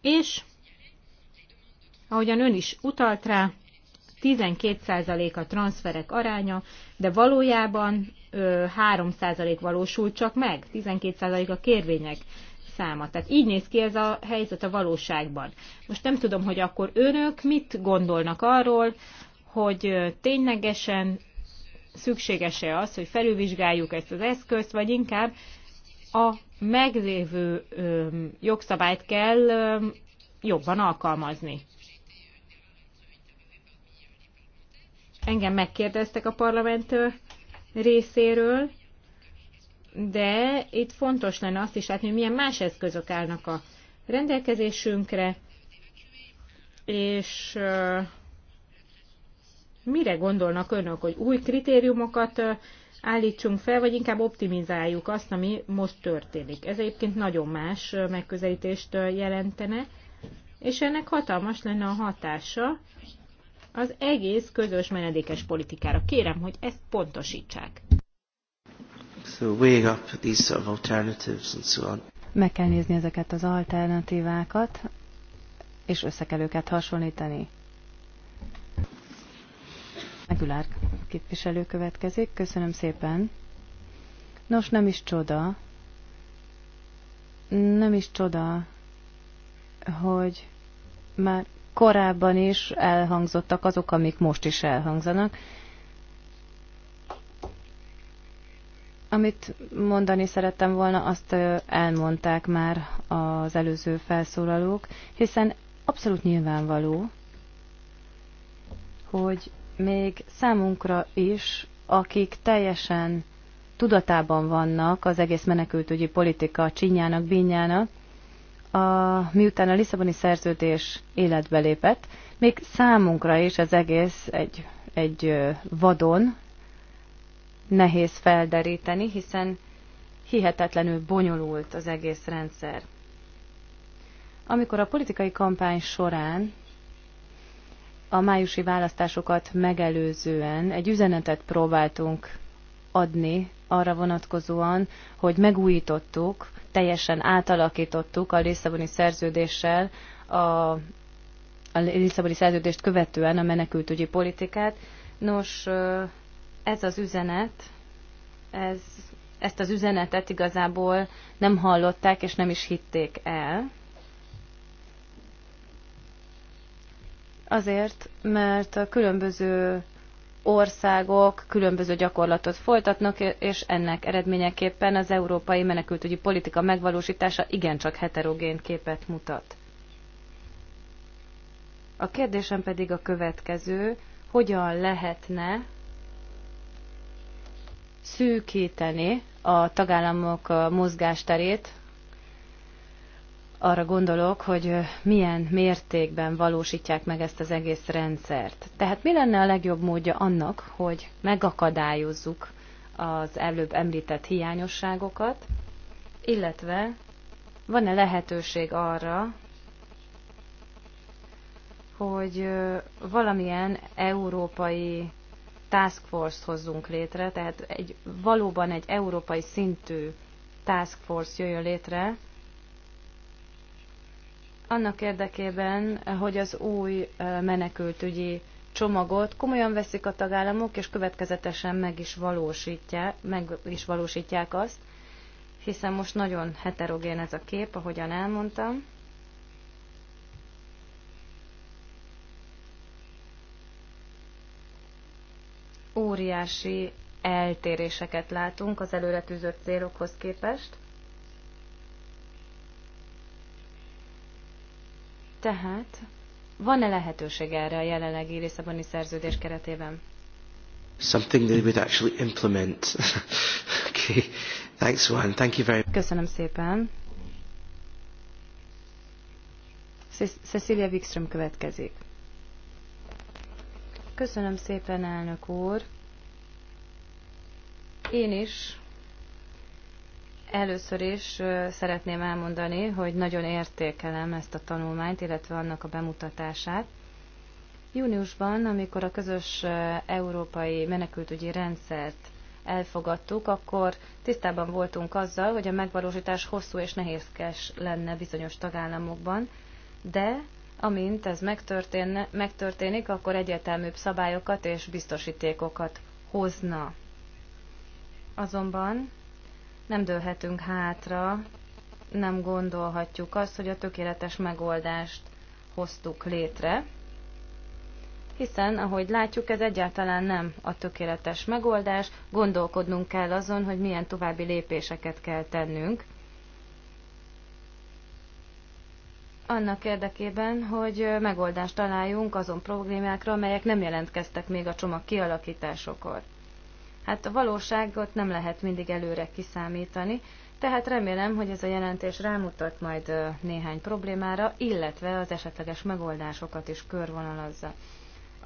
és ahogyan ön is utalt rá, 12% a transferek aránya, de valójában 3% valósul csak meg, 12% a kérvények száma. Tehát így néz ki ez a helyzet a valóságban. Most nem tudom, hogy akkor önök mit gondolnak arról, hogy ténylegesen szükséges-e az, hogy felülvizsgáljuk ezt az eszközt, vagy inkább a meglévő jogszabályt kell jobban alkalmazni. Engem megkérdeztek a parlament részéről, de itt fontos lenne azt is látni, hogy milyen más eszközök állnak a rendelkezésünkre, és mire gondolnak önök, hogy új kritériumokat állítsunk fel, vagy inkább optimizáljuk azt, ami most történik. Ez egyébként nagyon más megközelítést jelentene, és ennek hatalmas lenne a hatása az egész közös menedékes politikára. Kérem, hogy ezt pontosítsák. Meg kell nézni ezeket az alternatívákat, és össze kell őket hasonlítani. Megülár képviselő következik. Köszönöm szépen. Nos, nem is csoda, nem is csoda, hogy már korábban is elhangzottak azok, amik most is elhangzanak. Amit mondani szerettem volna, azt elmondták már az előző felszólalók, hiszen abszolút nyilvánvaló, hogy még számunkra is, akik teljesen tudatában vannak az egész menekültügyi politika csinyának, bínyának, a, miután a Lisszaboni szerződés életbe lépett, még számunkra is az egész egy, egy vadon nehéz felderíteni, hiszen hihetetlenül bonyolult az egész rendszer. Amikor a politikai kampány során a májusi választásokat megelőzően egy üzenetet próbáltunk adni arra vonatkozóan, hogy megújítottuk, teljesen átalakítottuk a Lisszaboni szerződéssel a, a Lisszaboni szerződést követően a menekültügyi politikát. Nos, ez az üzenet, ez, ezt az üzenetet igazából nem hallották és nem is hitték el. Azért, mert a különböző országok különböző gyakorlatot folytatnak, és ennek eredményeképpen az európai menekültügyi politika megvalósítása igencsak heterogén képet mutat. A kérdésem pedig a következő, hogyan lehetne szűkíteni a tagállamok mozgásterét. Arra gondolok, hogy milyen mértékben valósítják meg ezt az egész rendszert. Tehát mi lenne a legjobb módja annak, hogy megakadályozzuk az előbb említett hiányosságokat, illetve van-e lehetőség arra, hogy valamilyen európai task force hozzunk létre, tehát egy, valóban egy európai szintű task force jöjjön létre, annak érdekében, hogy az új menekültügyi csomagot komolyan veszik a tagállamok, és következetesen meg is valósítják, meg is valósítják azt, hiszen most nagyon heterogén ez a kép, ahogyan elmondtam. óriási eltéréseket látunk az előre tűzött célokhoz képest. Tehát van-e lehetőség erre a jelenlegi Lisszaboni szerződés keretében? Something they would actually implement. okay. Thanks, Juan. Thank you very much. Köszönöm szépen. Cecilia Wikström következik. Köszönöm szépen, elnök úr. Én is először is szeretném elmondani, hogy nagyon értékelem ezt a tanulmányt, illetve annak a bemutatását. Júniusban, amikor a közös európai menekültügyi rendszert elfogadtuk, akkor tisztában voltunk azzal, hogy a megvalósítás hosszú és nehézkes lenne bizonyos tagállamokban, de Amint ez megtörténik, akkor egyértelműbb szabályokat és biztosítékokat hozna. Azonban nem dőlhetünk hátra, nem gondolhatjuk azt, hogy a tökéletes megoldást hoztuk létre, hiszen, ahogy látjuk, ez egyáltalán nem a tökéletes megoldás, gondolkodnunk kell azon, hogy milyen további lépéseket kell tennünk, annak érdekében, hogy megoldást találjunk azon problémákra, amelyek nem jelentkeztek még a csomag kialakításokor. Hát a valóságot nem lehet mindig előre kiszámítani, tehát remélem, hogy ez a jelentés rámutat majd néhány problémára, illetve az esetleges megoldásokat is körvonalazza.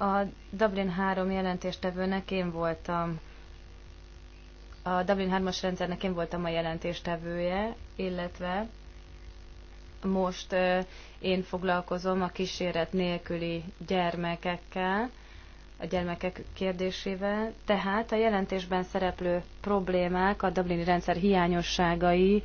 A Dublin 3 jelentéstevőnek én voltam, a Dublin 3-as rendszernek én voltam a jelentéstevője, illetve most én foglalkozom a kíséret nélküli gyermekekkel, a gyermekek kérdésével. Tehát a jelentésben szereplő problémák, a Dublini rendszer hiányosságai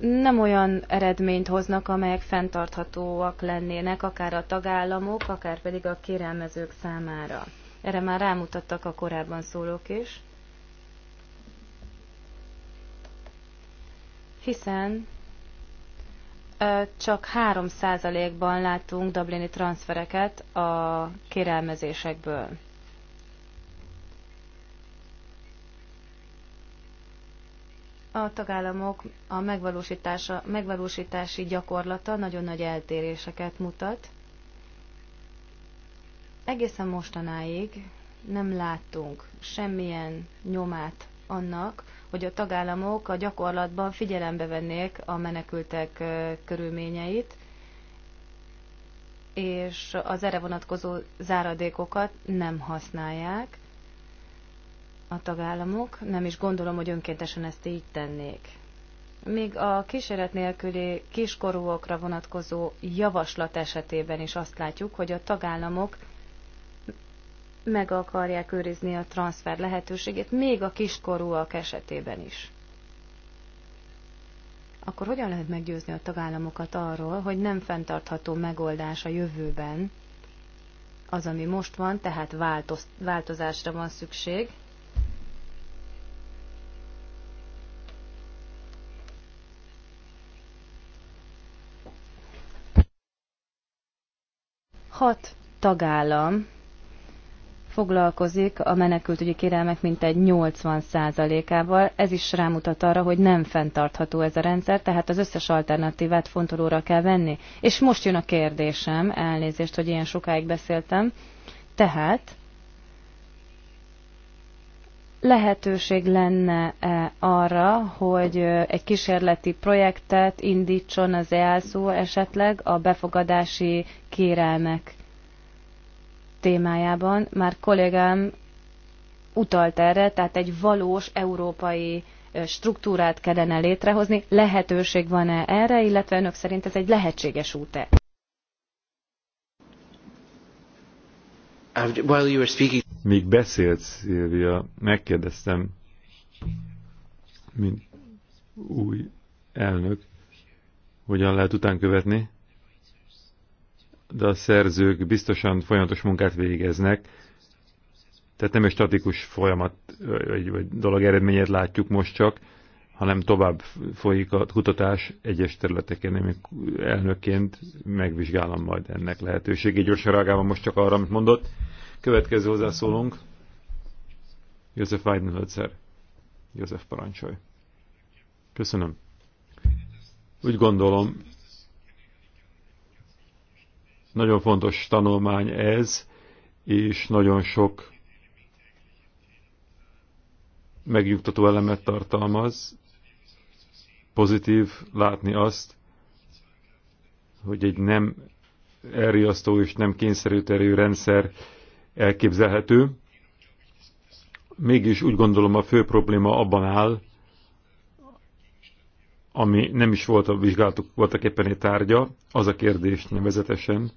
nem olyan eredményt hoznak, amelyek fenntarthatóak lennének, akár a tagállamok, akár pedig a kérelmezők számára. Erre már rámutattak a korábban szólók is. hiszen csak 3%-ban látunk dublini transfereket a kérelmezésekből. A tagállamok a megvalósítása, megvalósítási gyakorlata nagyon nagy eltéréseket mutat. Egészen mostanáig nem láttunk semmilyen nyomát annak, hogy a tagállamok a gyakorlatban figyelembe vennék a menekültek körülményeit, és az erre vonatkozó záradékokat nem használják a tagállamok, nem is gondolom, hogy önkéntesen ezt így tennék. Még a kísérlet nélküli kiskorúokra vonatkozó javaslat esetében is azt látjuk, hogy a tagállamok meg akarják őrizni a transfer lehetőségét, még a kiskorúak esetében is. Akkor hogyan lehet meggyőzni a tagállamokat arról, hogy nem fenntartható megoldás a jövőben az, ami most van, tehát változ, változásra van szükség, Hat tagállam foglalkozik a menekültügyi kérelmek mintegy 80%-ával. Ez is rámutat arra, hogy nem fenntartható ez a rendszer, tehát az összes alternatívát fontolóra kell venni. És most jön a kérdésem, elnézést, hogy ilyen sokáig beszéltem. Tehát lehetőség lenne -e arra, hogy egy kísérleti projektet indítson az EASZO esetleg a befogadási kérelmek témájában. Már kollégám utalt erre, tehát egy valós európai struktúrát kellene létrehozni. Lehetőség van-e erre, illetve önök szerint ez egy lehetséges út-e? Míg beszélt Szilvia, megkérdeztem, mint új elnök, hogyan lehet utánkövetni de a szerzők biztosan folyamatos munkát végeznek, tehát nem egy statikus folyamat vagy, vagy dolog eredményét látjuk most csak, hanem tovább folyik a kutatás egyes területeken, amik elnökként megvizsgálom majd ennek lehetőségét. Gyorsan reagálva most csak arra, amit mondott. Következő hozzászólunk. József Weidenhölzer. József parancsolj. Köszönöm. Úgy gondolom, nagyon fontos tanulmány ez, és nagyon sok megnyugtató elemet tartalmaz. Pozitív látni azt, hogy egy nem elriasztó és nem kényszerű terő rendszer elképzelhető. Mégis úgy gondolom a fő probléma abban áll, ami nem is volt a vizsgálatok voltak éppen egy tárgya, az a kérdés nevezetesen,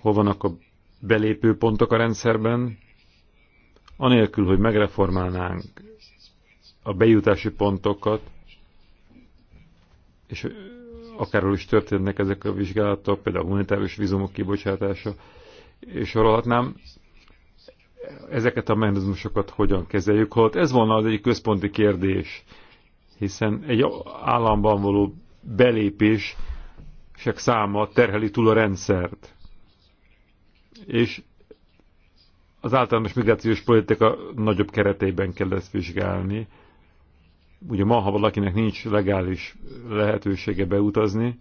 hol vannak a belépő pontok a rendszerben, anélkül, hogy megreformálnánk a bejutási pontokat, és akárhol is történnek ezek a vizsgálatok, például a humanitárius vízumok kibocsátása, és sorolhatnám, ezeket a mechanizmusokat hogyan kezeljük, holott ez volna az egyik központi kérdés hiszen egy államban való belépés sek száma terheli túl a rendszert. És az általános migrációs politika nagyobb keretében kell ezt vizsgálni. Ugye ma, ha valakinek nincs legális lehetősége beutazni,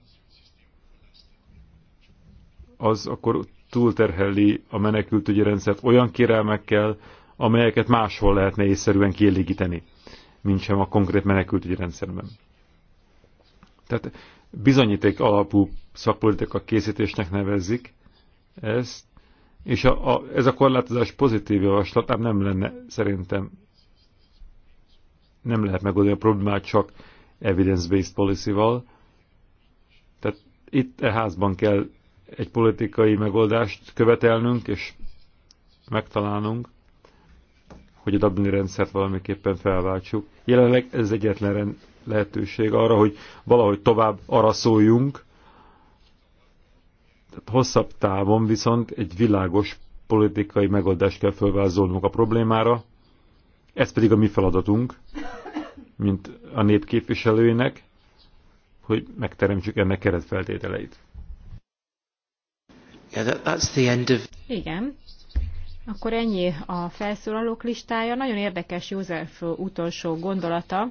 az akkor túlterheli a menekültügyi rendszert olyan kérelmekkel, amelyeket máshol lehetne észszerűen kielégíteni mint sem a konkrét menekültügyi rendszerben. Tehát bizonyíték alapú szakpolitika készítésnek nevezzik ezt, és a, a, ez a korlátozás pozitív javaslat ám hát nem lenne szerintem nem lehet megoldani a problémát csak evidence-based policy-val. Tehát itt e házban kell egy politikai megoldást követelnünk és megtalálnunk, hogy a Dublin rendszert valamiképpen felváltsuk. Jelenleg ez egyetlen lehetőség arra, hogy valahogy tovább araszoljunk. Tehát hosszabb távon viszont egy világos politikai megoldást kell felvázolnunk a problémára. Ez pedig a mi feladatunk, mint a népképviselőinek, hogy megteremtsük ennek keretfeltételeit. Yeah, that, that's the end of... Igen, akkor ennyi a felszólalók listája. Nagyon érdekes József utolsó gondolata,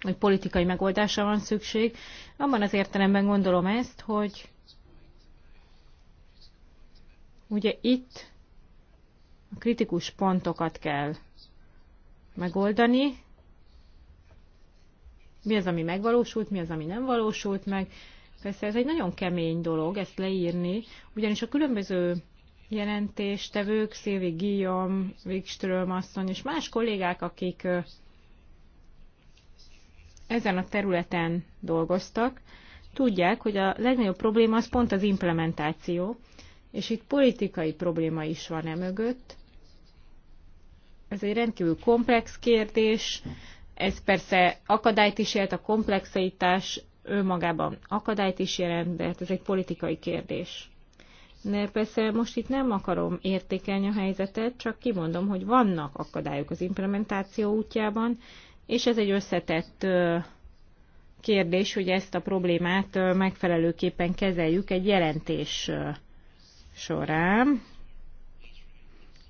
hogy politikai megoldásra van szükség. Abban az értelemben gondolom ezt, hogy ugye itt a kritikus pontokat kell megoldani, mi az, ami megvalósult, mi az, ami nem valósult meg. Persze ez egy nagyon kemény dolog ezt leírni, ugyanis a különböző jelentéstevők, Szilvi Guillaume, Wikström asszony és más kollégák, akik ezen a területen dolgoztak, tudják, hogy a legnagyobb probléma az pont az implementáció, és itt politikai probléma is van e mögött. Ez egy rendkívül komplex kérdés, ez persze akadályt is jelent, a komplexeitás önmagában akadályt is jelent, de hát ez egy politikai kérdés. De persze most itt nem akarom értékelni a helyzetet, csak kimondom, hogy vannak akadályok az implementáció útjában, és ez egy összetett kérdés, hogy ezt a problémát megfelelőképpen kezeljük egy jelentés során.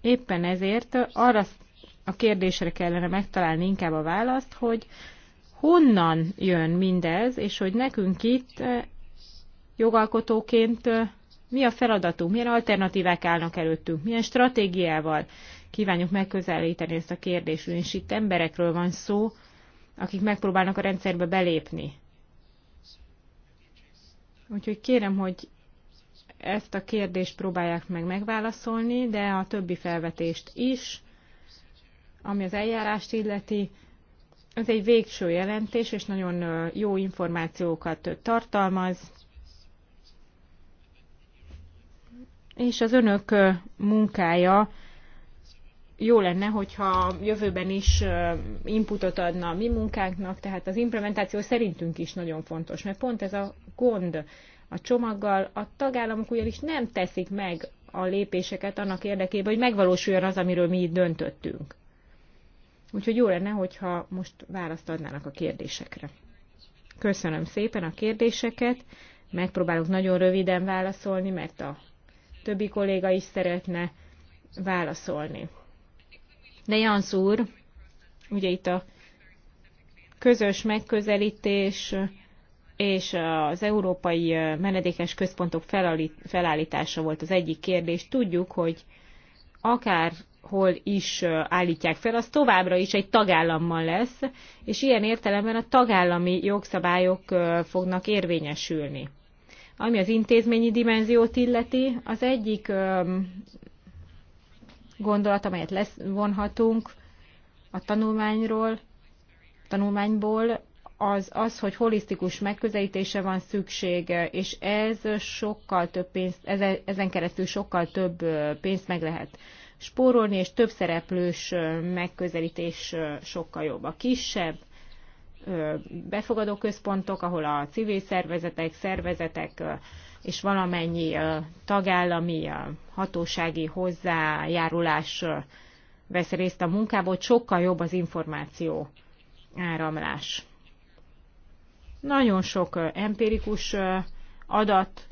Éppen ezért arra a kérdésre kellene megtalálni inkább a választ, hogy honnan jön mindez, és hogy nekünk itt jogalkotóként mi a feladatunk, milyen alternatívák állnak előttünk, milyen stratégiával kívánjuk megközelíteni ezt a kérdést, és itt emberekről van szó, akik megpróbálnak a rendszerbe belépni. Úgyhogy kérem, hogy ezt a kérdést próbálják meg megválaszolni, de a többi felvetést is, ami az eljárást illeti, ez egy végső jelentés, és nagyon jó információkat tartalmaz, és az önök munkája jó lenne, hogyha jövőben is inputot adna a mi munkánknak, tehát az implementáció szerintünk is nagyon fontos, mert pont ez a gond a csomaggal, a tagállamok ugyanis nem teszik meg a lépéseket annak érdekében, hogy megvalósuljon az, amiről mi itt döntöttünk. Úgyhogy jó lenne, hogyha most választ adnának a kérdésekre. Köszönöm szépen a kérdéseket, megpróbálok nagyon röviden válaszolni, mert a többi kolléga is szeretne válaszolni. De Jansz úr, ugye itt a közös megközelítés és az Európai Menedékes Központok felállítása volt az egyik kérdés. Tudjuk, hogy akár hol is állítják fel, az továbbra is egy tagállammal lesz, és ilyen értelemben a tagállami jogszabályok fognak érvényesülni. Ami az intézményi dimenziót illeti, az egyik gondolat, amelyet vonhatunk a tanulmányról, tanulmányból, az az, hogy holisztikus megközelítése van szükség, és ez sokkal több pénzt, ezen keresztül sokkal több pénzt meg lehet spórolni, és több szereplős megközelítés sokkal jobb. A kisebb befogadó központok, ahol a civil szervezetek, szervezetek és valamennyi tagállami hatósági hozzájárulás vesz részt a munkából, sokkal jobb az információ áramlás. Nagyon sok empirikus adat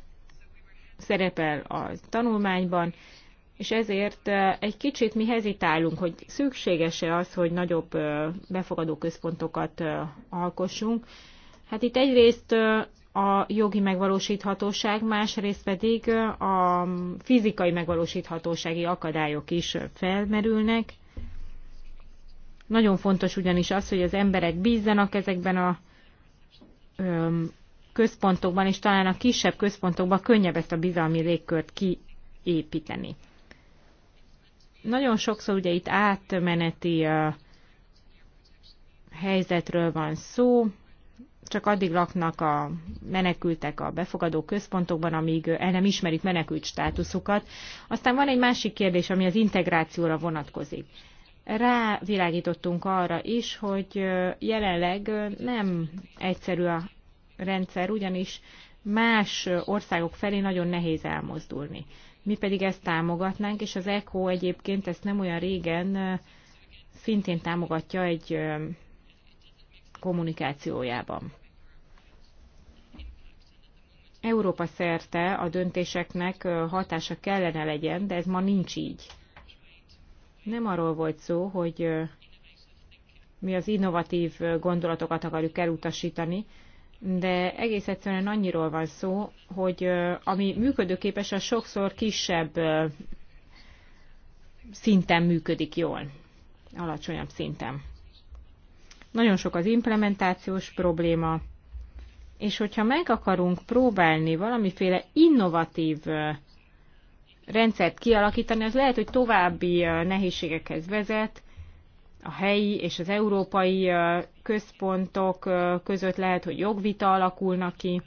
szerepel a tanulmányban, és ezért egy kicsit mi hezitálunk, hogy szükséges-e az, hogy nagyobb befogadó központokat alkossunk. Hát itt egyrészt a jogi megvalósíthatóság, másrészt pedig a fizikai megvalósíthatósági akadályok is felmerülnek. Nagyon fontos ugyanis az, hogy az emberek bízzanak ezekben a központokban, és talán a kisebb központokban könnyebb ezt a bizalmi légkört kiépíteni. Nagyon sokszor ugye itt átmeneti helyzetről van szó, csak addig laknak a menekültek a befogadó központokban, amíg el nem ismerik menekült státuszukat. Aztán van egy másik kérdés, ami az integrációra vonatkozik. Rávilágítottunk arra is, hogy jelenleg nem egyszerű a rendszer, ugyanis más országok felé nagyon nehéz elmozdulni mi pedig ezt támogatnánk, és az ECHO egyébként ezt nem olyan régen szintén támogatja egy kommunikációjában. Európa szerte a döntéseknek hatása kellene legyen, de ez ma nincs így. Nem arról volt szó, hogy mi az innovatív gondolatokat akarjuk elutasítani, de egész egyszerűen annyiról van szó, hogy ami működőképes, a sokszor kisebb szinten működik jól, alacsonyabb szinten. Nagyon sok az implementációs probléma, és hogyha meg akarunk próbálni valamiféle innovatív rendszert kialakítani, az lehet, hogy további nehézségekhez vezet, a helyi és az európai központok között lehet, hogy jogvita alakulnak ki,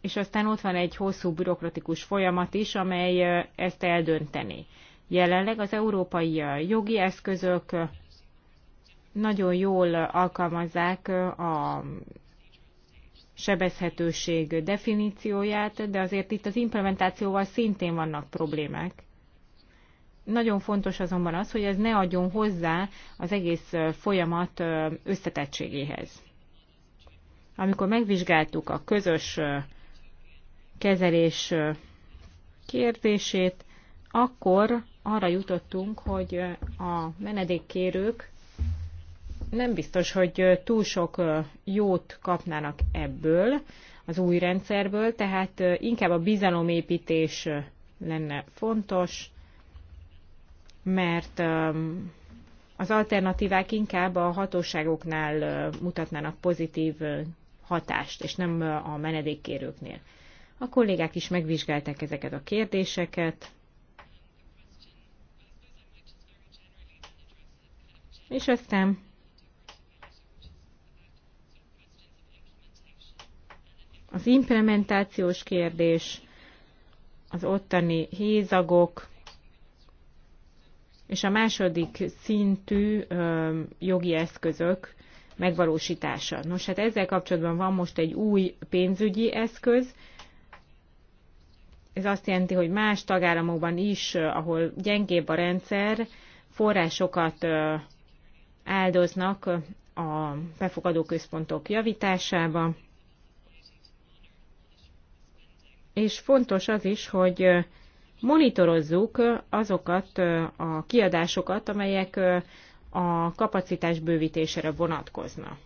és aztán ott van egy hosszú bürokratikus folyamat is, amely ezt eldönteni. Jelenleg az európai jogi eszközök nagyon jól alkalmazzák a sebezhetőség definícióját, de azért itt az implementációval szintén vannak problémák. Nagyon fontos azonban az, hogy ez ne adjon hozzá az egész folyamat összetettségéhez. Amikor megvizsgáltuk a közös kezelés kérdését, akkor arra jutottunk, hogy a menedékkérők nem biztos, hogy túl sok jót kapnának ebből az új rendszerből, tehát inkább a bizalomépítés lenne fontos, mert az alternatívák inkább a hatóságoknál mutatnának pozitív hatást, és nem a menedékkérőknél. A kollégák is megvizsgálták ezeket a kérdéseket, és aztán az implementációs kérdés, az ottani hézagok, és a második szintű jogi eszközök megvalósítása. Nos, hát ezzel kapcsolatban van most egy új pénzügyi eszköz. Ez azt jelenti, hogy más tagállamokban is, ahol gyengébb a rendszer, forrásokat áldoznak a befogadó központok javításába. És fontos az is, hogy monitorozzuk azokat a kiadásokat, amelyek a kapacitás bővítésére vonatkoznak.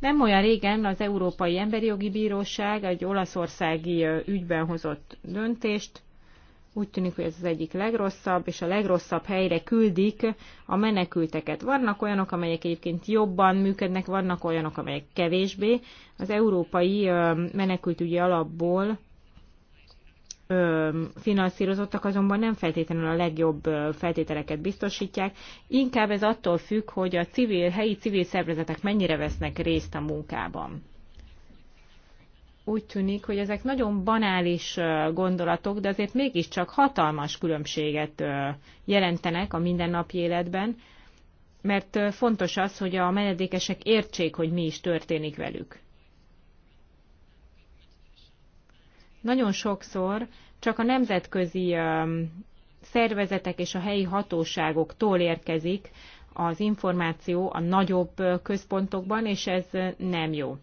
Nem olyan régen az Európai Emberi Jogi Bíróság egy olaszországi ügyben hozott döntést. Úgy tűnik, hogy ez az egyik legrosszabb, és a legrosszabb helyre küldik a menekülteket. Vannak olyanok, amelyek egyébként jobban működnek, vannak olyanok, amelyek kevésbé. Az Európai Menekültügyi Alapból finanszírozottak azonban nem feltétlenül a legjobb feltételeket biztosítják. Inkább ez attól függ, hogy a civil, helyi civil szervezetek mennyire vesznek részt a munkában. Úgy tűnik, hogy ezek nagyon banális gondolatok, de azért mégiscsak hatalmas különbséget jelentenek a mindennapi életben, mert fontos az, hogy a menedékesek értsék, hogy mi is történik velük. Nagyon sokszor csak a nemzetközi szervezetek és a helyi hatóságoktól érkezik az információ a nagyobb központokban, és ez nem jó.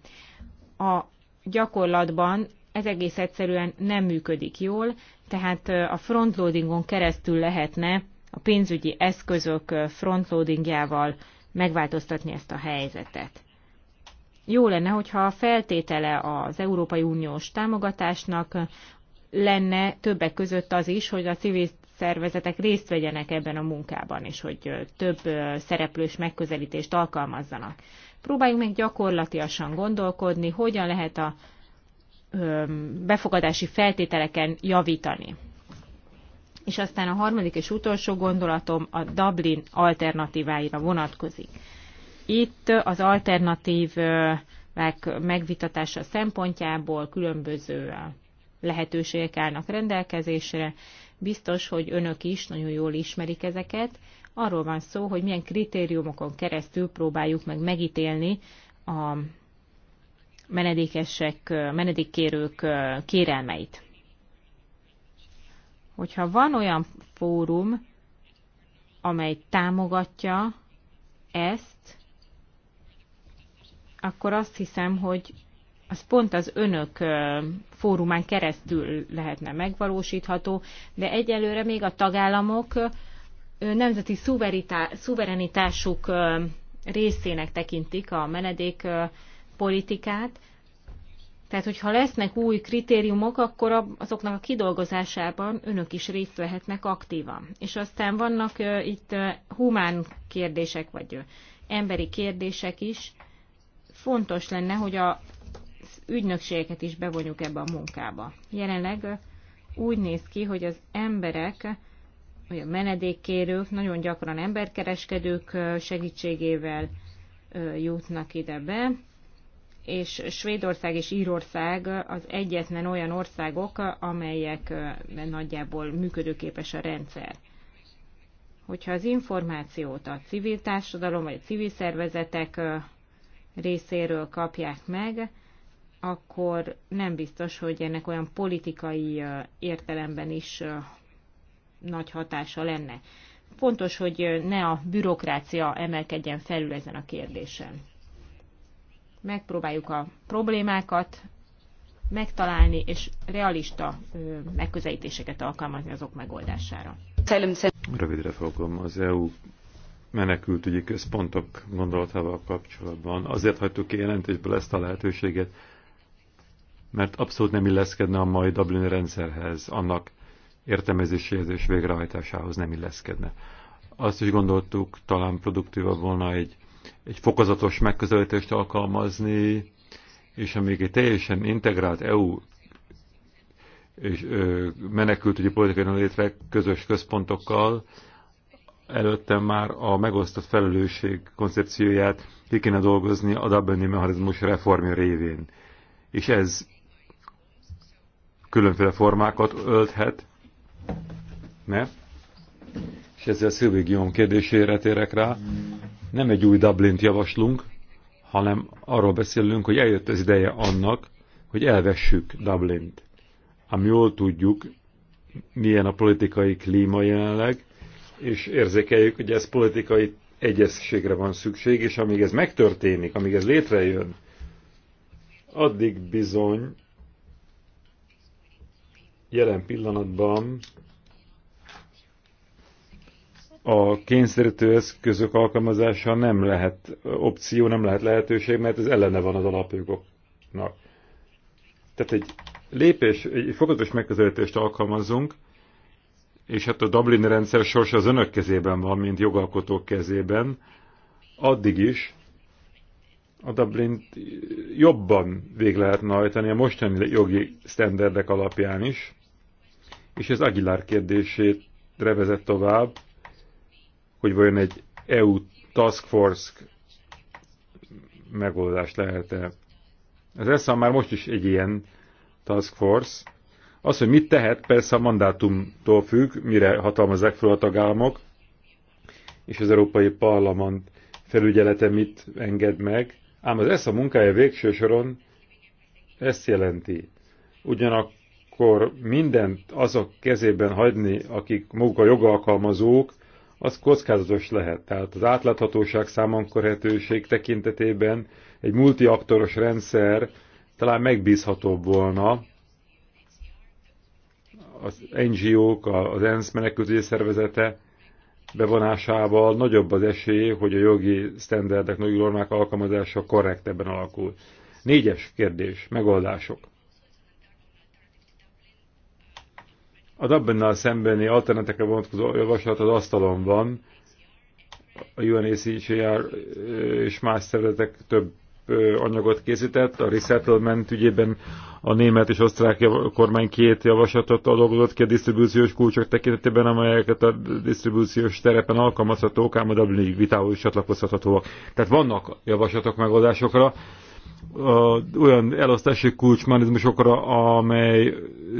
A gyakorlatban ez egész egyszerűen nem működik jól, tehát a frontloadingon keresztül lehetne a pénzügyi eszközök frontloadingjával megváltoztatni ezt a helyzetet jó lenne, hogyha a feltétele az Európai Uniós támogatásnak lenne többek között az is, hogy a civil szervezetek részt vegyenek ebben a munkában, és hogy több szereplős megközelítést alkalmazzanak. Próbáljunk meg gyakorlatiasan gondolkodni, hogyan lehet a befogadási feltételeken javítani. És aztán a harmadik és utolsó gondolatom a Dublin alternatíváira vonatkozik. Itt az alternatívák megvitatása szempontjából különböző lehetőségek állnak rendelkezésre. Biztos, hogy önök is nagyon jól ismerik ezeket. Arról van szó, hogy milyen kritériumokon keresztül próbáljuk meg megítélni a menedékesek, menedékkérők kérelmeit. Hogyha van olyan fórum, amely támogatja ezt, akkor azt hiszem, hogy az pont az önök fórumán keresztül lehetne megvalósítható, de egyelőre még a tagállamok nemzeti szuverenitásuk részének tekintik a menedék politikát. Tehát, hogyha lesznek új kritériumok, akkor azoknak a kidolgozásában önök is részt vehetnek aktívan. És aztán vannak itt humán kérdések, vagy emberi kérdések is, fontos lenne, hogy a ügynökségeket is bevonjuk ebbe a munkába. Jelenleg úgy néz ki, hogy az emberek, vagy a menedékkérők nagyon gyakran emberkereskedők segítségével jutnak ide be, és Svédország és Írország az egyetlen olyan országok, amelyek nagyjából működőképes a rendszer. Hogyha az információt a civil társadalom vagy a civil szervezetek részéről kapják meg, akkor nem biztos, hogy ennek olyan politikai értelemben is nagy hatása lenne. Fontos, hogy ne a bürokrácia emelkedjen felül ezen a kérdésen. Megpróbáljuk a problémákat megtalálni, és realista megközelítéseket alkalmazni azok megoldására. Rövidre fogom az EU menekültügyi központok gondolatával kapcsolatban. Azért hagytuk ki jelentésből ezt a lehetőséget, mert abszolút nem illeszkedne a mai Dublin rendszerhez, annak értelmezéséhez és végrehajtásához nem illeszkedne. Azt is gondoltuk, talán produktívabb volna egy, egy fokozatos megközelítést alkalmazni, és amíg egy teljesen integrált EU és ö, menekültügyi politikai létre közös központokkal, előttem már a megosztott felelősség koncepcióját ki kéne dolgozni a Dublini mechanizmus reformja révén. És ez különféle formákat ölthet, ne? És ezzel Szilvi Guillaume kérdésére térek rá. Nem egy új Dublint javaslunk, hanem arról beszélünk, hogy eljött az ideje annak, hogy elvessük Dublint. Ami jól tudjuk, milyen a politikai klíma jelenleg, és érzékeljük, hogy ez politikai egyességre van szükség, és amíg ez megtörténik, amíg ez létrejön, addig bizony jelen pillanatban a kényszerítő eszközök alkalmazása nem lehet opció, nem lehet lehetőség, mert ez ellene van az alapjogoknak. Tehát egy lépés, egy fokozatos megközelítést alkalmazunk, és hát a Dublin rendszer sorsa az önök kezében van, mint jogalkotók kezében, addig is a Dublin jobban vég lehetne hajtani a mostani jogi sztenderdek alapján is, és ez Aguilar kérdését revezett tovább, hogy vajon egy EU Task Force megoldás lehet-e. Az ESZA már most is egy ilyen Task Force, az, hogy mit tehet, persze a mandátumtól függ, mire hatalmazzák fel a tagállamok, és az Európai Parlament felügyelete mit enged meg, ám az a munkája végső soron ezt jelenti. Ugyanakkor mindent azok kezében hagyni, akik maguk a jogalkalmazók, az kockázatos lehet. Tehát az átláthatóság számonkorhetőség tekintetében egy multiaktoros rendszer talán megbízhatóbb volna, az NGO-k, az ENSZ menekültügyi szervezete bevonásával nagyobb az esély, hogy a jogi sztenderdek, jogi normák alkalmazása korrektebben alakul. Négyes kérdés, megoldások. A Dublinnal szembeni alternatekre vonatkozó javaslat az asztalon van, a UNACHR és más szervezetek több anyagot készített, a resettlement ügyében a német és osztrák kormány két javaslatot adott ki a disztribúciós kulcsok tekintetében, amelyeket a disztribúciós terepen alkalmazhatók, ám a Dublini vitához csatlakozhatóak. Tehát vannak javaslatok megoldásokra, a, olyan elosztási kulcsmanizmusokra, amely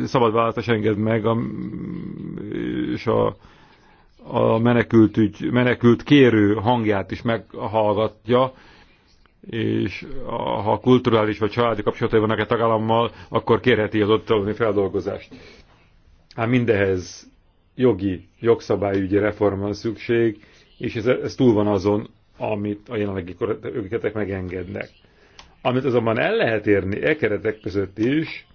szabad választás enged meg, a, és a, a menekült, ügy, menekült kérő hangját is meghallgatja, és a, ha kulturális vagy családi kapcsolatai vannak egy tagállammal, akkor kérheti az ott feldolgozást. Ám hát mindehez jogi, jogszabályügyi reform van szükség, és ez, ez túl van azon, amit a jelenlegi keretek megengednek. Amit azonban el lehet érni e keretek között is,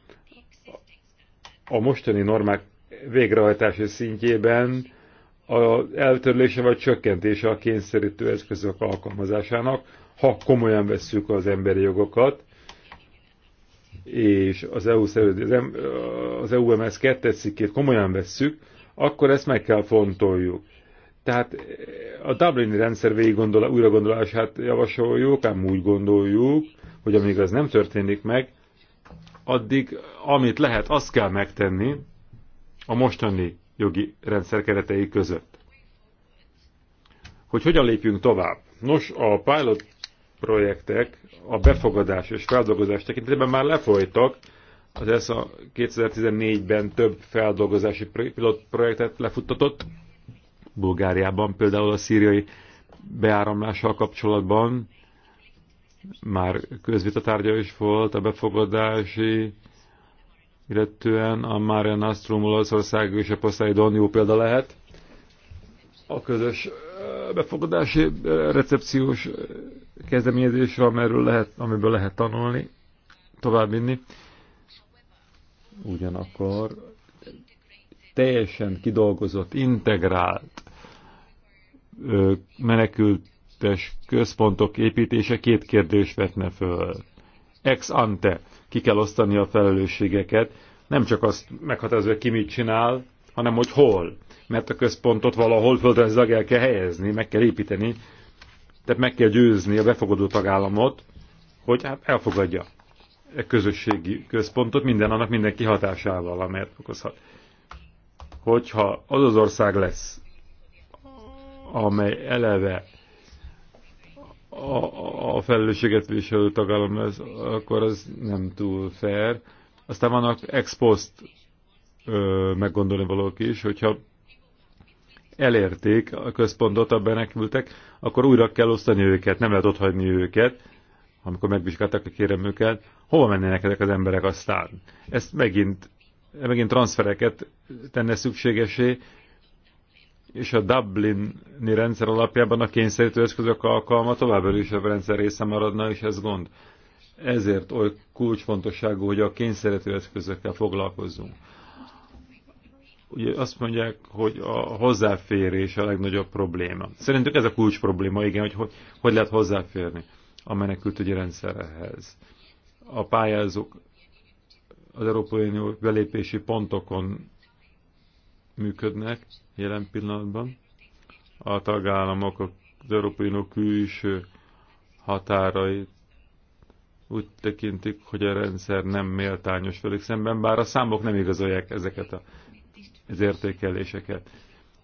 a mostani normák végrehajtási szintjében az eltörlése vagy csökkentése a kényszerítő eszközök alkalmazásának, ha komolyan vesszük az emberi jogokat, és az EU szerződés, az EUMS e 2 cikkét komolyan vesszük, akkor ezt meg kell fontoljuk. Tehát a Dublini rendszer végiggondol, újragondolását javasoljuk, ám úgy gondoljuk, hogy amíg ez nem történik meg, addig amit lehet, azt kell megtenni a mostani jogi rendszer keretei között. Hogy hogyan lépjünk tovább? Nos, a pilot projektek a befogadás és feldolgozás tekintetében már lefolytak, az a 2014-ben több feldolgozási pilotprojektet lefuttatott, Bulgáriában például a szíriai beáramlással kapcsolatban már közvitatárgya is volt a befogadási, illetően a Mária Nastrum Olaszország és a Poseidon jó példa lehet. A közös befogadási recepciós kezdeményezésre, amiről lehet, amiből lehet tanulni, továbbvinni. Ugyanakkor teljesen kidolgozott, integrált menekültes központok építése két kérdés vetne föl. Ex ante, ki kell osztani a felelősségeket, nem csak azt meghatározva, ki mit csinál, hanem hogy hol. Mert a központot valahol földrajzilag el kell helyezni, meg kell építeni, tehát meg kell győzni a befogadó tagállamot, hogy hát elfogadja a e közösségi központot minden annak minden kihatásával, amelyet okozhat. Hogyha az az ország lesz, amely eleve a, a felelősséget viselő tagállam lesz, akkor az nem túl fair. Aztán vannak ex post meggondolni valók is, hogyha elérték a központot, a menekültek, akkor újra kell osztani őket, nem lehet otthagyni őket, amikor megvizsgáltak a kérem őket. hova mennének ezek az emberek aztán? Ezt megint, megint transfereket tenne szükségesé, és a Dublini rendszer alapjában a kényszerítő eszközök alkalma továbbra is a rendszer része maradna, és ez gond. Ezért oly kulcsfontosságú, hogy a kényszerítő eszközökkel foglalkozzunk ugye azt mondják, hogy a hozzáférés a legnagyobb probléma. Szerintük ez a kulcs probléma, igen, hogy hogy, hogy lehet hozzáférni a menekültügyi rendszerhez. A pályázók az Európai Unió belépési pontokon működnek jelen pillanatban. A tagállamok az Európai Unió külső határait úgy tekintik, hogy a rendszer nem méltányos velük szemben, bár a számok nem igazolják ezeket a az értékeléseket.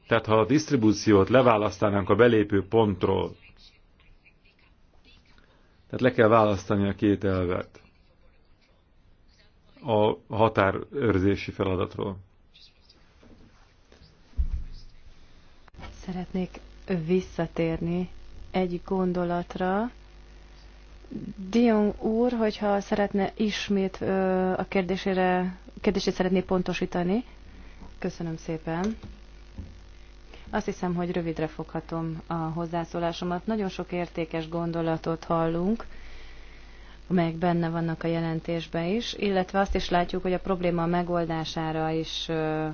Tehát ha a disztribúciót leválasztanánk a belépő pontról, tehát le kell választani a két elvet a határőrzési feladatról. Szeretnék visszatérni egy gondolatra. Dion úr, hogyha szeretne ismét a kérdésére, kérdését szeretné pontosítani, Köszönöm szépen. Azt hiszem, hogy rövidre foghatom a hozzászólásomat. Nagyon sok értékes gondolatot hallunk, amelyek benne vannak a jelentésben is, illetve azt is látjuk, hogy a probléma megoldására is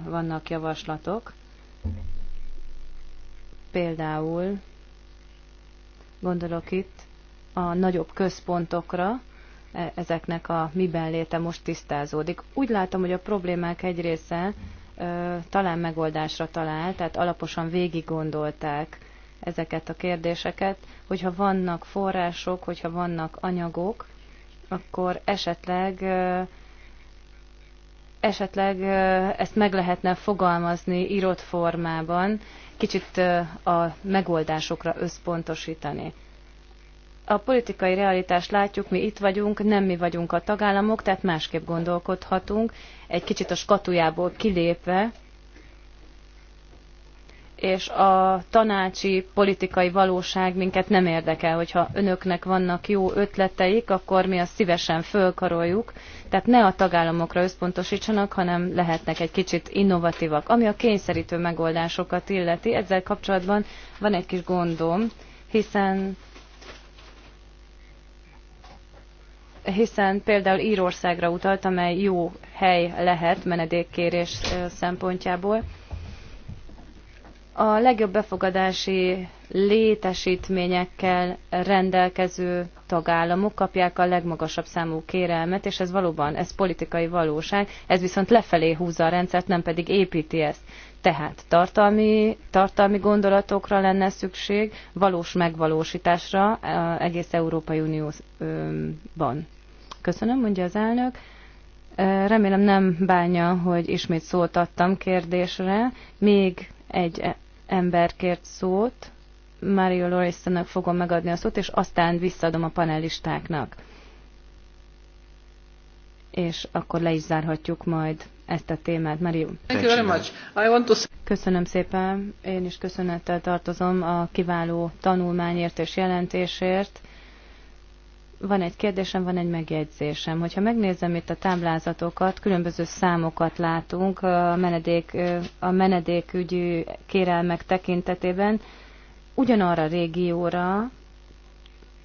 vannak javaslatok. Például gondolok itt a nagyobb központokra, e, ezeknek a miben léte most tisztázódik. Úgy látom, hogy a problémák egy része talán megoldásra talál, tehát alaposan végig gondolták ezeket a kérdéseket, hogyha vannak források, hogyha vannak anyagok, akkor esetleg esetleg ezt meg lehetne fogalmazni írott formában, kicsit a megoldásokra összpontosítani a politikai realitást látjuk, mi itt vagyunk, nem mi vagyunk a tagállamok, tehát másképp gondolkodhatunk, egy kicsit a skatujából kilépve, és a tanácsi politikai valóság minket nem érdekel, hogyha önöknek vannak jó ötleteik, akkor mi azt szívesen fölkaroljuk, tehát ne a tagállamokra összpontosítsanak, hanem lehetnek egy kicsit innovatívak. Ami a kényszerítő megoldásokat illeti, ezzel kapcsolatban van egy kis gondom, hiszen hiszen például Írországra utalt, amely jó hely lehet menedékkérés szempontjából a legjobb befogadási létesítményekkel rendelkező tagállamok kapják a legmagasabb számú kérelmet, és ez valóban, ez politikai valóság, ez viszont lefelé húzza a rendszert, nem pedig építi ezt. Tehát tartalmi, tartalmi gondolatokra lenne szükség, valós megvalósításra eh, egész Európai Unióban. Köszönöm, mondja az elnök. Eh, remélem nem bánja, hogy ismét szót adtam kérdésre. Még egy ember kért szót, Mario Lorisztának fogom megadni a szót, és aztán visszaadom a panelistáknak. És akkor le is zárhatjuk majd ezt a témát. Mario. Thank you very much. I want to... Köszönöm szépen. Én is köszönettel tartozom a kiváló tanulmányért és jelentésért van egy kérdésem, van egy megjegyzésem. Hogyha megnézem itt a táblázatokat, különböző számokat látunk a, menedék, a menedékügyi kérelmek tekintetében, ugyanarra a régióra,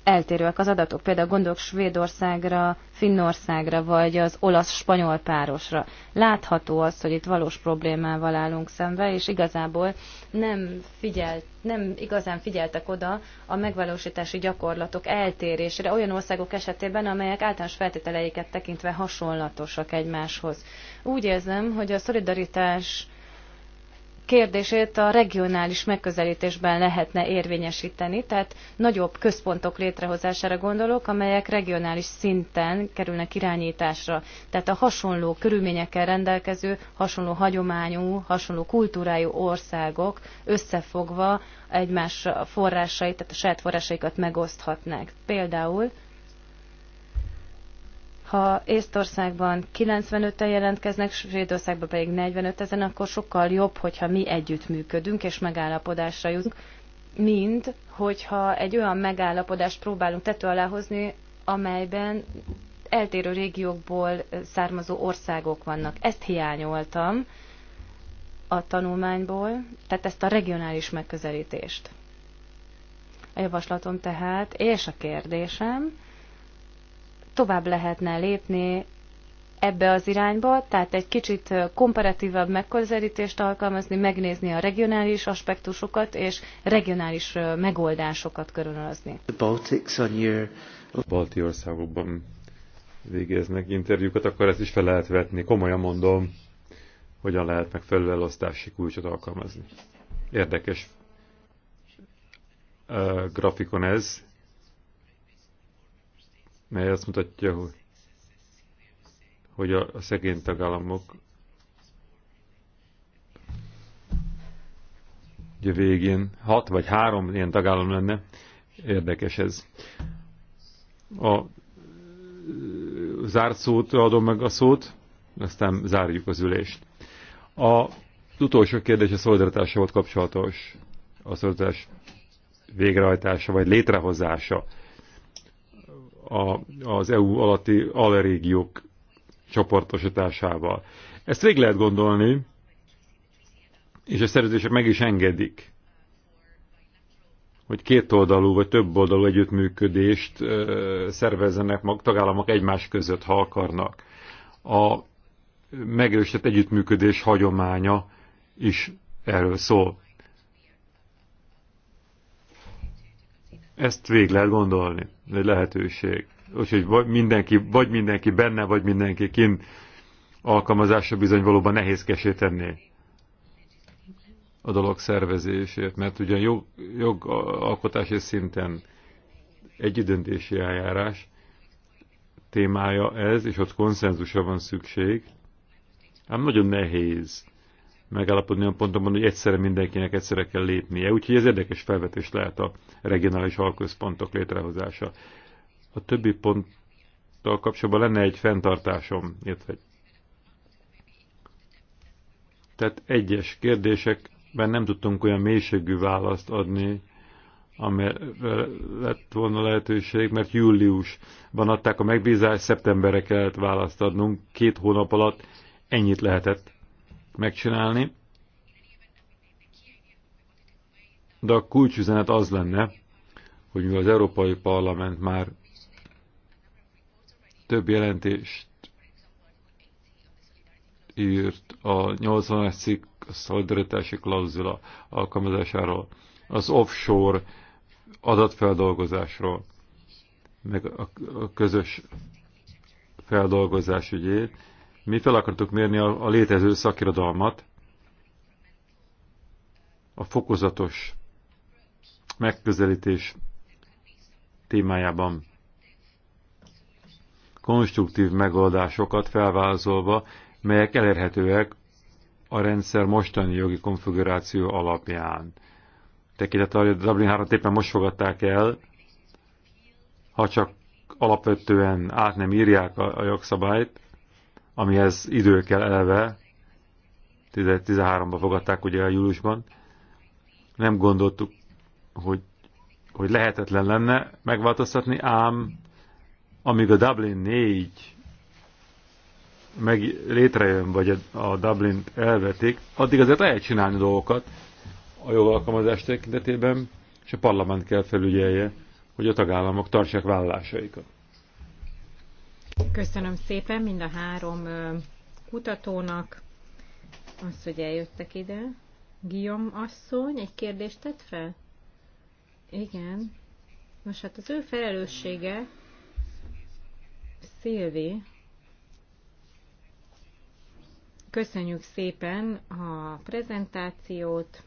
eltérőek az adatok. Például gondolok Svédországra, Finnországra, vagy az olasz-spanyol párosra. Látható az, hogy itt valós problémával állunk szembe, és igazából nem, figyelt, nem igazán figyeltek oda a megvalósítási gyakorlatok eltérésére olyan országok esetében, amelyek általános feltételeiket tekintve hasonlatosak egymáshoz. Úgy érzem, hogy a szolidaritás kérdését a regionális megközelítésben lehetne érvényesíteni, tehát nagyobb központok létrehozására gondolok, amelyek regionális szinten kerülnek irányításra. Tehát a hasonló körülményekkel rendelkező, hasonló hagyományú, hasonló kultúrájú országok összefogva egymás forrásait, tehát a saját forrásaikat megoszthatnák. Például ha Észtországban 95-en jelentkeznek, Svédországban pedig 45 ezen, akkor sokkal jobb, hogyha mi együttműködünk és megállapodásra jutunk, mint hogyha egy olyan megállapodást próbálunk tető alá hozni, amelyben eltérő régiókból származó országok vannak. Ezt hiányoltam a tanulmányból, tehát ezt a regionális megközelítést. A javaslatom tehát, és a kérdésem, tovább lehetne lépni ebbe az irányba, tehát egy kicsit komparatívabb megközelítést alkalmazni, megnézni a regionális aspektusokat és regionális megoldásokat körülözni. Balti országokban végeznek interjúkat, akkor ezt is fel lehet vetni. Komolyan mondom, hogyan lehet meg felülelosztási kulcsot alkalmazni. Érdekes grafikon ez, mely azt mutatja, hogy, hogy a, a szegény tagállamok ugye végén hat vagy három ilyen tagállam lenne, érdekes ez. A zárt szót adom meg a szót, aztán zárjuk az ülést. A az utolsó kérdés a szolidaritással volt kapcsolatos, a szolidaritás végrehajtása vagy létrehozása a, az EU alatti alerégiók csoportosításával. Ezt végig lehet gondolni, és a szerződések meg is engedik, hogy kétoldalú vagy többoldalú együttműködést ö, szervezzenek mag tagállamok egymás között, ha akarnak. A megerősített együttműködés hagyománya is erről szól. Ezt végig lehet gondolni, egy lehetőség. Úgyhogy vagy mindenki, vagy mindenki benne, vagy mindenki kint alkalmazása bizony valóban nehézkesé tenni a dolog szervezését, mert ugyan jog, jogalkotási szinten egy döntési eljárás témája ez, és ott konszenzusa van szükség, ám nagyon nehéz megállapodni a pontomban, hogy egyszerre mindenkinek egyszerre kell lépnie. Úgyhogy ez érdekes felvetés lehet a regionális halközpontok létrehozása. A többi ponttal kapcsolatban lenne egy fenntartásom, illetve tehát egyes kérdésekben nem tudtunk olyan mélységű választ adni, amire lett volna lehetőség, mert júliusban adták a megbízást, szeptemberre kellett választ adnunk, két hónap alatt ennyit lehetett megcsinálni, de a kulcsüzenet az lenne, hogy mivel az Európai Parlament már több jelentést írt a 80 es cikk szolidaritási klauzula alkalmazásáról, az offshore adatfeldolgozásról, meg a közös feldolgozás ügyét, mi fel akartuk mérni a, a létező szakirodalmat, a fokozatos megközelítés témájában konstruktív megoldásokat felvázolva, melyek elérhetőek a rendszer mostani jogi konfiguráció alapján. Tekintet a hogy Dublin 3 éppen most fogadták el, ha csak alapvetően át nem írják a, a jogszabályt, amihez idő kell eleve, 13-ban fogadták ugye a júliusban, nem gondoltuk, hogy, hogy lehetetlen lenne megváltoztatni, ám amíg a Dublin 4 meg létrejön, vagy a Dublin elvetik, addig azért lehet csinálni dolgokat a jogalkalmazás tekintetében, és a parlament kell felügyelje, hogy a tagállamok tartsák vállalásaikat. Köszönöm szépen mind a három kutatónak azt, hogy eljöttek ide. Guillaume asszony egy kérdést tett fel? Igen. Most hát az ő felelőssége Szilvi. Köszönjük szépen a prezentációt,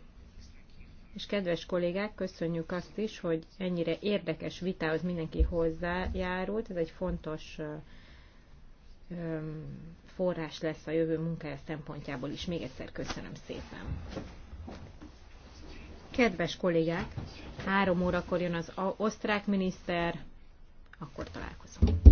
és kedves kollégák, köszönjük azt is, hogy ennyire érdekes vitához mindenki hozzájárult. Ez egy fontos forrás lesz a jövő munkája szempontjából is. Még egyszer köszönöm szépen. Kedves kollégák, három órakor jön az osztrák miniszter, akkor találkozunk.